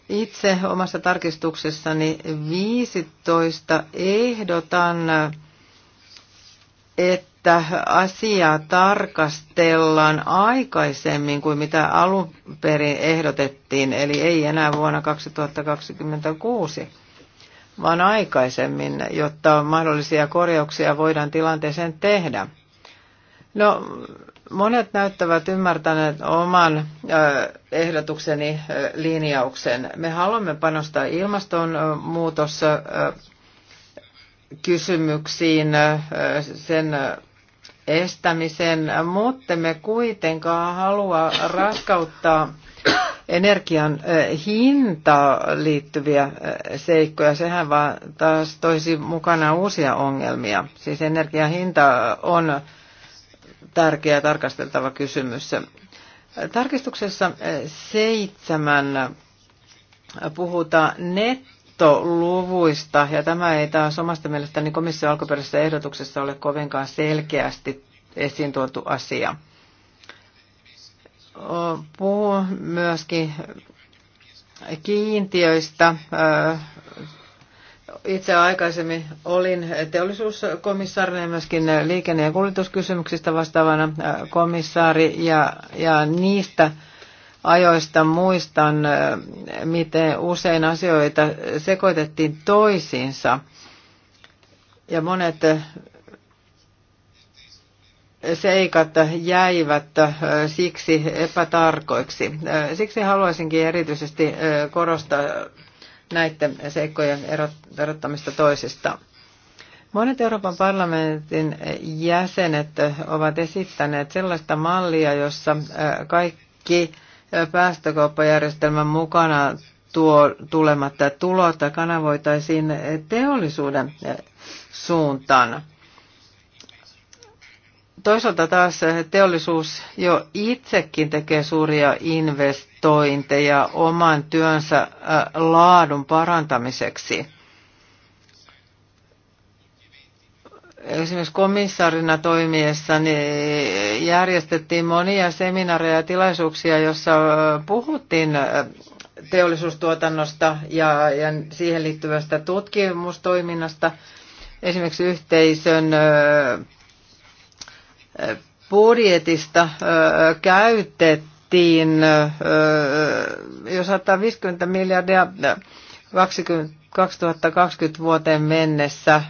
Itse omassa tarkistuksessani 15 ehdotan, että asiaa tarkastellaan aikaisemmin kuin mitä alun perin ehdotettiin, eli ei enää vuonna 2026 vaan aikaisemmin, jotta mahdollisia korjauksia voidaan tilanteeseen tehdä. No, monet näyttävät ymmärtäneet oman ehdotukseni linjauksen. Me haluamme panostaa ilmastonmuutos kysymyksiin, sen estämisen, mutta me kuitenkaan halua raskauttaa energian hinta liittyviä seikkoja. Sehän vaan taas toisi mukana uusia ongelmia. Siis energian hinta on tärkeä tarkasteltava kysymys. Tarkistuksessa seitsemän puhutaan nettoluvuista, ja tämä ei taas omasta mielestäni komission alkuperäisessä ehdotuksessa ole kovinkaan selkeästi esiin tuotu asia puhuu myöskin kiintiöistä. Itse aikaisemmin olin teollisuuskomissaarina ja myöskin liikenne- ja kuljetuskysymyksistä vastaavana komissaari ja, ja niistä ajoista muistan, miten usein asioita sekoitettiin toisiinsa. Ja monet seikat jäivät siksi epätarkoiksi. Siksi haluaisinkin erityisesti korostaa näiden seikkojen erottamista toisista. Monet Euroopan parlamentin jäsenet ovat esittäneet sellaista mallia, jossa kaikki päästökauppajärjestelmän mukana tuo, tulematta tulot kanavoitaisiin teollisuuden suuntaan. Toisaalta taas teollisuus jo itsekin tekee suuria investointeja oman työnsä äh, laadun parantamiseksi. Esimerkiksi komissaarina toimiessani niin järjestettiin monia seminaareja ja tilaisuuksia, joissa äh, puhuttiin äh, teollisuustuotannosta ja, ja siihen liittyvästä tutkimustoiminnasta. Esimerkiksi yhteisön budjetista käytettiin, jo 150 miljardia 2020 vuoteen mennessä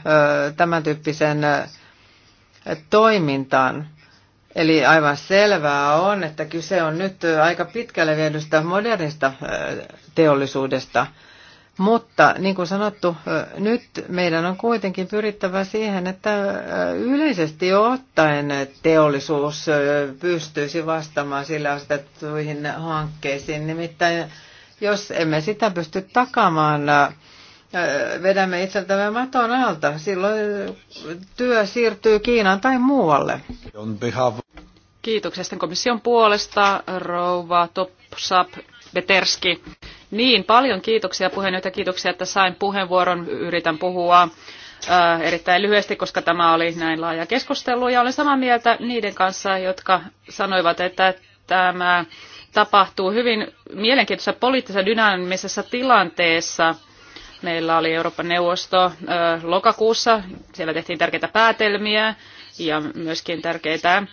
tämän tyyppisen toimintaan. Eli aivan selvää on, että kyse on nyt aika pitkälle viedystä modernista teollisuudesta – mutta niin kuin sanottu, nyt meidän on kuitenkin pyrittävä siihen, että yleisesti ottaen teollisuus pystyisi vastaamaan sillä asetettuihin hankkeisiin. Nimittäin jos emme sitä pysty takaamaan, vedämme itseltämme maton alta. Silloin työ siirtyy Kiinaan tai muualle. Kiitoksia komission puolesta, rouva Topsap Peterski. Niin, paljon kiitoksia puheenjohtaja, kiitoksia, että sain puheenvuoron. Yritän puhua äh, erittäin lyhyesti, koska tämä oli näin laaja keskustelu. Ja olen samaa mieltä niiden kanssa, jotka sanoivat, että tämä tapahtuu hyvin mielenkiintoisessa poliittisessa dynaamisessa tilanteessa. Meillä oli Euroopan neuvosto äh, lokakuussa, siellä tehtiin tärkeitä päätelmiä ja myöskin tärkeitä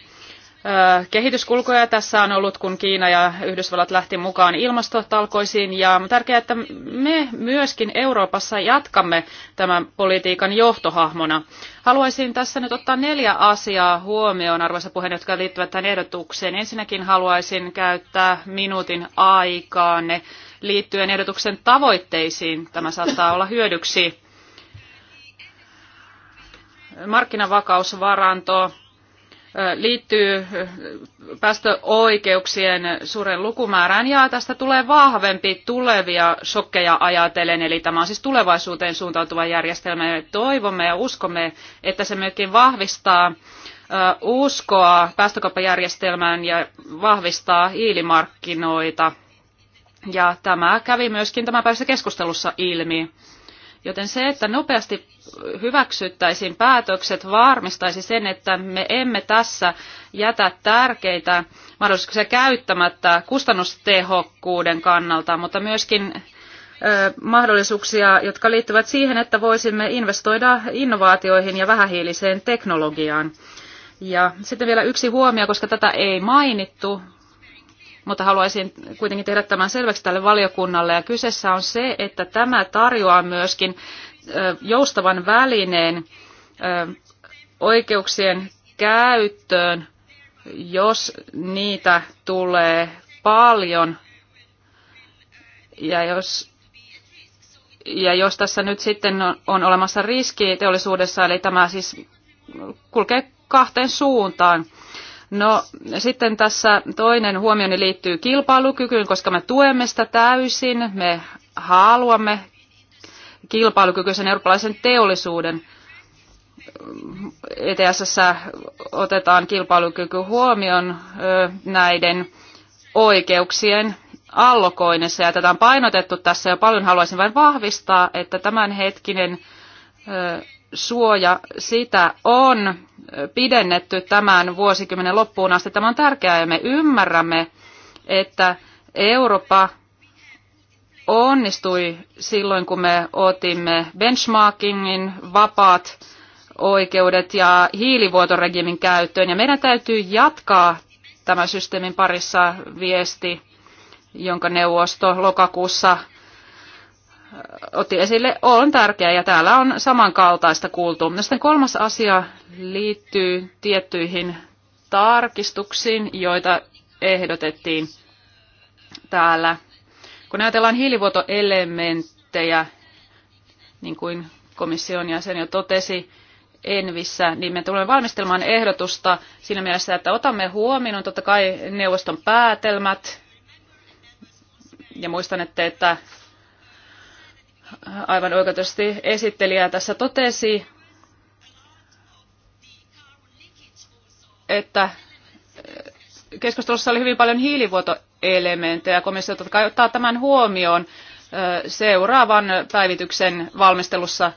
kehityskulkuja tässä on ollut, kun Kiina ja Yhdysvallat lähti mukaan ilmastotalkoisiin. Ja on tärkeää, että me myöskin Euroopassa jatkamme tämän politiikan johtohahmona. Haluaisin tässä nyt ottaa neljä asiaa huomioon, arvoisa puheenjohtaja, jotka liittyvät tähän ehdotukseen. Ensinnäkin haluaisin käyttää minuutin aikaanne liittyen ehdotuksen tavoitteisiin. Tämä saattaa olla hyödyksi. Markkinavakausvaranto, liittyy päästöoikeuksien suuren lukumäärään ja tästä tulee vahvempi tulevia shokkeja ajatellen. Eli tämä on siis tulevaisuuteen suuntautuva järjestelmä ja toivomme ja uskomme, että se myöskin vahvistaa uskoa päästökauppajärjestelmään ja vahvistaa hiilimarkkinoita. Ja tämä kävi myöskin tämän päivässä keskustelussa ilmi. Joten se, että nopeasti hyväksyttäisiin päätökset, varmistaisi sen, että me emme tässä jätä tärkeitä mahdollisuuksia käyttämättä kustannustehokkuuden kannalta, mutta myöskin mahdollisuuksia, jotka liittyvät siihen, että voisimme investoida innovaatioihin ja vähähiiliseen teknologiaan. Ja sitten vielä yksi huomio, koska tätä ei mainittu, mutta haluaisin kuitenkin tehdä tämän selväksi tälle valiokunnalle. Ja kyseessä on se, että tämä tarjoaa myöskin joustavan välineen oikeuksien käyttöön, jos niitä tulee paljon ja jos, ja jos tässä nyt sitten on, on olemassa riski teollisuudessa, eli tämä siis kulkee kahteen suuntaan. No sitten tässä toinen huomioni liittyy kilpailukykyyn, koska me tuemme sitä täysin. Me haluamme kilpailukykyisen eurooppalaisen teollisuuden. ETS otetaan kilpailukyky huomioon näiden oikeuksien allokoinnissa ja tätä on painotettu tässä ja paljon haluaisin vain vahvistaa, että tämänhetkinen suoja, sitä on pidennetty tämän vuosikymmenen loppuun asti. Tämä on tärkeää ja me ymmärrämme, että Eurooppa onnistui silloin, kun me otimme benchmarkingin vapaat oikeudet ja hiilivuotoregimin käyttöön. Ja meidän täytyy jatkaa tämän systeemin parissa viesti, jonka neuvosto lokakuussa otti esille, on tärkeä ja täällä on samankaltaista kuultu. No sitten kolmas asia liittyy tiettyihin tarkistuksiin, joita ehdotettiin täällä. Kun ajatellaan hiilivuotoelementtejä, niin kuin komission jäsen jo totesi Envissä, niin me tulemme valmistelemaan ehdotusta siinä mielessä, että otamme huomioon totta kai neuvoston päätelmät. Ja muistan, että, että aivan oikeutusti esittelijä tässä totesi, että eh, keskustelussa oli hyvin paljon hiilivuotoelementtejä. Komissio kai ottaa tämän huomioon eh, seuraavan päivityksen valmistelussa,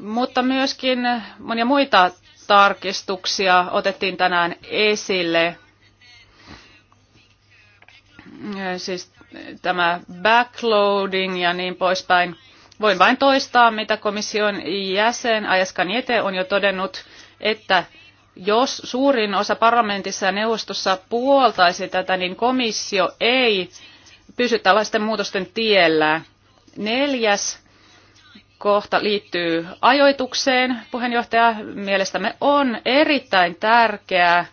mutta myöskin monia muita tarkistuksia otettiin tänään esille. Eh, siis tämä backloading ja niin poispäin. Voin vain toistaa, mitä komission jäsen Ajaskanjete on jo todennut, että jos suurin osa parlamentissa ja neuvostossa puoltaisi tätä, niin komissio ei pysy tällaisten muutosten tiellä. Neljäs kohta liittyy ajoitukseen. Puheenjohtaja, mielestämme on erittäin tärkeää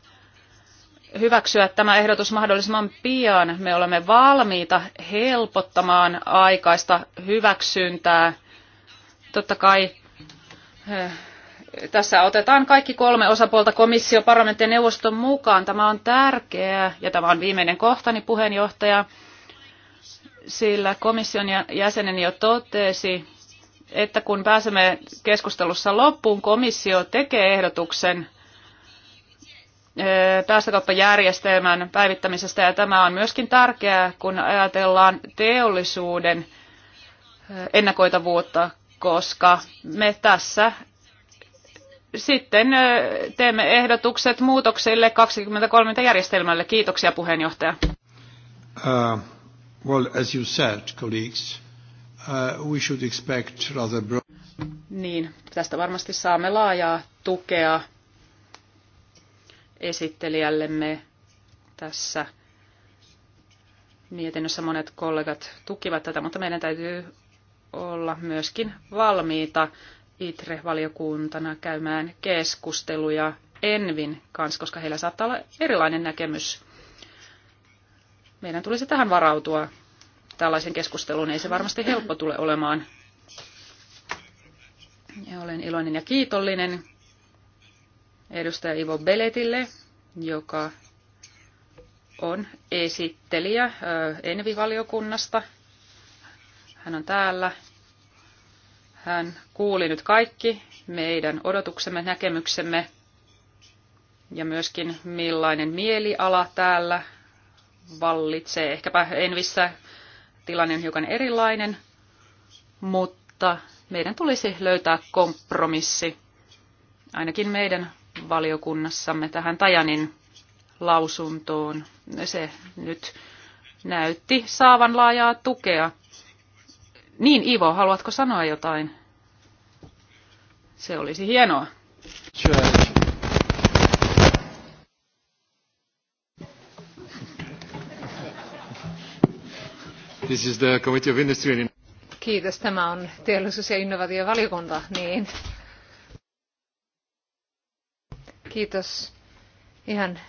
hyväksyä tämä ehdotus mahdollisimman pian. Me olemme valmiita helpottamaan aikaista hyväksyntää. Totta kai eh, tässä otetaan kaikki kolme osapuolta komissio, parlamentti ja neuvoston mukaan. Tämä on tärkeää ja tämä on viimeinen kohtani puheenjohtaja, sillä komission jäseneni jo totesi, että kun pääsemme keskustelussa loppuun, komissio tekee ehdotuksen päästökauppajärjestelmän päivittämisestä ja tämä on myöskin tärkeää, kun ajatellaan teollisuuden ennakoitavuutta, koska me tässä sitten teemme ehdotukset muutoksille 2030 järjestelmälle. Kiitoksia puheenjohtaja. Uh, well, as you said, colleagues, uh, we should expect rather broad... Niin, tästä varmasti saamme laajaa tukea esittelijällemme tässä mietinnössä monet kollegat tukivat tätä, mutta meidän täytyy olla myöskin valmiita ITRE-valiokuntana käymään keskusteluja Envin kanssa, koska heillä saattaa olla erilainen näkemys. Meidän tulisi tähän varautua tällaisen keskusteluun. Ei se varmasti helppo tule olemaan. Ja olen iloinen ja kiitollinen edustaja Ivo Beletille, joka on esittelijä valiokunnasta. Hän on täällä. Hän kuuli nyt kaikki meidän odotuksemme, näkemyksemme ja myöskin millainen mieliala täällä vallitsee. Ehkäpä Envissä tilanne on hiukan erilainen, mutta meidän tulisi löytää kompromissi ainakin meidän valiokunnassamme tähän Tajanin lausuntoon. Se nyt näytti saavan laajaa tukea. Niin Ivo, haluatko sanoa jotain? Se olisi hienoa. This is the Committee of Industry. Kiitos. Tämä on teollisuus- ja innovaatiovaliokunta. Niin, Kiitos. Ihan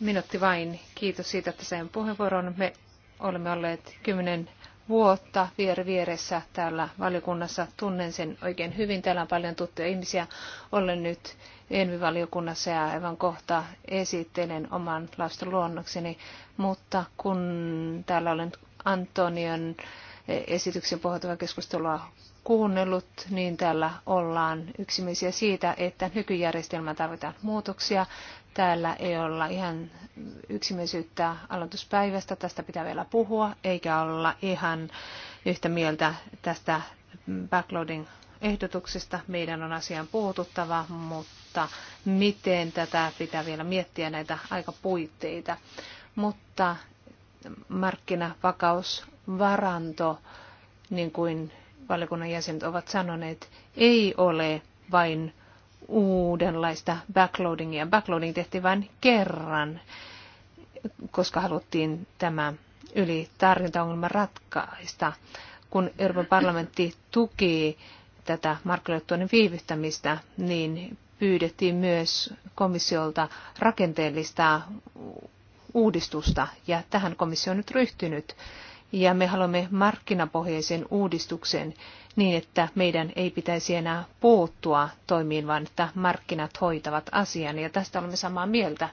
minuutti vain. Kiitos siitä, että sen puheenvuoron. Me olemme olleet kymmenen vuotta vier vieressä täällä valiokunnassa. Tunnen sen oikein hyvin. Täällä on paljon tuttuja ihmisiä. Olen nyt Envi-valiokunnassa ja aivan kohta esittelen oman lasten luonnokseni. Mutta kun täällä olen Antonion esityksen pohjautuva keskustelua kuunnellut, niin täällä ollaan yksimielisiä siitä, että nykyjärjestelmään tarvitaan muutoksia. Täällä ei olla ihan yksimielisyyttä aloituspäivästä, tästä pitää vielä puhua, eikä olla ihan yhtä mieltä tästä backloading ehdotuksesta. Meidän on asian puututtava, mutta miten tätä pitää vielä miettiä näitä aikapuitteita. Mutta markkinavakausvaranto, niin kuin valiokunnan jäsenet ovat sanoneet, ei ole vain uudenlaista backloadingia. Backloading tehtiin vain kerran, koska haluttiin tämä yli tarjontaongelma ratkaista. Kun Euroopan parlamentti tuki tätä markkinoille viivyttämistä, niin pyydettiin myös komissiolta rakenteellista uudistusta, ja tähän komissio on nyt ryhtynyt ja me haluamme markkinapohjaisen uudistuksen niin, että meidän ei pitäisi enää puuttua toimiin, vaan että markkinat hoitavat asian. Ja tästä olemme samaa mieltä.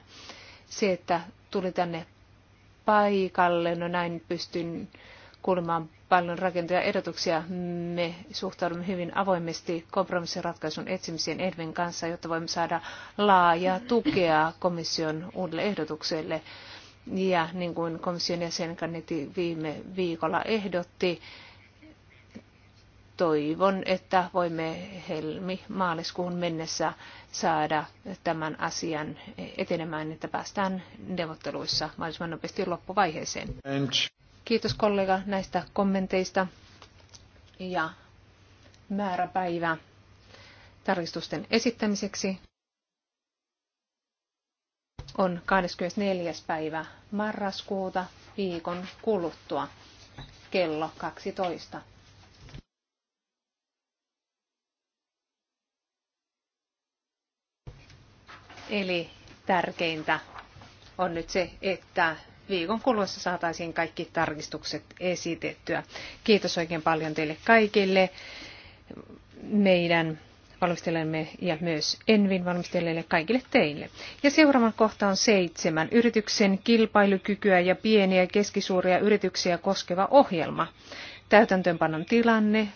Se, että tuli tänne paikalle, no näin pystyn kuulemaan paljon rakentuja ehdotuksia. Me suhtaudumme hyvin avoimesti kompromissiratkaisun etsimiseen Edvin kanssa, jotta voimme saada laajaa tukea komission uudelle ehdotukselle. Ja niin kuin komission jäsen Kannetti viime viikolla ehdotti, toivon, että voimme helmi-maaliskuun mennessä saada tämän asian etenemään, että päästään neuvotteluissa mahdollisimman nopeasti loppuvaiheeseen. Kiitos kollega näistä kommenteista ja määräpäivä tarkistusten esittämiseksi on 24. päivä marraskuuta viikon kuluttua kello 12. Eli tärkeintä on nyt se, että viikon kuluessa saataisiin kaikki tarkistukset esitettyä. Kiitos oikein paljon teille kaikille. Meidän valmistelijamme ja myös Envin valmistelijalle kaikille teille. Ja seuraavan kohta on seitsemän. Yrityksen kilpailukykyä ja pieniä ja keskisuuria yrityksiä koskeva ohjelma. Täytäntöönpanon tilanne,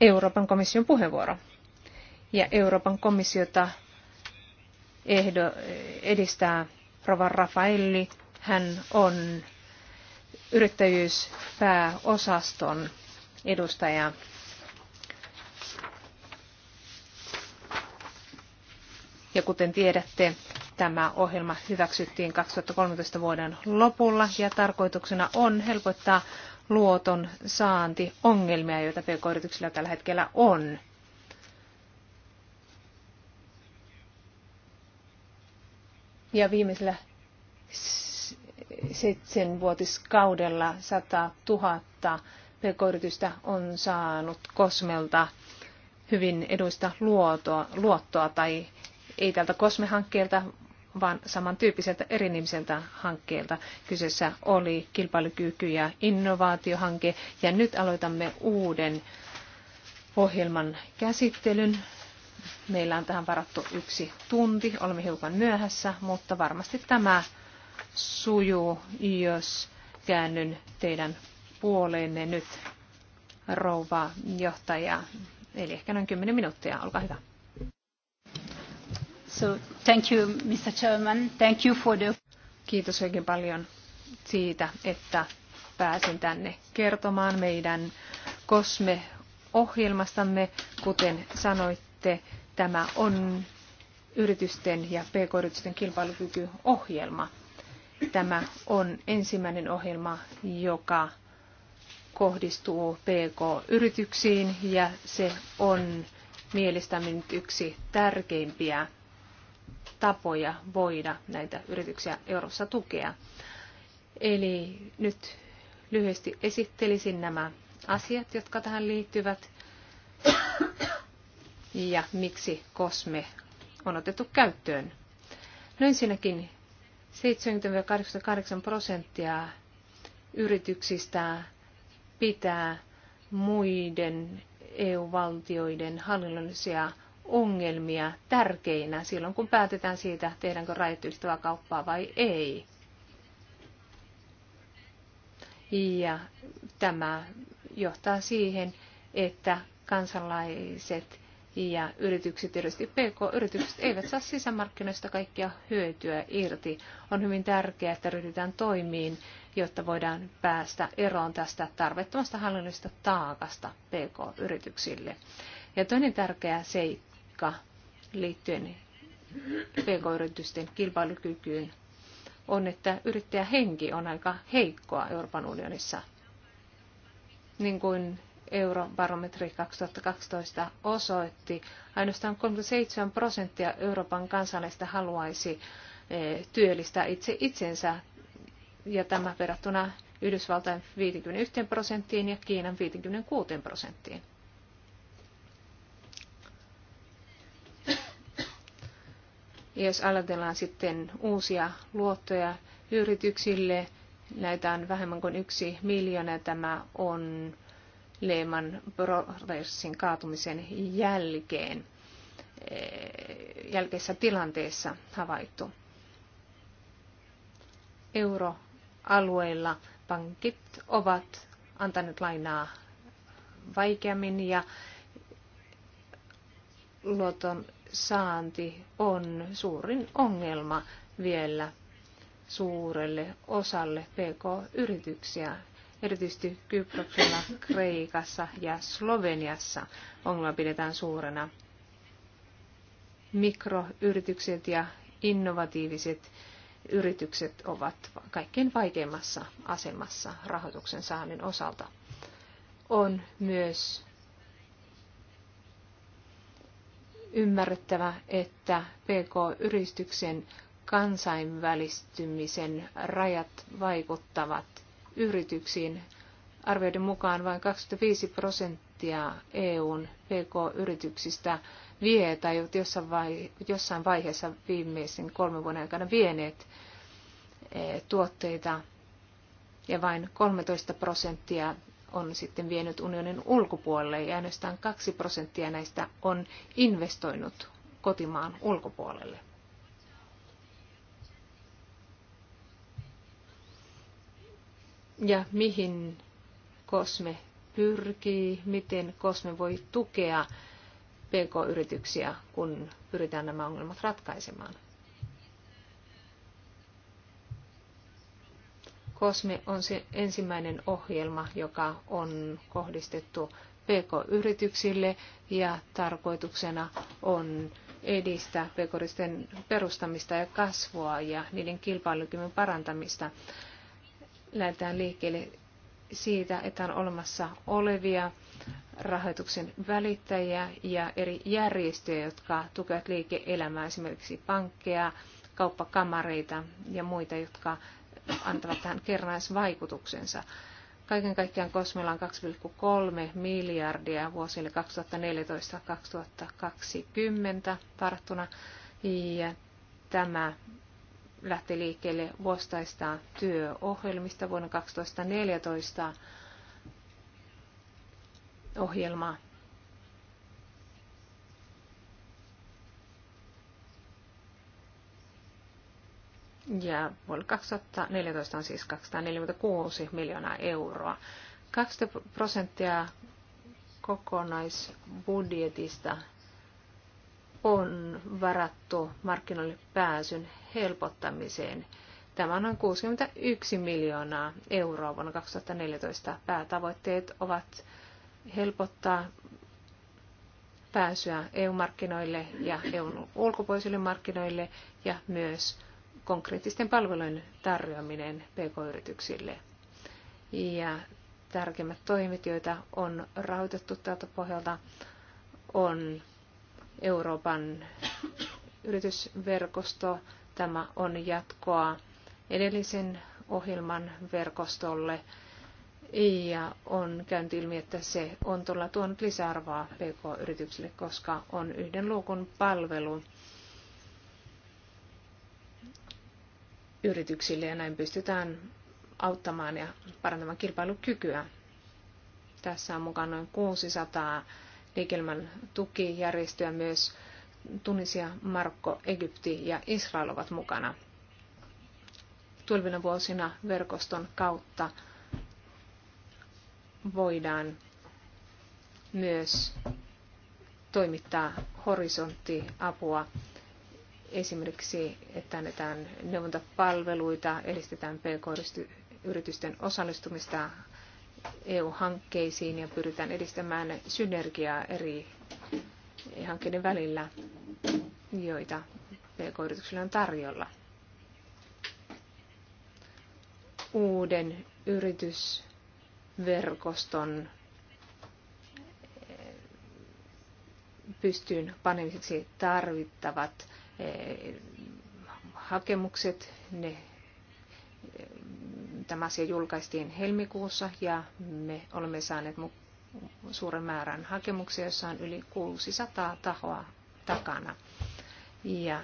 Euroopan komission puheenvuoro. Ja Euroopan komissiota ehdo, edistää Rova Rafaelli. Hän on yrittäjyyspääosaston edustaja Ja kuten tiedätte, tämä ohjelma hyväksyttiin 2013 vuoden lopulla ja tarkoituksena on helpottaa luoton saanti ongelmia, joita pk-yrityksillä tällä hetkellä on. Ja viimeisellä seitsemänvuotiskaudella 100 000 pk-yritystä on saanut Kosmelta hyvin edullista luottoa tai ei tältä kosmehankkeelta, vaan samantyyppiseltä erinimiseltä hankkeelta. Kyseessä oli kilpailukyky- ja innovaatiohanke, ja nyt aloitamme uuden ohjelman käsittelyn. Meillä on tähän varattu yksi tunti, olemme hiukan myöhässä, mutta varmasti tämä sujuu, jos käännyn teidän puoleenne nyt, rouva johtaja. Eli ehkä noin 10 minuuttia, olkaa hyvä. So, thank you, Mr. Chairman. Thank you for the... Kiitos oikein paljon siitä, että pääsin tänne kertomaan meidän COSME-ohjelmastamme. Kuten sanoitte, tämä on yritysten ja pk-yritysten kilpailukykyohjelma. Tämä on ensimmäinen ohjelma, joka kohdistuu pk-yrityksiin ja se on mielestäni yksi tärkeimpiä tapoja voida näitä yrityksiä eurossa tukea. Eli nyt lyhyesti esittelisin nämä asiat, jotka tähän liittyvät ja miksi COSME on otettu käyttöön. No ensinnäkin 70-88 prosenttia yrityksistä pitää muiden EU-valtioiden hallinnollisia ongelmia tärkeinä silloin, kun päätetään siitä, tehdäänkö rajat ylittävää kauppaa vai ei. Ja tämä johtaa siihen, että kansalaiset ja yritykset, erityisesti PK-yritykset, eivät saa sisämarkkinoista kaikkia hyötyä irti. On hyvin tärkeää, että ryhdytään toimiin, jotta voidaan päästä eroon tästä tarvettomasta hallinnollisesta taakasta PK-yrityksille. Ja toinen tärkeä seikka, seikka liittyen pk-yritysten kilpailukykyyn on, että yrittäjähenki on aika heikkoa Euroopan unionissa. Niin kuin eurobarometri 2012 osoitti, ainoastaan 37 prosenttia Euroopan kansalaisista haluaisi eh, työllistää itse itsensä, ja tämä verrattuna Yhdysvaltain 51 prosenttiin ja Kiinan 56 prosenttiin. Ja jos ajatellaan sitten uusia luottoja yrityksille, näitä on vähemmän kuin yksi miljoona. Tämä on Lehman Brothersin kaatumisen jälkeen, eh, jälkeisessä tilanteessa havaittu. Euroalueilla pankit ovat antaneet lainaa vaikeammin ja luoton saanti on suurin ongelma vielä suurelle osalle PK-yrityksiä, erityisesti Kyproksella, Kreikassa ja Sloveniassa ongelma pidetään suurena. Mikroyritykset ja innovatiiviset yritykset ovat kaikkein vaikeimmassa asemassa rahoituksen saannin osalta. On myös ymmärrettävä, että PK-yrityksen kansainvälistymisen rajat vaikuttavat yrityksiin. Arvioiden mukaan vain 25 prosenttia EUn PK-yrityksistä vie tai jossain vaiheessa viimeisen kolmen vuoden aikana vieneet eh, tuotteita ja vain 13 prosenttia on sitten vienyt unionin ulkopuolelle ja ainoastaan 2 prosenttia näistä on investoinut kotimaan ulkopuolelle. Ja mihin Kosme pyrkii, miten Kosme voi tukea PK-yrityksiä, kun pyritään nämä ongelmat ratkaisemaan. Kosme on se ensimmäinen ohjelma, joka on kohdistettu PK-yrityksille ja tarkoituksena on edistää pk perustamista ja kasvua ja niiden kilpailukyvyn parantamista. Lähdetään liikkeelle siitä, että on olemassa olevia rahoituksen välittäjiä ja eri järjestöjä, jotka tukevat liike-elämää, esimerkiksi pankkeja, kauppakamareita ja muita, jotka antavat tähän kerrannaisvaikutuksensa. Kaiken kaikkiaan Kosmella on 2,3 miljardia vuosille 2014-2020 varattuna. Ja tämä lähti liikkeelle vuostaista työohjelmista vuonna 2014 ohjelma Ja vuonna 2014 on siis 246 miljoonaa euroa. 20 prosenttia kokonaisbudjetista on varattu markkinoille pääsyn helpottamiseen. Tämä on noin 61 miljoonaa euroa vuonna 2014. Päätavoitteet ovat helpottaa pääsyä EU-markkinoille ja EUn ulkopuolisille markkinoille ja myös konkreettisten palvelujen tarjoaminen pk-yrityksille. Ja tärkeimmät toimet, joita on rahoitettu tältä pohjalta, on Euroopan yritysverkosto. Tämä on jatkoa edellisen ohjelman verkostolle ja on käynyt ilmi, että se on todella tuonut lisäarvoa PK-yrityksille, koska on yhden luukun palvelu yrityksille ja näin pystytään auttamaan ja parantamaan kilpailukykyä. Tässä on mukana noin 600 Digelman tukijärjestöä myös Tunisia, Marokko, Egypti ja Israel ovat mukana. Tulvina vuosina verkoston kautta voidaan myös toimittaa horisonttiapua esimerkiksi, että annetaan neuvontapalveluita, edistetään pk-yritysten osallistumista EU-hankkeisiin ja pyritään edistämään synergiaa eri hankkeiden välillä, joita pk-yrityksillä on tarjolla. Uuden yritysverkoston eh, pystyyn panemiseksi tarvittavat hakemukset, ne, tämä asia julkaistiin helmikuussa ja me olemme saaneet suuren määrän hakemuksia, joissa on yli 600 tahoa takana. Ja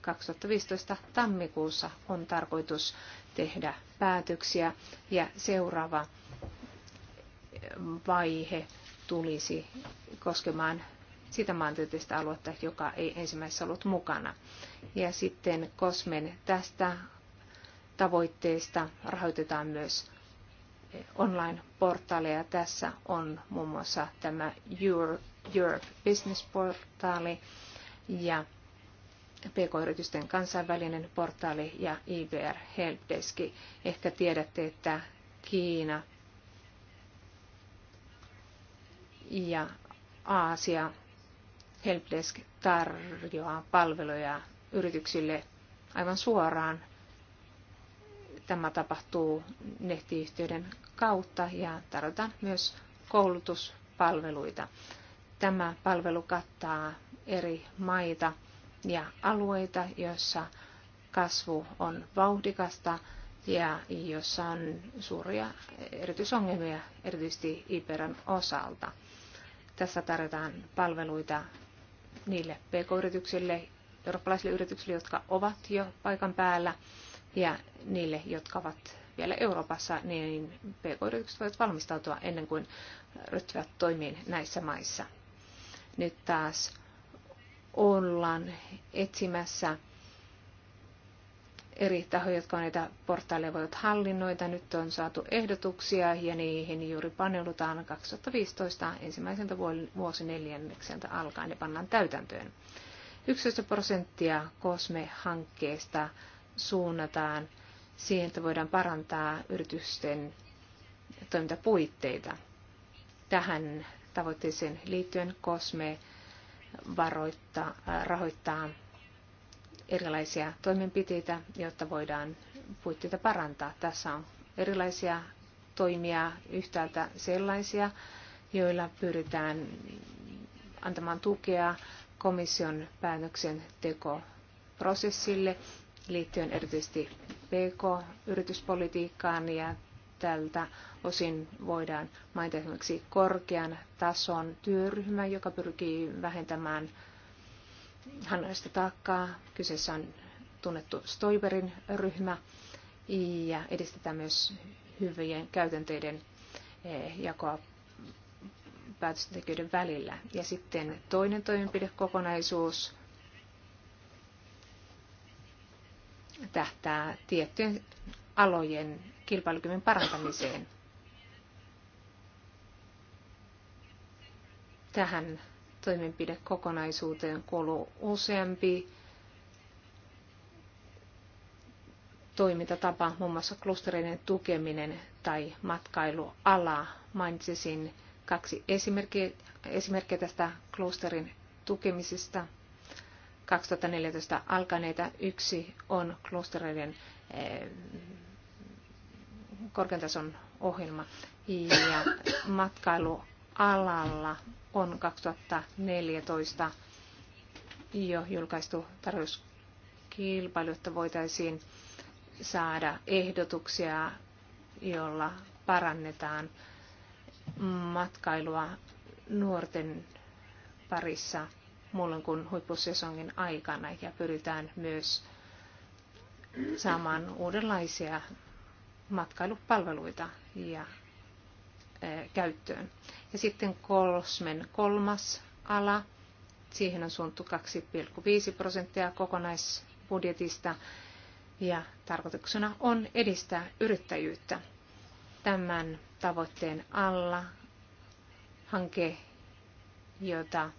2015 tammikuussa on tarkoitus tehdä päätöksiä ja seuraava vaihe tulisi koskemaan sitä maantieteellistä aluetta, joka ei ensimmäisessä ollut mukana. Ja sitten Kosmen tästä tavoitteesta rahoitetaan myös eh, online-portaaleja. Tässä on muun muassa tämä Europe Business-portaali ja PK-yritysten kansainvälinen portaali ja IBR Helpdesk. Ehkä tiedätte, että Kiina ja Aasia Helpdesk tarjoaa palveluja yrityksille aivan suoraan. Tämä tapahtuu nettiyhteyden kautta ja tarjotaan myös koulutuspalveluita. Tämä palvelu kattaa eri maita ja alueita, joissa kasvu on vauhdikasta ja jossa on suuria erityisongelmia, erityisesti Iberan osalta. Tässä tarjotaan palveluita niille pk-yrityksille, eurooppalaisille yrityksille, jotka ovat jo paikan päällä ja niille, jotka ovat vielä Euroopassa, niin pk-yritykset voivat valmistautua ennen kuin ryhtyvät toimiin näissä maissa. Nyt taas ollaan etsimässä eri tahoja, jotka näitä portaaleja voivat hallinnoida. Nyt on saatu ehdotuksia ja niihin juuri paneudutaan 2015 ensimmäiseltä vuosineljännekseltä alkaen ne pannaan täytäntöön. 11 prosenttia COSME-hankkeesta suunnataan siihen, että voidaan parantaa yritysten toimintapuitteita. Tähän tavoitteeseen liittyen COSME varoittaa, rahoittaa erilaisia toimenpiteitä, jotta voidaan puitteita parantaa. Tässä on erilaisia toimia yhtäältä sellaisia, joilla pyritään antamaan tukea komission päätöksentekoprosessille liittyen erityisesti PK-yrityspolitiikkaan ja tältä osin voidaan mainita esimerkiksi korkean tason työryhmä, joka pyrkii vähentämään Hannaista taakkaa. Kyseessä on tunnettu Stoiberin ryhmä ja edistetään myös hyvien käytänteiden eh, jakoa päätöstekijöiden välillä. Ja sitten toinen toimenpidekokonaisuus tähtää tiettyjen alojen kilpailukyvyn parantamiseen. Tähän toimenpidekokonaisuuteen kuuluu useampi toimintatapa, muun muassa klustereiden tukeminen tai matkailuala. Mainitsisin kaksi esimerkkiä, esimerkkiä tästä klusterin tukemisesta. 2014 alkaneita yksi on klustereiden eh, korkean tason ohjelma ja matkailu alalla on 2014 jo julkaistu tarjouskilpailu, jotta voitaisiin saada ehdotuksia, joilla parannetaan matkailua nuorten parissa muulloin kuin huippusesongin aikana ja pyritään myös saamaan uudenlaisia matkailupalveluita ja Eh, käyttöön. Ja sitten kolmen kolmas ala, siihen on suunnattu 2,5 prosenttia kokonaisbudjetista ja tarkoituksena on edistää yrittäjyyttä. Tämän tavoitteen alla hanke, jota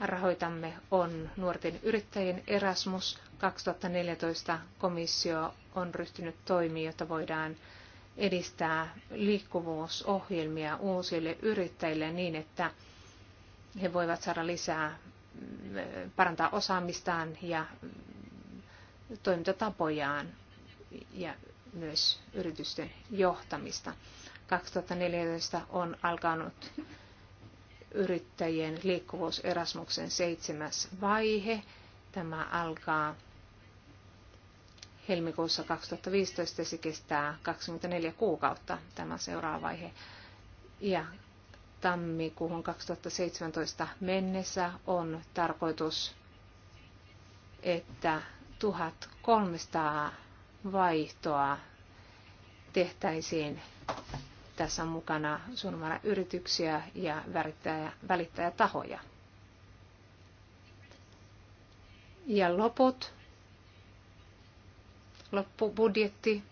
rahoitamme, on nuorten yrittäjien Erasmus 2014. Komissio on ryhtynyt toimiin, jotta voidaan edistää liikkuvuusohjelmia uusille yrittäjille niin, että he voivat saada lisää, mm, parantaa osaamistaan ja mm, toimintatapojaan ja myös yritysten johtamista. 2014 on alkanut yrittäjien liikkuvuus Erasmuksen seitsemäs vaihe. Tämä alkaa helmikuussa 2015 ja se kestää 24 kuukautta tämä seuraava vaihe. Ja tammikuuhun 2017 mennessä on tarkoitus, että 1300 vaihtoa tehtäisiin. Tässä on mukana suunnilleen yrityksiä ja välittäjä, välittäjätahoja. Ja loput loppubudjetti,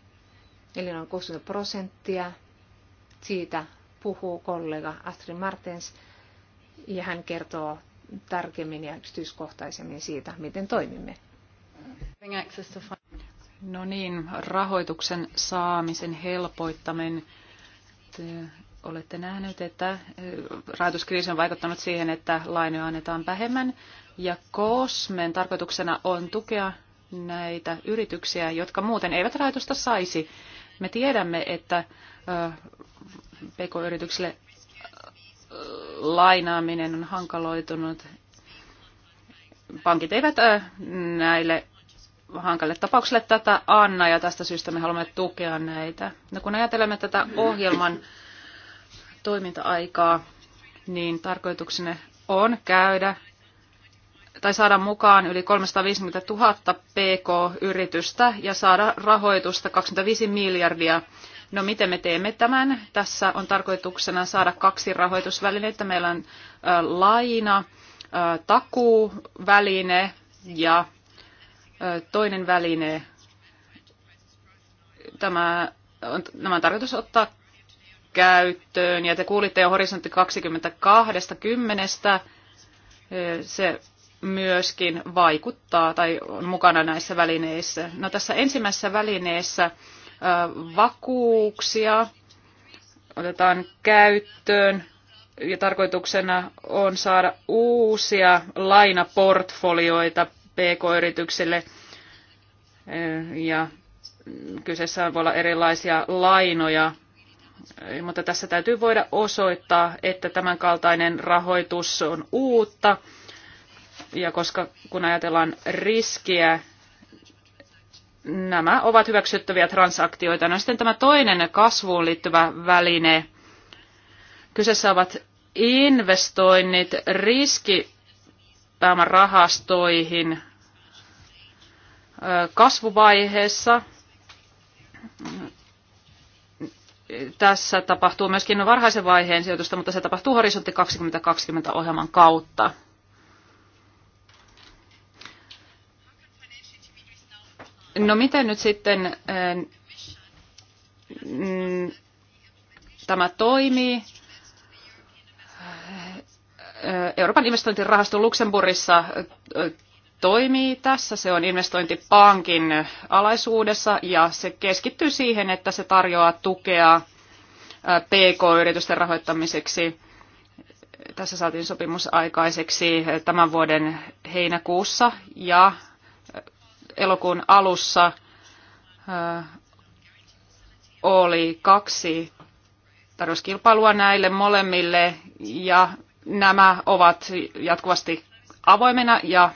eli noin 60 prosenttia. Siitä puhuu kollega Astrid Martens, ja hän kertoo tarkemmin ja yksityiskohtaisemmin siitä, miten toimimme. No niin, rahoituksen saamisen helpoittaminen. Te olette nähneet, että rahoituskriisi on vaikuttanut siihen, että lainoja annetaan vähemmän. Ja Kosmen tarkoituksena on tukea näitä yrityksiä, jotka muuten eivät rahoitusta saisi. Me tiedämme, että pk-yrityksille lainaaminen on hankaloitunut. Pankit eivät näille hankalille tapauksille tätä anna ja tästä syystä me haluamme tukea näitä. No kun ajatelemme tätä ohjelman toiminta-aikaa, niin tarkoituksena on käydä tai saada mukaan yli 350 000 PK-yritystä ja saada rahoitusta 25 miljardia. No miten me teemme tämän? Tässä on tarkoituksena saada kaksi rahoitusvälineitä. Meillä on laina, takuuväline ja toinen väline. Tämä on, nämä on tarkoitus ottaa käyttöön ja te kuulitte jo horisontti 2020. Se myöskin vaikuttaa tai on mukana näissä välineissä. No tässä ensimmäisessä välineessä vakuuksia otetaan käyttöön ja tarkoituksena on saada uusia lainaportfolioita pk-yrityksille ja kyseessä voi olla erilaisia lainoja, mutta tässä täytyy voida osoittaa, että tämänkaltainen rahoitus on uutta ja koska kun ajatellaan riskiä, nämä ovat hyväksyttäviä transaktioita. No sitten tämä toinen kasvuun liittyvä väline. Kyseessä ovat investoinnit riskipääomarahastoihin kasvuvaiheessa. Tässä tapahtuu myöskin varhaisen vaiheen sijoitusta, mutta se tapahtuu horisontti 2020 ohjelman kautta. No miten nyt sitten äh, mm, tämä toimii? Äh, Euroopan investointirahasto Luxemburgissa äh, toimii tässä. Se on investointipankin alaisuudessa ja se keskittyy siihen, että se tarjoaa tukea PK-yritysten rahoittamiseksi. Tässä saatiin sopimus aikaiseksi tämän vuoden heinäkuussa ja elokuun alussa oli kaksi tarjouskilpailua näille molemmille ja nämä ovat jatkuvasti avoimena ja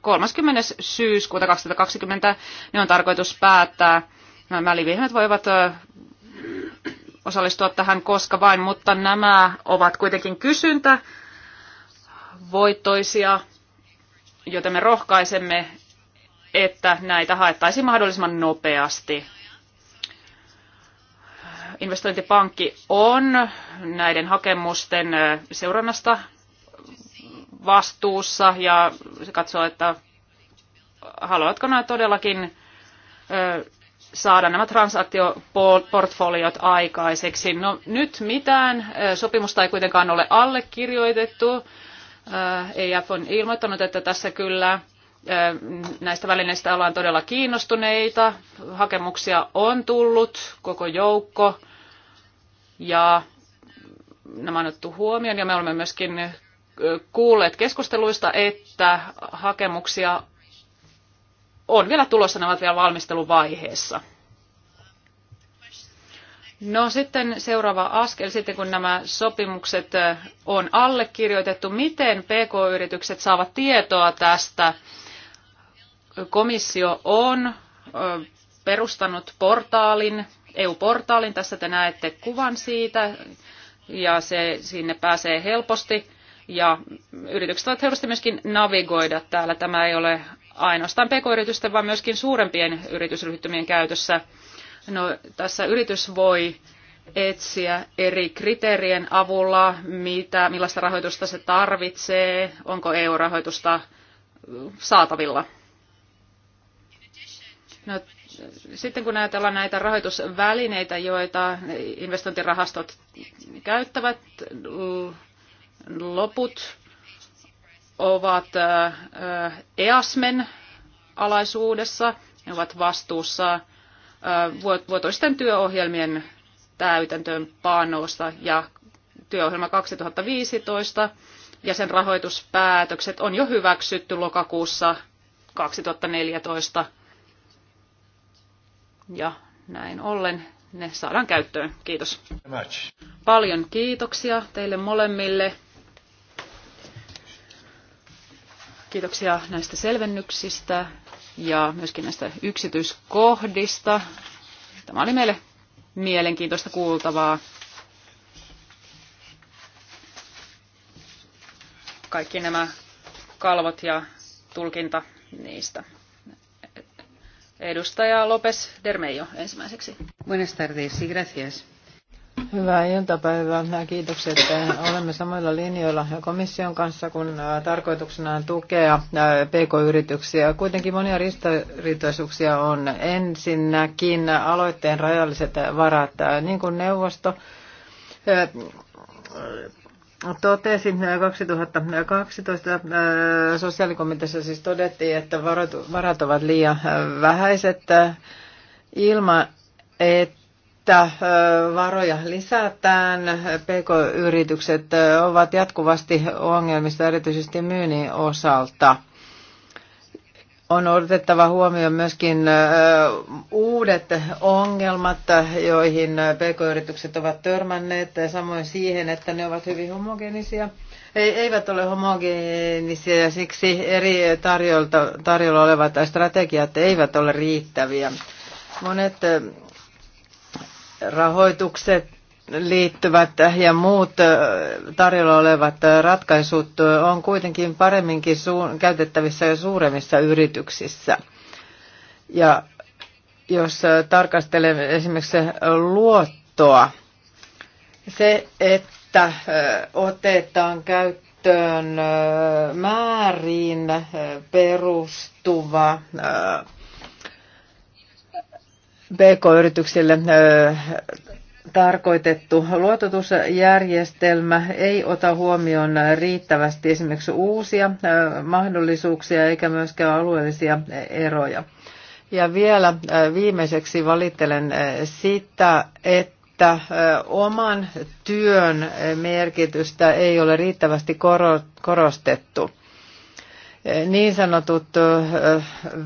30. syyskuuta 2020 ne on tarkoitus päättää. Nämä liivihmet voivat osallistua tähän koska vain, mutta nämä ovat kuitenkin kysyntä voittoisia, joten me rohkaisemme että näitä haettaisiin mahdollisimman nopeasti. Investointipankki on näiden hakemusten seurannasta vastuussa ja se katsoo, että haluatko nämä todellakin saada nämä transaktioportfoliot aikaiseksi. No nyt mitään sopimusta ei kuitenkaan ole allekirjoitettu. EIF on ilmoittanut, että tässä kyllä näistä välineistä ollaan todella kiinnostuneita. Hakemuksia on tullut koko joukko ja nämä on otettu huomioon ja me olemme myöskin kuulleet keskusteluista, että hakemuksia on vielä tulossa, ne ovat vielä valmisteluvaiheessa. No sitten seuraava askel, sitten kun nämä sopimukset on allekirjoitettu, miten PK-yritykset saavat tietoa tästä komissio on perustanut portaalin, EU-portaalin, tässä te näette kuvan siitä, ja se sinne pääsee helposti, ja yritykset voivat helposti myöskin navigoida täällä. Tämä ei ole ainoastaan pk-yritysten, vaan myöskin suurempien yritysryhmittymien käytössä. No, tässä yritys voi etsiä eri kriteerien avulla, mitä, millaista rahoitusta se tarvitsee, onko EU-rahoitusta saatavilla. No, sitten kun ajatellaan näitä rahoitusvälineitä, joita investointirahastot käyttävät, loput ovat äh, EASMen alaisuudessa. Ne ovat vastuussa äh, vuotoisten työohjelmien täytäntöön panosta ja työohjelma 2015 ja sen rahoituspäätökset on jo hyväksytty lokakuussa 2014 ja näin ollen ne saadaan käyttöön. Kiitos. Paljon kiitoksia teille molemmille. Kiitoksia näistä selvennyksistä ja myöskin näistä yksityiskohdista. Tämä oli meille mielenkiintoista kuultavaa. Kaikki nämä kalvot ja tulkinta niistä. Edustaja Lopes Dermeijo ensimmäiseksi. Buenas tardes y gracias. Hyvää iltapäivää. Kiitokset. Olemme samoilla linjoilla komission kanssa, kun tarkoituksena on tukea PK-yrityksiä. Kuitenkin monia ristiriitaisuuksia on. Ensinnäkin aloitteen rajalliset varat. Niin kuin neuvosto totesi 2012 äh, äh, sosiaalikomiteassa siis todettiin, että varat ovat liian äh, vähäiset ilman, että varoja lisätään. PK-yritykset ovat jatkuvasti ongelmista erityisesti myynnin osalta – on odotettava huomioon myöskin uudet ongelmat, joihin pk-yritykset ovat törmänneet, ja samoin siihen, että ne ovat hyvin homogeenisia. Eivät ole homogeenisia ja siksi eri tarjolta, tarjolla olevat strategiat eivät ole riittäviä. Monet rahoitukset liittyvät ja muut tarjolla olevat ratkaisut on kuitenkin paremminkin käytettävissä ja suuremmissa yrityksissä. Ja jos tarkastelemme esimerkiksi luottoa, se, että otetaan käyttöön määriin perustuva PK-yrityksille tarkoitettu luototusjärjestelmä ei ota huomioon riittävästi esimerkiksi uusia äh, mahdollisuuksia eikä myöskään alueellisia eroja. Ja vielä äh, viimeiseksi valittelen äh, sitä, että oman työn merkitystä ei ole riittävästi korostettu. Niin sanotut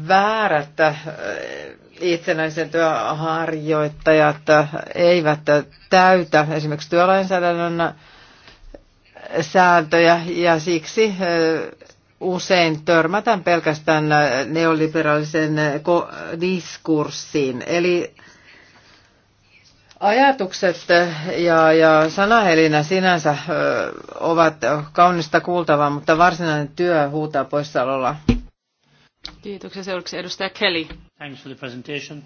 väärät itsenäisen työharjoittajat eivät täytä esimerkiksi työlainsäädännön sääntöjä ja siksi usein törmätään pelkästään neoliberaalisen diskurssiin. Eli ajatukset ja, ja sanahelinä sinänsä ovat kaunista kuultavaa, mutta varsinainen työ huutaa poissaololla. Kiitoksia. Seuraavaksi edustaja Kelly. Thanks for the presentation.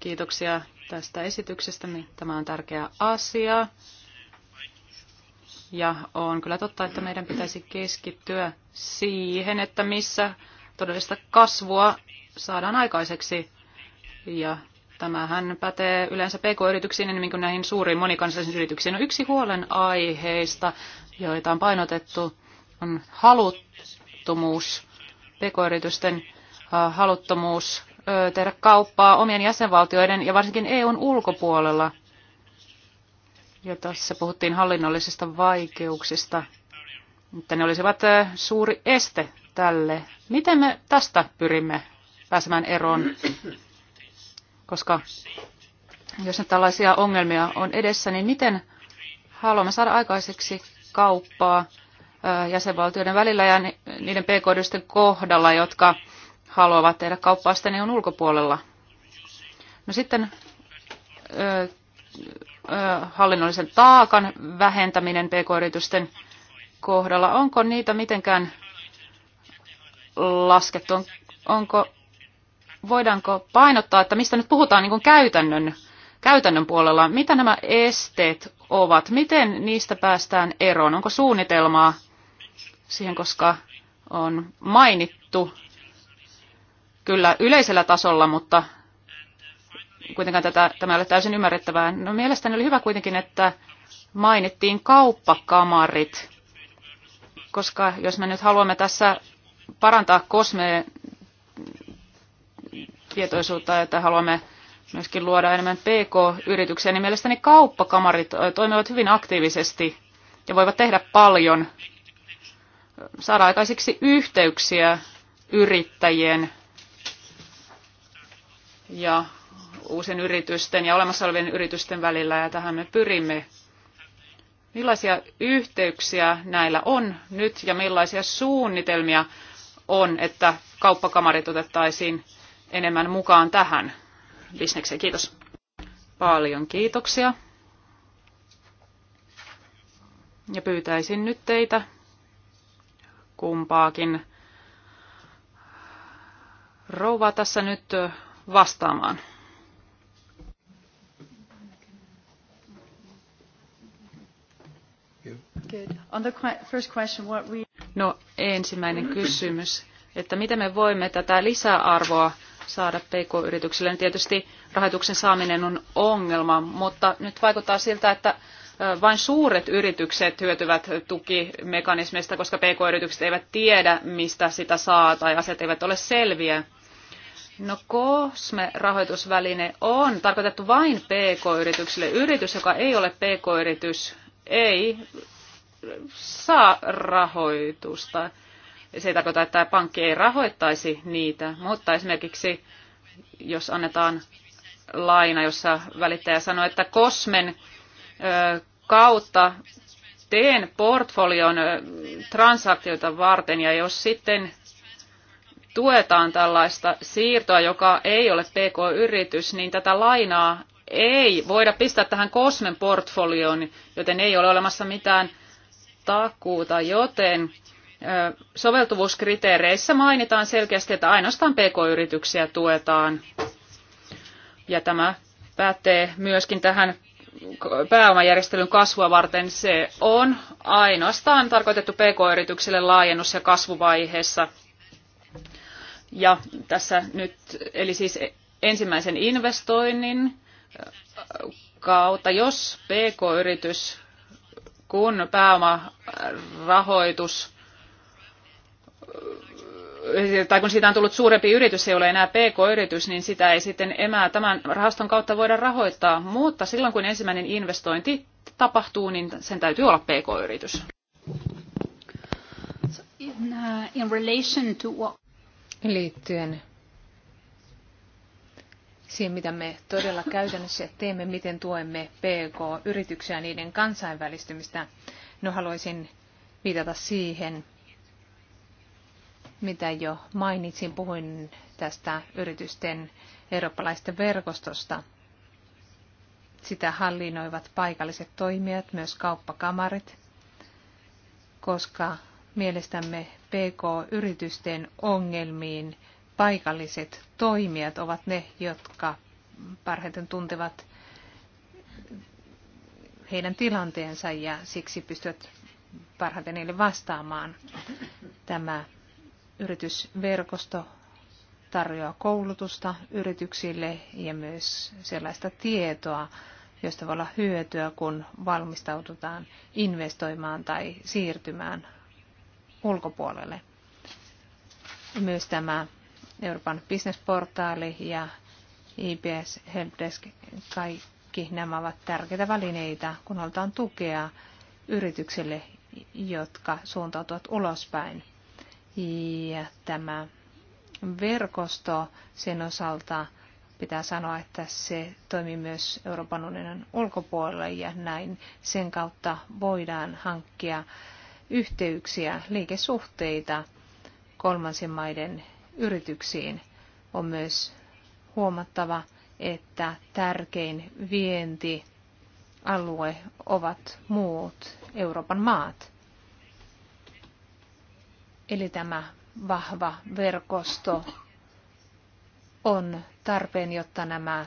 Kiitoksia tästä esityksestä. Tämä on tärkeä asia. Ja on kyllä totta, että meidän pitäisi keskittyä siihen, että missä todellista kasvua saadaan aikaiseksi. Ja tämähän pätee yleensä pk-yrityksiin enemmän kuin näihin suuriin monikansallisiin yrityksiin. No yksi aiheista, joita on painotettu, on haluttomuus, pk-yritysten äh, haluttomuus tehdä kauppaa omien jäsenvaltioiden ja varsinkin EUn ulkopuolella. Ja tässä puhuttiin hallinnollisista vaikeuksista, että ne olisivat suuri este tälle. Miten me tästä pyrimme pääsemään eroon? Koska jos nyt tällaisia ongelmia on edessä, niin miten haluamme saada aikaiseksi kauppaa jäsenvaltioiden välillä ja niiden pk kohdalla, jotka haluavat tehdä kauppaa sitten ulkopuolella. No sitten ö, ö, hallinnollisen taakan vähentäminen pk-yritysten kohdalla. Onko niitä mitenkään laskettu? On, onko, voidaanko painottaa, että mistä nyt puhutaan niin käytännön, käytännön puolella? Mitä nämä esteet ovat? Miten niistä päästään eroon? Onko suunnitelmaa siihen, koska on mainittu kyllä yleisellä tasolla, mutta kuitenkaan tätä, tämä ei ole täysin ymmärrettävää. No, mielestäni oli hyvä kuitenkin, että mainittiin kauppakamarit, koska jos me nyt haluamme tässä parantaa kosmeen tietoisuutta, että haluamme myöskin luoda enemmän PK-yrityksiä, niin mielestäni kauppakamarit toimivat hyvin aktiivisesti ja voivat tehdä paljon, saada aikaiseksi yhteyksiä yrittäjien ja uusien yritysten ja olemassa olevien yritysten välillä ja tähän me pyrimme. Millaisia yhteyksiä näillä on nyt ja millaisia suunnitelmia on, että kauppakamarit otettaisiin enemmän mukaan tähän bisnekseen? Kiitos. Paljon kiitoksia. Ja pyytäisin nyt teitä kumpaakin rouvaa tässä nyt vastaamaan. No ensimmäinen kysymys, että miten me voimme tätä lisäarvoa saada PK-yrityksille. No, tietysti rahoituksen saaminen on ongelma, mutta nyt vaikuttaa siltä, että vain suuret yritykset hyötyvät tukimekanismeista, koska PK-yritykset eivät tiedä, mistä sitä saa tai asiat eivät ole selviä. No COSME-rahoitusväline on tarkoitettu vain PK-yrityksille. Yritys, joka ei ole PK-yritys, ei saa rahoitusta. Se ei tarkoita, että pankki ei rahoittaisi niitä, mutta esimerkiksi jos annetaan laina, jossa välittäjä sanoo, että Kosmen kautta teen portfolion transaktioita varten ja jos sitten tuetaan tällaista siirtoa, joka ei ole PK-yritys, niin tätä lainaa ei voida pistää tähän Kosmen portfolioon, joten ei ole olemassa mitään takuuta, joten soveltuvuuskriteereissä mainitaan selkeästi, että ainoastaan PK-yrityksiä tuetaan. Ja tämä pätee myöskin tähän pääomajärjestelyn kasvua varten. Se on ainoastaan tarkoitettu PK-yrityksille laajennus- ja kasvuvaiheessa ja tässä nyt, eli siis ensimmäisen investoinnin äh, kautta, jos PK-yritys, kun pääomarahoitus, äh, tai kun siitä on tullut suurempi yritys, se ei ole enää PK-yritys, niin sitä ei sitten emää tämän rahaston kautta voida rahoittaa. Mutta silloin, kun ensimmäinen investointi tapahtuu, niin sen täytyy olla PK-yritys. Uh, in, relation to what liittyen siihen, mitä me todella käytännössä teemme, miten tuemme PK-yrityksiä niiden kansainvälistymistä. No haluaisin viitata siihen, mitä jo mainitsin, puhuin tästä yritysten eurooppalaisten verkostosta. Sitä hallinnoivat paikalliset toimijat, myös kauppakamarit, koska Mielestämme PK-yritysten ongelmiin paikalliset toimijat ovat ne, jotka parhaiten tuntevat heidän tilanteensa ja siksi pystyvät parhaiten niille vastaamaan. Tämä yritysverkosto tarjoaa koulutusta yrityksille ja myös sellaista tietoa, josta voi olla hyötyä, kun valmistaudutaan investoimaan tai siirtymään ulkopuolelle. Myös tämä Euroopan bisnesportaali ja IBS Helpdesk, kaikki nämä ovat tärkeitä välineitä, kun halutaan tukea yrityksille, jotka suuntautuvat ulospäin. Ja tämä verkosto sen osalta pitää sanoa, että se toimii myös Euroopan unionin ulkopuolella ja näin sen kautta voidaan hankkia yhteyksiä, liikesuhteita kolmansien maiden yrityksiin. On myös huomattava, että tärkein vientialue ovat muut Euroopan maat. Eli tämä vahva verkosto on tarpeen, jotta nämä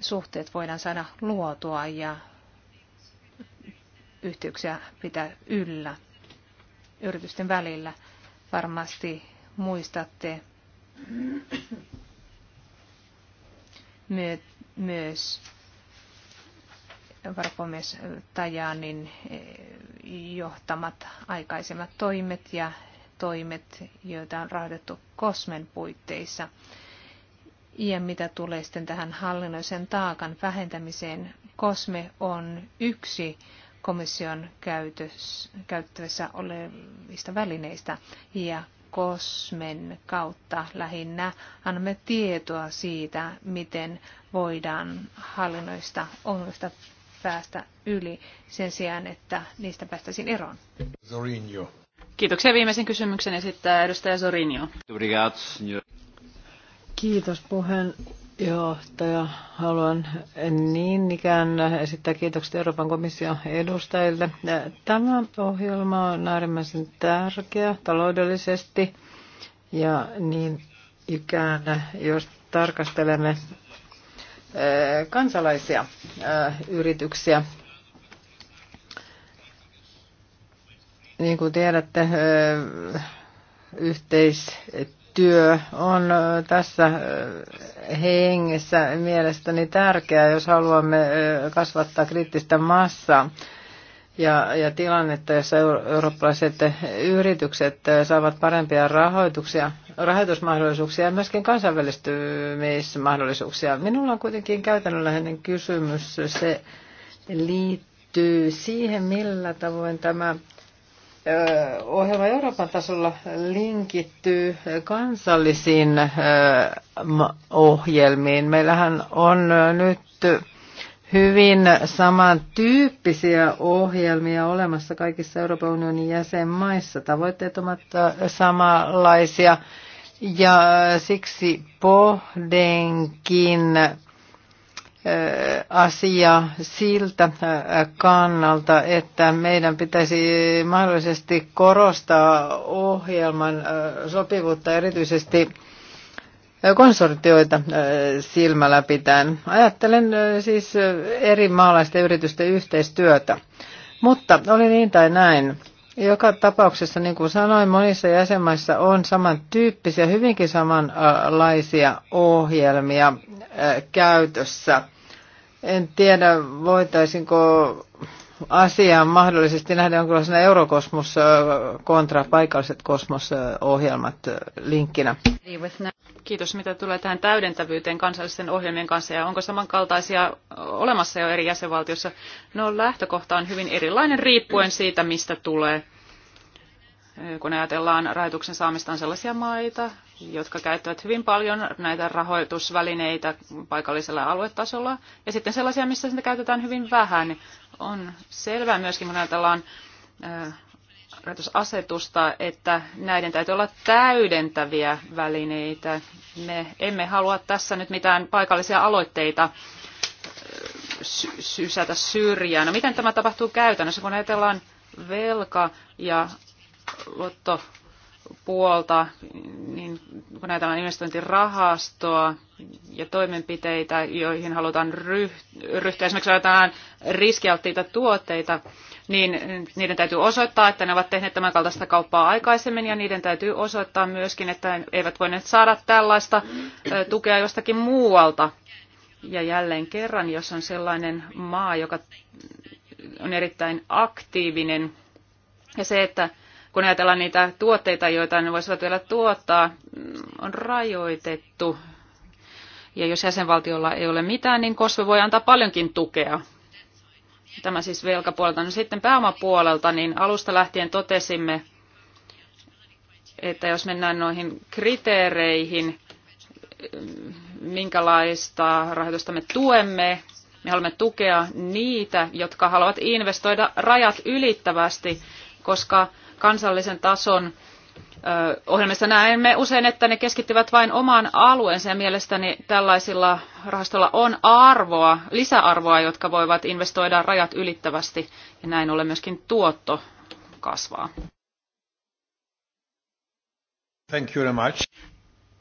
suhteet voidaan saada luotua ja yhteyksiä pitää yllä yritysten välillä. Varmasti muistatte myös varapuhemies Tajanin eh, johtamat aikaisemmat toimet ja toimet, joita on rahoitettu kosmen puitteissa. Ja mitä tulee sitten tähän hallinnollisen taakan vähentämiseen, kosme on yksi komission käytös, olevista välineistä ja kosmen kautta lähinnä annamme tietoa siitä, miten voidaan hallinnoista ongelmista päästä yli sen sijaan, että niistä päästäisiin eroon. Zorinio. Kiitoksia. Viimeisen kysymyksen esittää edustaja Zorinio. Kiitos puheenjohtaja Johtaja, haluan niin ikään esittää kiitokset Euroopan komission edustajille. Tämä ohjelma on äärimmäisen tärkeä taloudellisesti ja niin ikään, jos tarkastelemme eh, kansalaisia eh, yrityksiä, niin kuin tiedätte, eh, yhteis työ on tässä hengessä mielestäni tärkeää, jos haluamme kasvattaa kriittistä massaa ja, ja tilannetta, jossa eurooppalaiset yritykset saavat parempia rahoituksia, rahoitusmahdollisuuksia ja myöskin kansainvälistymismahdollisuuksia. Minulla on kuitenkin käytännönläheinen kysymys. Se liittyy siihen, millä tavoin tämä ohjelma Euroopan tasolla linkittyy kansallisiin ohjelmiin. Meillähän on nyt hyvin samantyyppisiä ohjelmia olemassa kaikissa Euroopan unionin jäsenmaissa. Tavoitteet ovat samanlaisia ja siksi pohdenkin asia siltä kannalta, että meidän pitäisi mahdollisesti korostaa ohjelman sopivuutta erityisesti konsortioita silmällä pitäen. Ajattelen siis eri maalaisten yritysten yhteistyötä. Mutta oli niin tai näin. Joka tapauksessa, niin kuin sanoin, monissa jäsenmaissa on samantyyppisiä, hyvinkin samanlaisia ohjelmia äh, käytössä. En tiedä, voitaisinko asiaan mahdollisesti nähdä jonkinlaisena Eurokosmos kontra paikalliset kosmosohjelmat linkkinä. Kiitos, mitä tulee tähän täydentävyyteen kansallisten ohjelmien kanssa ja onko samankaltaisia olemassa jo eri jäsenvaltiossa? No lähtökohta on hyvin erilainen riippuen siitä, mistä tulee. Kun ajatellaan rahoituksen saamista on sellaisia maita, jotka käyttävät hyvin paljon näitä rahoitusvälineitä paikallisella aluetasolla, ja sitten sellaisia, missä sitä käytetään hyvin vähän. On selvää myöskin, kun ajatellaan asetusta, että näiden täytyy olla täydentäviä välineitä. Me emme halua tässä nyt mitään paikallisia aloitteita sy- sysätä syrjään. No miten tämä tapahtuu käytännössä, kun ajatellaan velka- ja puolta, niin kun näitä on investointirahastoa ja toimenpiteitä, joihin halutaan ryhtyä, esimerkiksi ajatellaan riskialttiita tuotteita, niin niiden täytyy osoittaa, että ne ovat tehneet tämän kaltaista kauppaa aikaisemmin ja niiden täytyy osoittaa myöskin, että eivät voineet saada tällaista tukea jostakin muualta. Ja jälleen kerran, jos on sellainen maa, joka on erittäin aktiivinen ja se, että kun ajatellaan niitä tuotteita, joita ne voisivat vielä tuottaa, mm, on rajoitettu. Ja jos jäsenvaltiolla ei ole mitään, niin Kosve voi antaa paljonkin tukea. Tämä siis velkapuolelta. No sitten pääomapuolelta, niin alusta lähtien totesimme, että jos mennään noihin kriteereihin, mm, minkälaista rahoitusta me tuemme, me haluamme tukea niitä, jotka haluavat investoida rajat ylittävästi, koska kansallisen tason ohjelmissa näemme usein, että ne keskittyvät vain omaan alueensa ja mielestäni tällaisilla rahastolla on arvoa, lisäarvoa, jotka voivat investoida rajat ylittävästi ja näin ollen myöskin tuotto kasvaa. Thank you very much.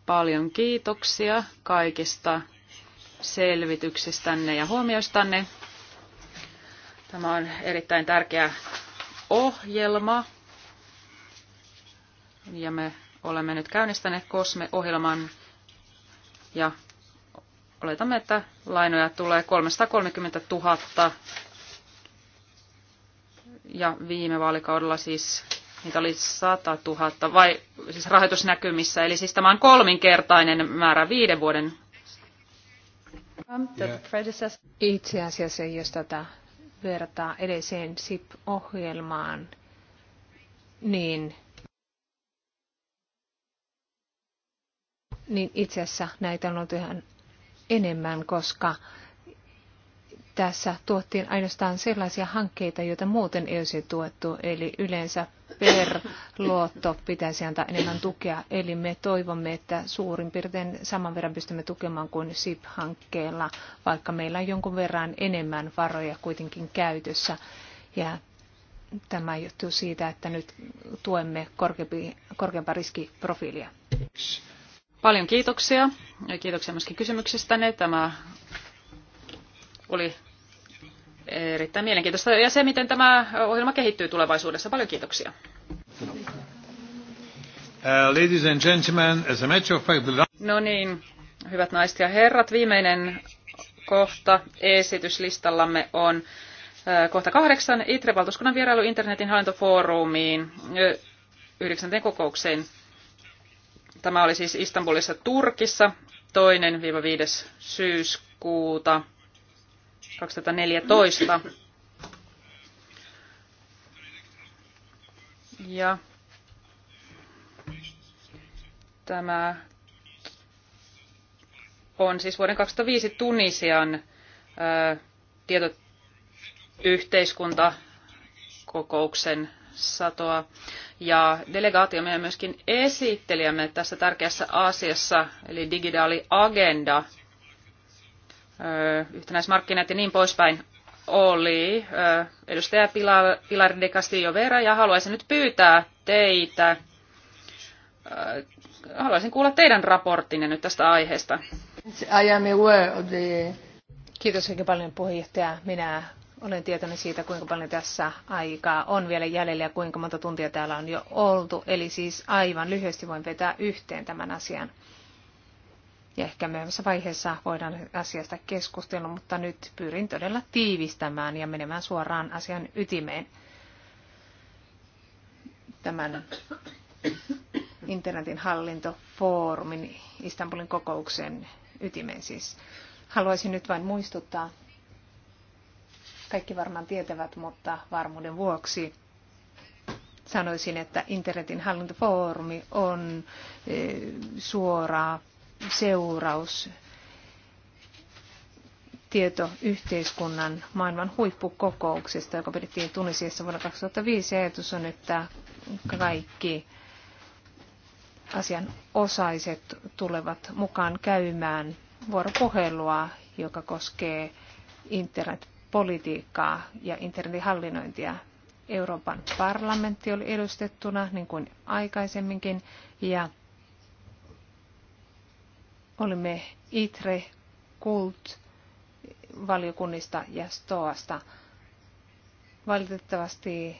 Paljon kiitoksia kaikista selvityksistänne ja huomioistanne. Tämä on erittäin tärkeä ohjelma. Ja me olemme nyt käynnistäneet COSME-ohjelman ja oletamme, että lainoja tulee 330 000 ja viime vaalikaudella siis niitä oli 100 000, vai siis rahoitusnäkymissä, eli siis tämä on kolminkertainen määrä viiden vuoden. Um, Itse asiassa, jos tätä vertaa edelliseen SIP-ohjelmaan, niin niin itse asiassa näitä on ollut ihan enemmän, koska tässä tuottiin ainoastaan sellaisia hankkeita, joita muuten ei olisi tuettu, eli yleensä per luotto pitäisi antaa enemmän tukea. Eli me toivomme, että suurin piirtein saman verran pystymme tukemaan kuin SIP-hankkeella, vaikka meillä on jonkun verran enemmän varoja kuitenkin käytössä. Ja tämä johtuu siitä, että nyt tuemme korkeampaa riskiprofiilia. Paljon kiitoksia ja kiitoksia myöskin kysymyksestänne. Tämä oli erittäin mielenkiintoista ja se, miten tämä ohjelma kehittyy tulevaisuudessa. Paljon kiitoksia. Uh, ladies and gentlemen, No niin, hyvät naiset ja herrat, viimeinen kohta esityslistallamme on uh, kohta kahdeksan ITRE-valtuuskunnan vierailu internetin hallintofoorumiin uh, yhdeksänteen kokoukseen. Tämä oli siis Istanbulissa Turkissa 2-5. syyskuuta 2014. Ja tämä on siis vuoden 2005 Tunisian tietoyhteiskuntakokouksen satoa. Ja delegaatiomme ja myöskin esittelijämme tässä tärkeässä asiassa, eli digitaali agenda, yhtenäismarkkinat ja niin poispäin, oli edustaja Pilar de Castillo Vera ja haluaisin nyt pyytää teitä, haluaisin kuulla teidän raporttinne nyt tästä aiheesta. I am aware of the Kiitos oikein paljon puheenjohtaja. Minä olen tietoinen siitä, kuinka paljon tässä aikaa on vielä jäljellä ja kuinka monta tuntia täällä on jo oltu. Eli siis aivan lyhyesti voin vetää yhteen tämän asian. Ja ehkä myöhemmässä vaiheessa voidaan asiasta keskustella, mutta nyt pyrin todella tiivistämään ja menemään suoraan asian ytimeen. Tämän internetin hallintofoorumin Istanbulin kokouksen ytimeen siis. Haluaisin nyt vain muistuttaa kaikki varmaan tietävät, mutta varmuuden vuoksi sanoisin, että internetin hallintofoorumi on e, suora seuraus tietoyhteiskunnan maailman huippukokouksesta, joka pidettiin Tunisiassa vuonna 2005. Ajatus on, että kaikki asian osaiset tulevat mukaan käymään vuoropuhelua, joka koskee internet politiikkaa ja internetin hallinnointia. Euroopan parlamentti oli edustettuna, niin kuin aikaisemminkin, ja olimme ITRE, KULT, valiokunnista ja STOAsta. Valitettavasti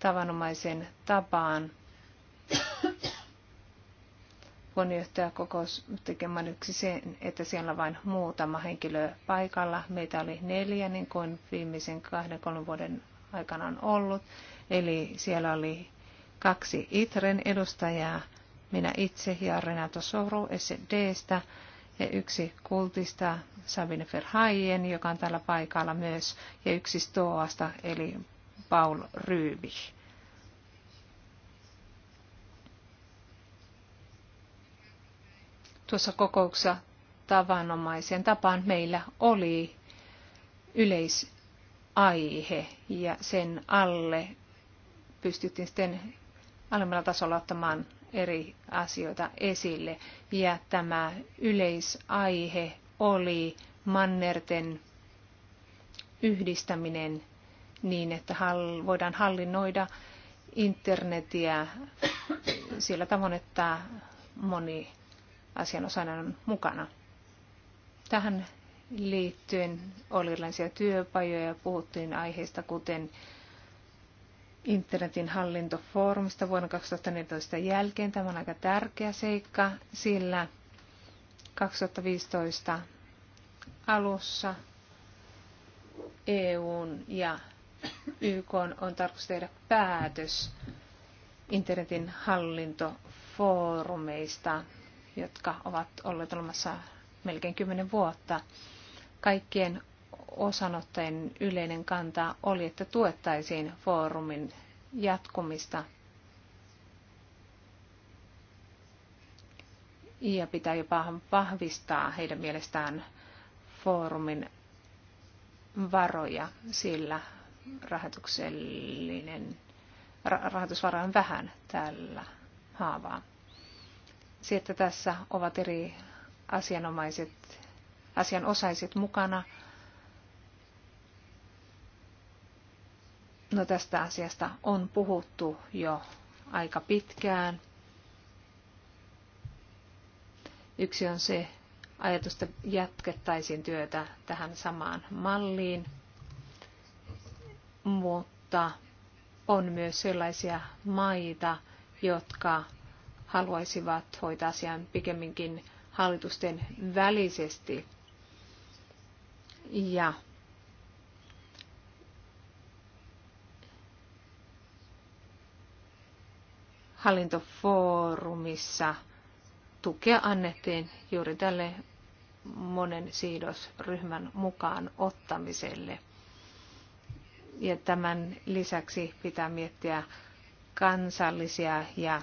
tavanomaisen tapaan puheenjohtajakokous tekemään yksi sen, että siellä on vain muutama henkilö paikalla. Meitä oli neljä, niin kuin viimeisen kahden, kolmen vuoden aikana on ollut. Eli siellä oli kaksi ITREN edustajaa, minä itse ja Renato Soru SDstä ja yksi kultista Sabine Verhaien, joka on täällä paikalla myös, ja yksi Stoasta eli Paul Ryyvich. tuossa kokouksessa tavanomaisen tapaan meillä oli yleisaihe ja sen alle pystyttiin sitten alemmalla tasolla ottamaan eri asioita esille. Ja tämä yleisaihe oli mannerten yhdistäminen niin, että hall- voidaan hallinnoida internetiä sillä tavoin, että moni asianosainen on mukana. Tähän liittyen oli erilaisia työpajoja ja puhuttiin aiheista, kuten internetin hallintofoorumista vuonna 2014 jälkeen. Tämä on aika tärkeä seikka, sillä 2015 alussa EUn ja YK on tarkoitus tehdä päätös internetin hallintofoorumeista jotka ovat olleet olemassa melkein kymmenen vuotta. Kaikkien osanottajien yleinen kanta oli, että tuettaisiin foorumin jatkumista ja pitää jopa vahvistaa heidän mielestään foorumin varoja, sillä rahoituksellinen, rahoitusvara on vähän tällä haavaa se, että tässä ovat eri asianomaiset, asianosaiset mukana. No tästä asiasta on puhuttu jo aika pitkään. Yksi on se ajatus, että jatkettaisiin työtä tähän samaan malliin, mutta on myös sellaisia maita, jotka haluaisivat hoitaa asian pikemminkin hallitusten välisesti. Ja hallintofoorumissa tukea annettiin juuri tälle monen siidosryhmän mukaan ottamiselle. Ja tämän lisäksi pitää miettiä kansallisia ja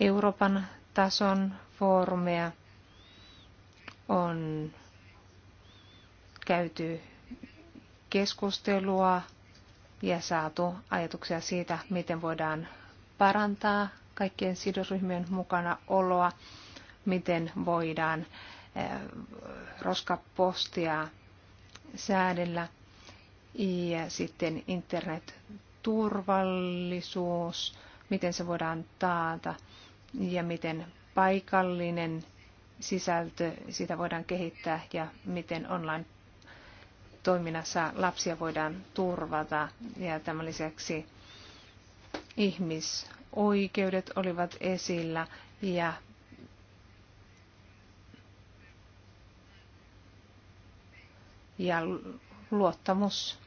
Euroopan tason foorumeja on käyty keskustelua ja saatu ajatuksia siitä, miten voidaan parantaa kaikkien sidosryhmien mukana oloa, miten voidaan eh, roskapostia säädellä ja sitten internetturvallisuus, miten se voidaan taata ja miten paikallinen sisältö, sitä voidaan kehittää ja miten online toiminnassa lapsia voidaan turvata. Ja tämän lisäksi ihmisoikeudet olivat esillä ja ja luottamus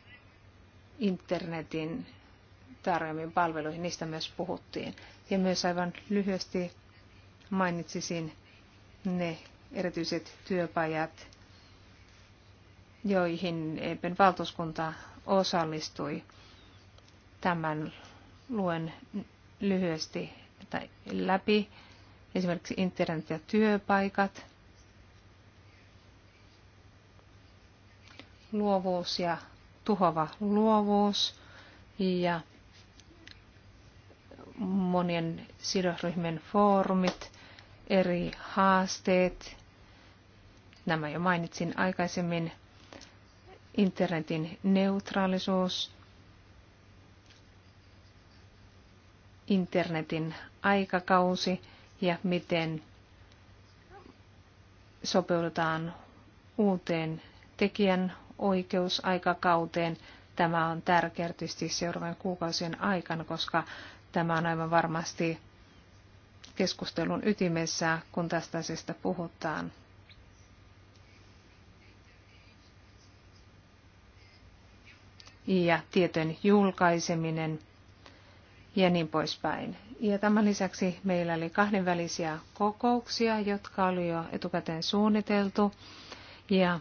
internetin tarjoamiin palveluihin, niistä myös puhuttiin. Ja myös aivan lyhyesti mainitsisin ne erityiset työpajat, joihin EPEN valtuuskunta osallistui. Tämän luen lyhyesti läpi. Esimerkiksi internet ja työpaikat, luovuus ja tuhova luovuus ja monien sidosryhmien foorumit, eri haasteet, nämä jo mainitsin aikaisemmin, internetin neutraalisuus, internetin aikakausi ja miten sopeudutaan uuteen tekijän oikeusaikakauteen. Tämä on tärkeä tietysti seuraavan kuukausien aikana, koska Tämä on aivan varmasti keskustelun ytimessä, kun tästä asiasta puhutaan. ja tietojen julkaiseminen ja niin poispäin. Ja tämän lisäksi meillä oli kahdenvälisiä kokouksia, jotka oli jo etukäteen suunniteltu. Ja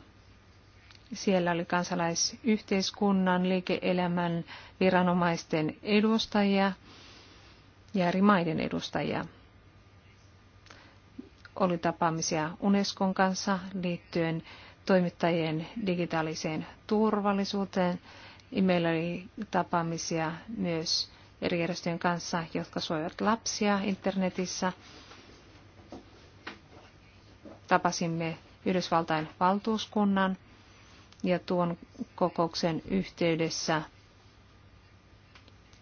siellä oli kansalaisyhteiskunnan, liike-elämän, viranomaisten edustajia ja eri maiden edustajia. Oli tapaamisia Unescon kanssa liittyen toimittajien digitaaliseen turvallisuuteen. Meillä oli tapaamisia myös eri järjestöjen kanssa, jotka suojaavat lapsia internetissä. Tapasimme Yhdysvaltain valtuuskunnan ja tuon kokouksen yhteydessä –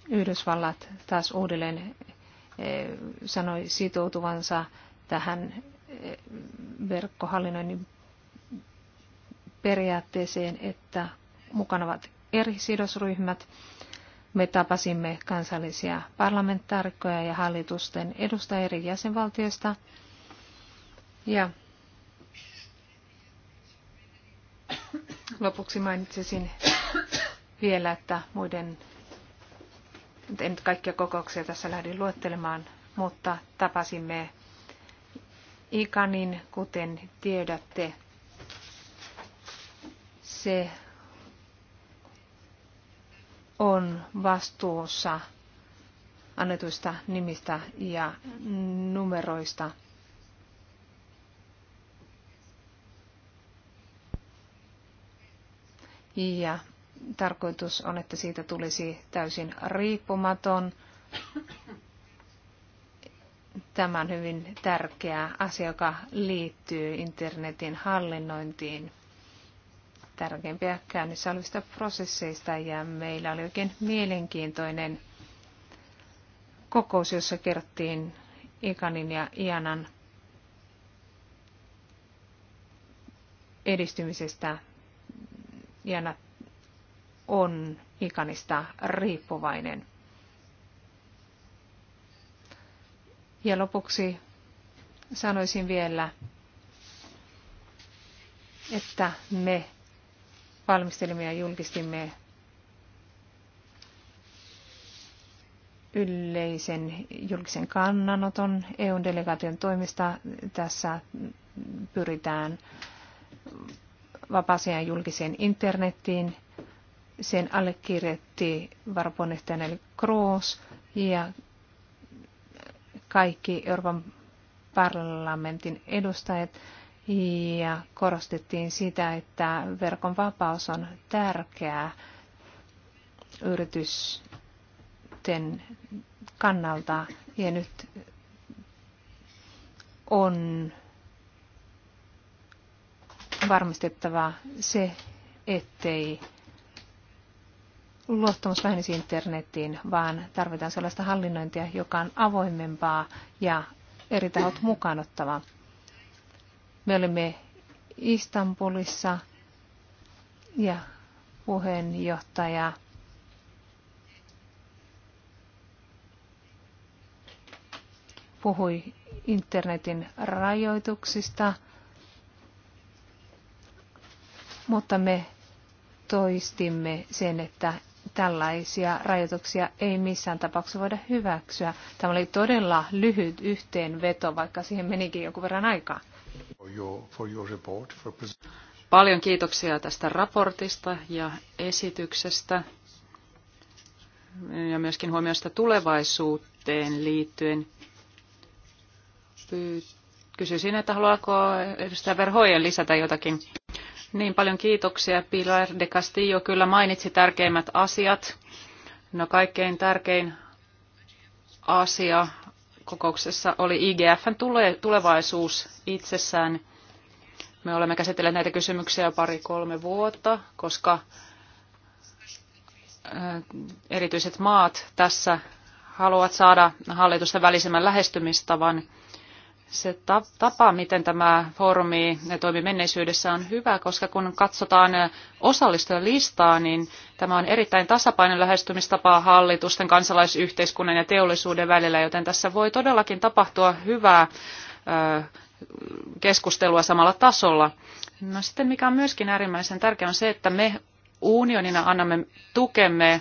Yhdysvallat taas uudelleen eh, sanoi sitoutuvansa tähän eh, verkkohallinnoinnin periaatteeseen, että mukana ovat eri sidosryhmät. Me tapasimme kansallisia parlamentaarikkoja ja hallitusten edustajia eri jäsenvaltioista. Ja lopuksi mainitsisin vielä, että muiden en nyt kaikkia kokouksia tässä lähde luettelemaan, mutta tapasimme Ikanin, kuten tiedätte, se on vastuussa annetuista nimistä ja numeroista. Ja tarkoitus on, että siitä tulisi täysin riippumaton. Tämä on hyvin tärkeä asia, joka liittyy internetin hallinnointiin tärkeimpiä käynnissä olevista prosesseista ja meillä oli oikein mielenkiintoinen kokous, jossa kerrottiin Ikanin ja Ianan edistymisestä Iana on ikanista riippuvainen. Ja lopuksi sanoisin vielä, että me valmistelimme ja julkistimme yleisen julkisen kannanoton EUn delegaation toimista. Tässä pyritään vapaaseen julkiseen internettiin sen allekirjoitti varapuheenjohtaja Kroos ja kaikki Euroopan parlamentin edustajat ja korostettiin sitä, että verkon vapaus on tärkeää yritysten kannalta ja nyt on varmistettava se, ettei luottamus vähenisi internettiin, vaan tarvitaan sellaista hallinnointia, joka on avoimempaa ja eri tahot ottavaa. Me olemme Istanbulissa ja puheenjohtaja puhui internetin rajoituksista, mutta me toistimme sen, että tällaisia rajoituksia ei missään tapauksessa voida hyväksyä. Tämä oli todella lyhyt yhteenveto, vaikka siihen menikin joku verran aikaa. Paljon kiitoksia tästä raportista ja esityksestä ja myöskin huomioista tulevaisuuteen liittyen. Kysyisin, että haluaako edustaja Verhojen lisätä jotakin? Niin paljon kiitoksia. Pilar de Castillo kyllä mainitsi tärkeimmät asiat. No kaikkein tärkein asia kokouksessa oli IGFn tulevaisuus itsessään. Me olemme käsitelleet näitä kysymyksiä pari-kolme vuotta, koska äh, erityiset maat tässä haluavat saada hallitusten välisemmän lähestymistavan – se tapa, miten tämä foorumi toimi menneisyydessä, on hyvä, koska kun katsotaan osallistujalistaa, niin tämä on erittäin tasapainoinen lähestymistapa hallitusten, kansalaisyhteiskunnan ja teollisuuden välillä, joten tässä voi todellakin tapahtua hyvää keskustelua samalla tasolla. No sitten mikä on myöskin äärimmäisen tärkeää on se, että me unionina annamme tukemme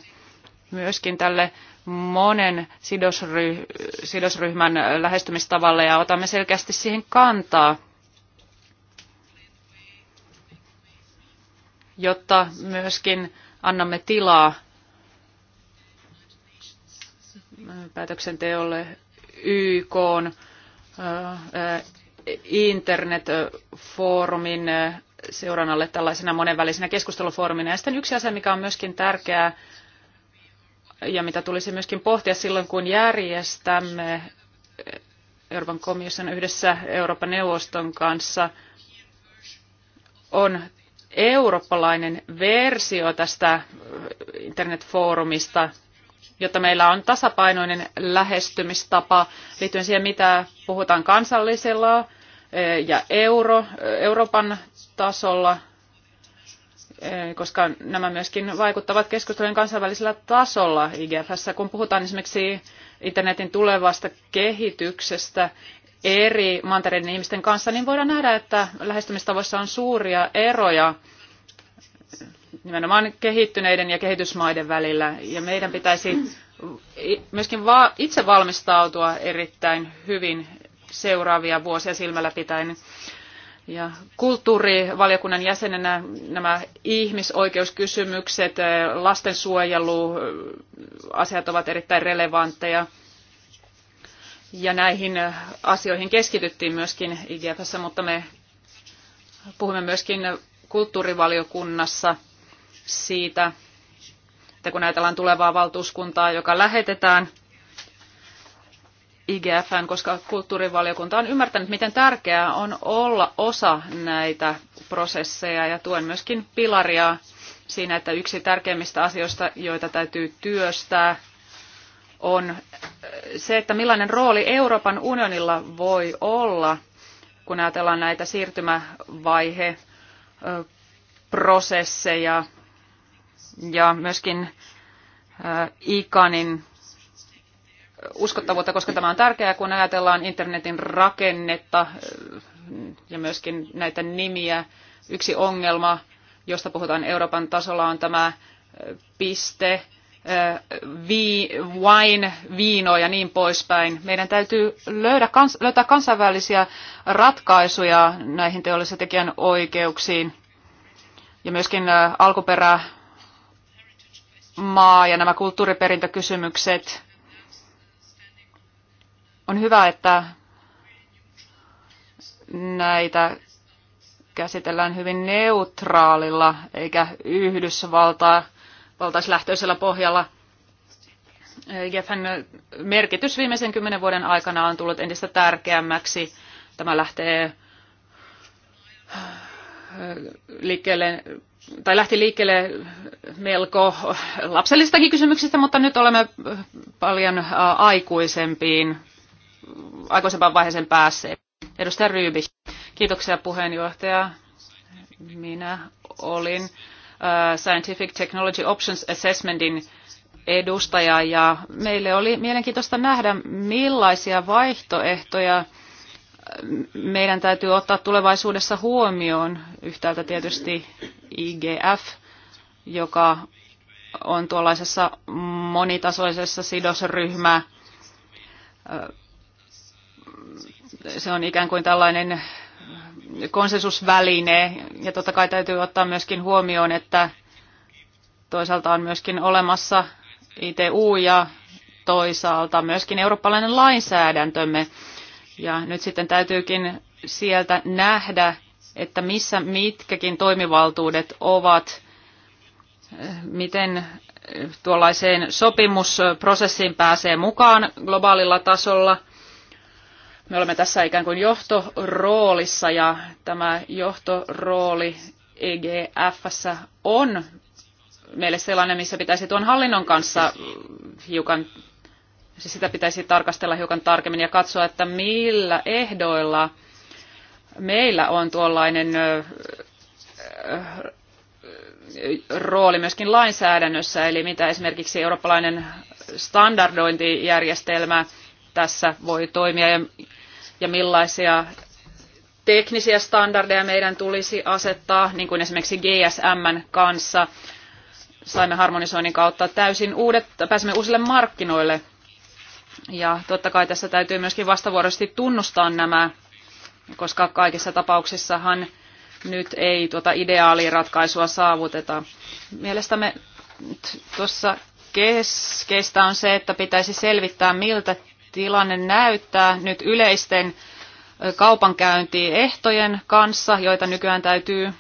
myöskin tälle monen sidosry, sidosryhmän lähestymistavalle ja otamme selkeästi siihen kantaa, jotta myöskin annamme tilaa päätöksenteolle YK, internetfoorumin seurannalle tällaisena monenvälisenä keskustelufoorumina. Ja sitten yksi asia, mikä on myöskin tärkeää, ja mitä tulisi myöskin pohtia silloin, kun järjestämme Euroopan komission yhdessä Euroopan neuvoston kanssa, on eurooppalainen versio tästä internetfoorumista, jotta meillä on tasapainoinen lähestymistapa liittyen siihen, mitä puhutaan kansallisella eh, ja euro, eh, Euroopan tasolla – Eh, koska nämä myöskin vaikuttavat keskustelujen kansainvälisellä tasolla IGFssä. Kun puhutaan esimerkiksi internetin tulevasta kehityksestä eri mantereiden ihmisten kanssa, niin voidaan nähdä, että lähestymistavoissa on suuria eroja nimenomaan kehittyneiden ja kehitysmaiden välillä. Ja meidän pitäisi myöskin va- itse valmistautua erittäin hyvin seuraavia vuosia silmällä pitäen. Ja kulttuurivaliokunnan jäsenenä nämä ihmisoikeuskysymykset, lastensuojelu, asiat ovat erittäin relevantteja. Ja näihin asioihin keskityttiin myöskin IGFssä, mutta me puhumme myöskin kulttuurivaliokunnassa siitä, että kun ajatellaan tulevaa valtuuskuntaa, joka lähetetään – IGFn, koska kulttuurivaliokunta on ymmärtänyt, miten tärkeää on olla osa näitä prosesseja ja tuen myöskin pilaria siinä, että yksi tärkeimmistä asioista, joita täytyy työstää, on eh, se, että millainen rooli Euroopan unionilla voi olla, kun ajatellaan näitä siirtymävaiheprosesseja eh, ja myöskin eh, ICANin uskottavuutta, koska tämä on tärkeää, kun ajatellaan internetin rakennetta ja myöskin näitä nimiä. Yksi ongelma, josta puhutaan Euroopan tasolla, on tämä piste, vi, wine, viino ja niin poispäin. Meidän täytyy löydä, löytää kansainvälisiä ratkaisuja näihin teollisen tekijän oikeuksiin ja myöskin alkuperä maa ja nämä kulttuuriperintökysymykset on hyvä, että näitä käsitellään hyvin neutraalilla eikä Yhdysvaltaa valtaislähtöisellä pohjalla. Jeffen merkitys viimeisen kymmenen vuoden aikana on tullut entistä tärkeämmäksi. Tämä lähtee liikkeelle, tai lähti liikkeelle melko lapsellistakin kysymyksistä, mutta nyt olemme paljon aikuisempiin aikaisempaan vaiheeseen pääsee. Edustaja Ryybi, kiitoksia puheenjohtaja. Minä olin äh, Scientific Technology Options Assessmentin edustaja ja meille oli mielenkiintoista nähdä, millaisia vaihtoehtoja äh, meidän täytyy ottaa tulevaisuudessa huomioon. Yhtäältä tietysti IGF, joka on tuollaisessa monitasoisessa sidosryhmä äh, se on ikään kuin tällainen konsensusväline, ja totta kai täytyy ottaa myöskin huomioon, että toisaalta on myöskin olemassa ITU ja toisaalta myöskin eurooppalainen lainsäädäntömme. Ja nyt sitten täytyykin sieltä nähdä, että missä mitkäkin toimivaltuudet ovat, miten tuollaiseen sopimusprosessiin pääsee mukaan globaalilla tasolla – me olemme tässä ikään kuin johtoroolissa ja tämä johtorooli EGFssä on meille sellainen, missä pitäisi tuon hallinnon kanssa hiukan, siis sitä pitäisi tarkastella hiukan tarkemmin ja katsoa, että millä ehdoilla meillä on tuollainen rooli myöskin lainsäädännössä, eli mitä esimerkiksi eurooppalainen standardointijärjestelmä tässä voi toimia ja ja millaisia teknisiä standardeja meidän tulisi asettaa, niin kuin esimerkiksi GSMn kanssa saimme harmonisoinnin kautta täysin uudet, pääsimme uusille markkinoille. Ja totta kai tässä täytyy myöskin vastavuoroisesti tunnustaa nämä, koska kaikissa tapauksissahan nyt ei tuota ideaalia ratkaisua saavuteta. Mielestämme tuossa keskeistä on se, että pitäisi selvittää, miltä tilanne näyttää nyt yleisten kaupankäyntiehtojen kanssa, joita nykyään täytyy,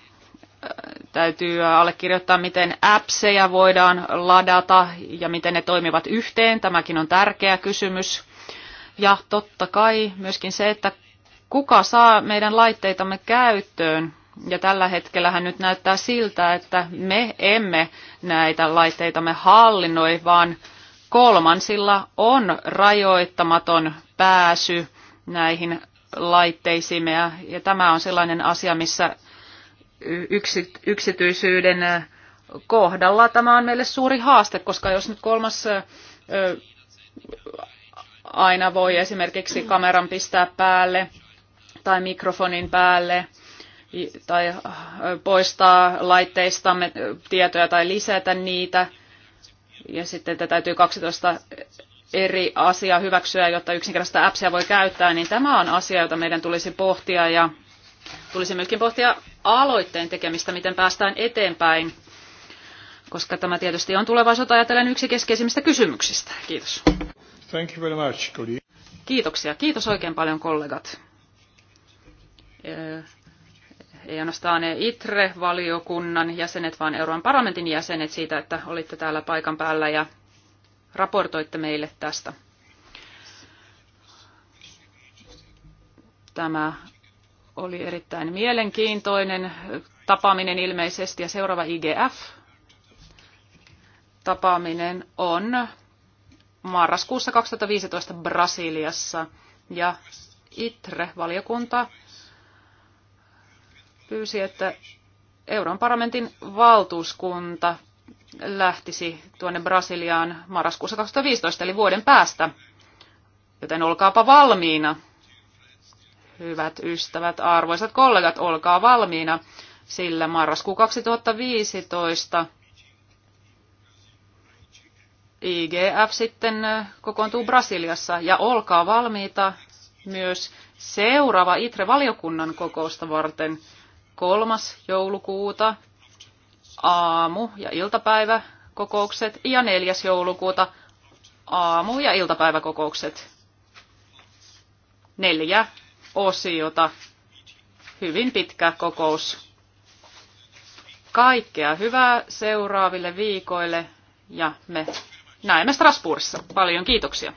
täytyy allekirjoittaa, miten appseja voidaan ladata ja miten ne toimivat yhteen. Tämäkin on tärkeä kysymys. Ja totta kai myöskin se, että kuka saa meidän laitteitamme käyttöön. Ja tällä hetkellähän nyt näyttää siltä, että me emme näitä laitteitamme hallinnoi, vaan kolmansilla on rajoittamaton pääsy näihin laitteisiin ja, ja tämä on sellainen asia, missä yksi, yksityisyyden kohdalla tämä on meille suuri haaste, koska jos nyt kolmas ö, aina voi esimerkiksi kameran pistää päälle tai mikrofonin päälle tai poistaa laitteistamme tietoja tai lisätä niitä – ja sitten tätä täytyy 12 eri asiaa hyväksyä, jotta yksinkertaista appsia voi käyttää, niin tämä on asia, jota meidän tulisi pohtia ja tulisi myöskin pohtia aloitteen tekemistä, miten päästään eteenpäin, koska tämä tietysti on tulevaisuutta ajatellen yksi keskeisimmistä kysymyksistä. Kiitos. Thank you very much, Kiitoksia. Kiitos oikein paljon kollegat ei ainoastaan ITRE-valiokunnan jäsenet, vaan Euroopan parlamentin jäsenet siitä, että olitte täällä paikan päällä ja raportoitte meille tästä. Tämä oli erittäin mielenkiintoinen tapaaminen ilmeisesti ja seuraava IGF tapaaminen on marraskuussa 2015 Brasiliassa ja ITRE-valiokunta pyysi, että Euroopan parlamentin valtuuskunta lähtisi tuonne Brasiliaan marraskuussa 2015, eli vuoden päästä. Joten olkaapa valmiina, hyvät ystävät, arvoisat kollegat, olkaa valmiina, sillä marraskuu 2015 IGF sitten äh, kokoontuu Brasiliassa ja olkaa valmiita myös seuraava ITRE-valiokunnan kokousta varten – kolmas joulukuuta aamu- ja iltapäiväkokoukset ja neljäs joulukuuta aamu- ja iltapäiväkokoukset. Neljä osiota. Hyvin pitkä kokous. Kaikkea hyvää seuraaville viikoille ja me näemme Strasbourgissa. Paljon kiitoksia.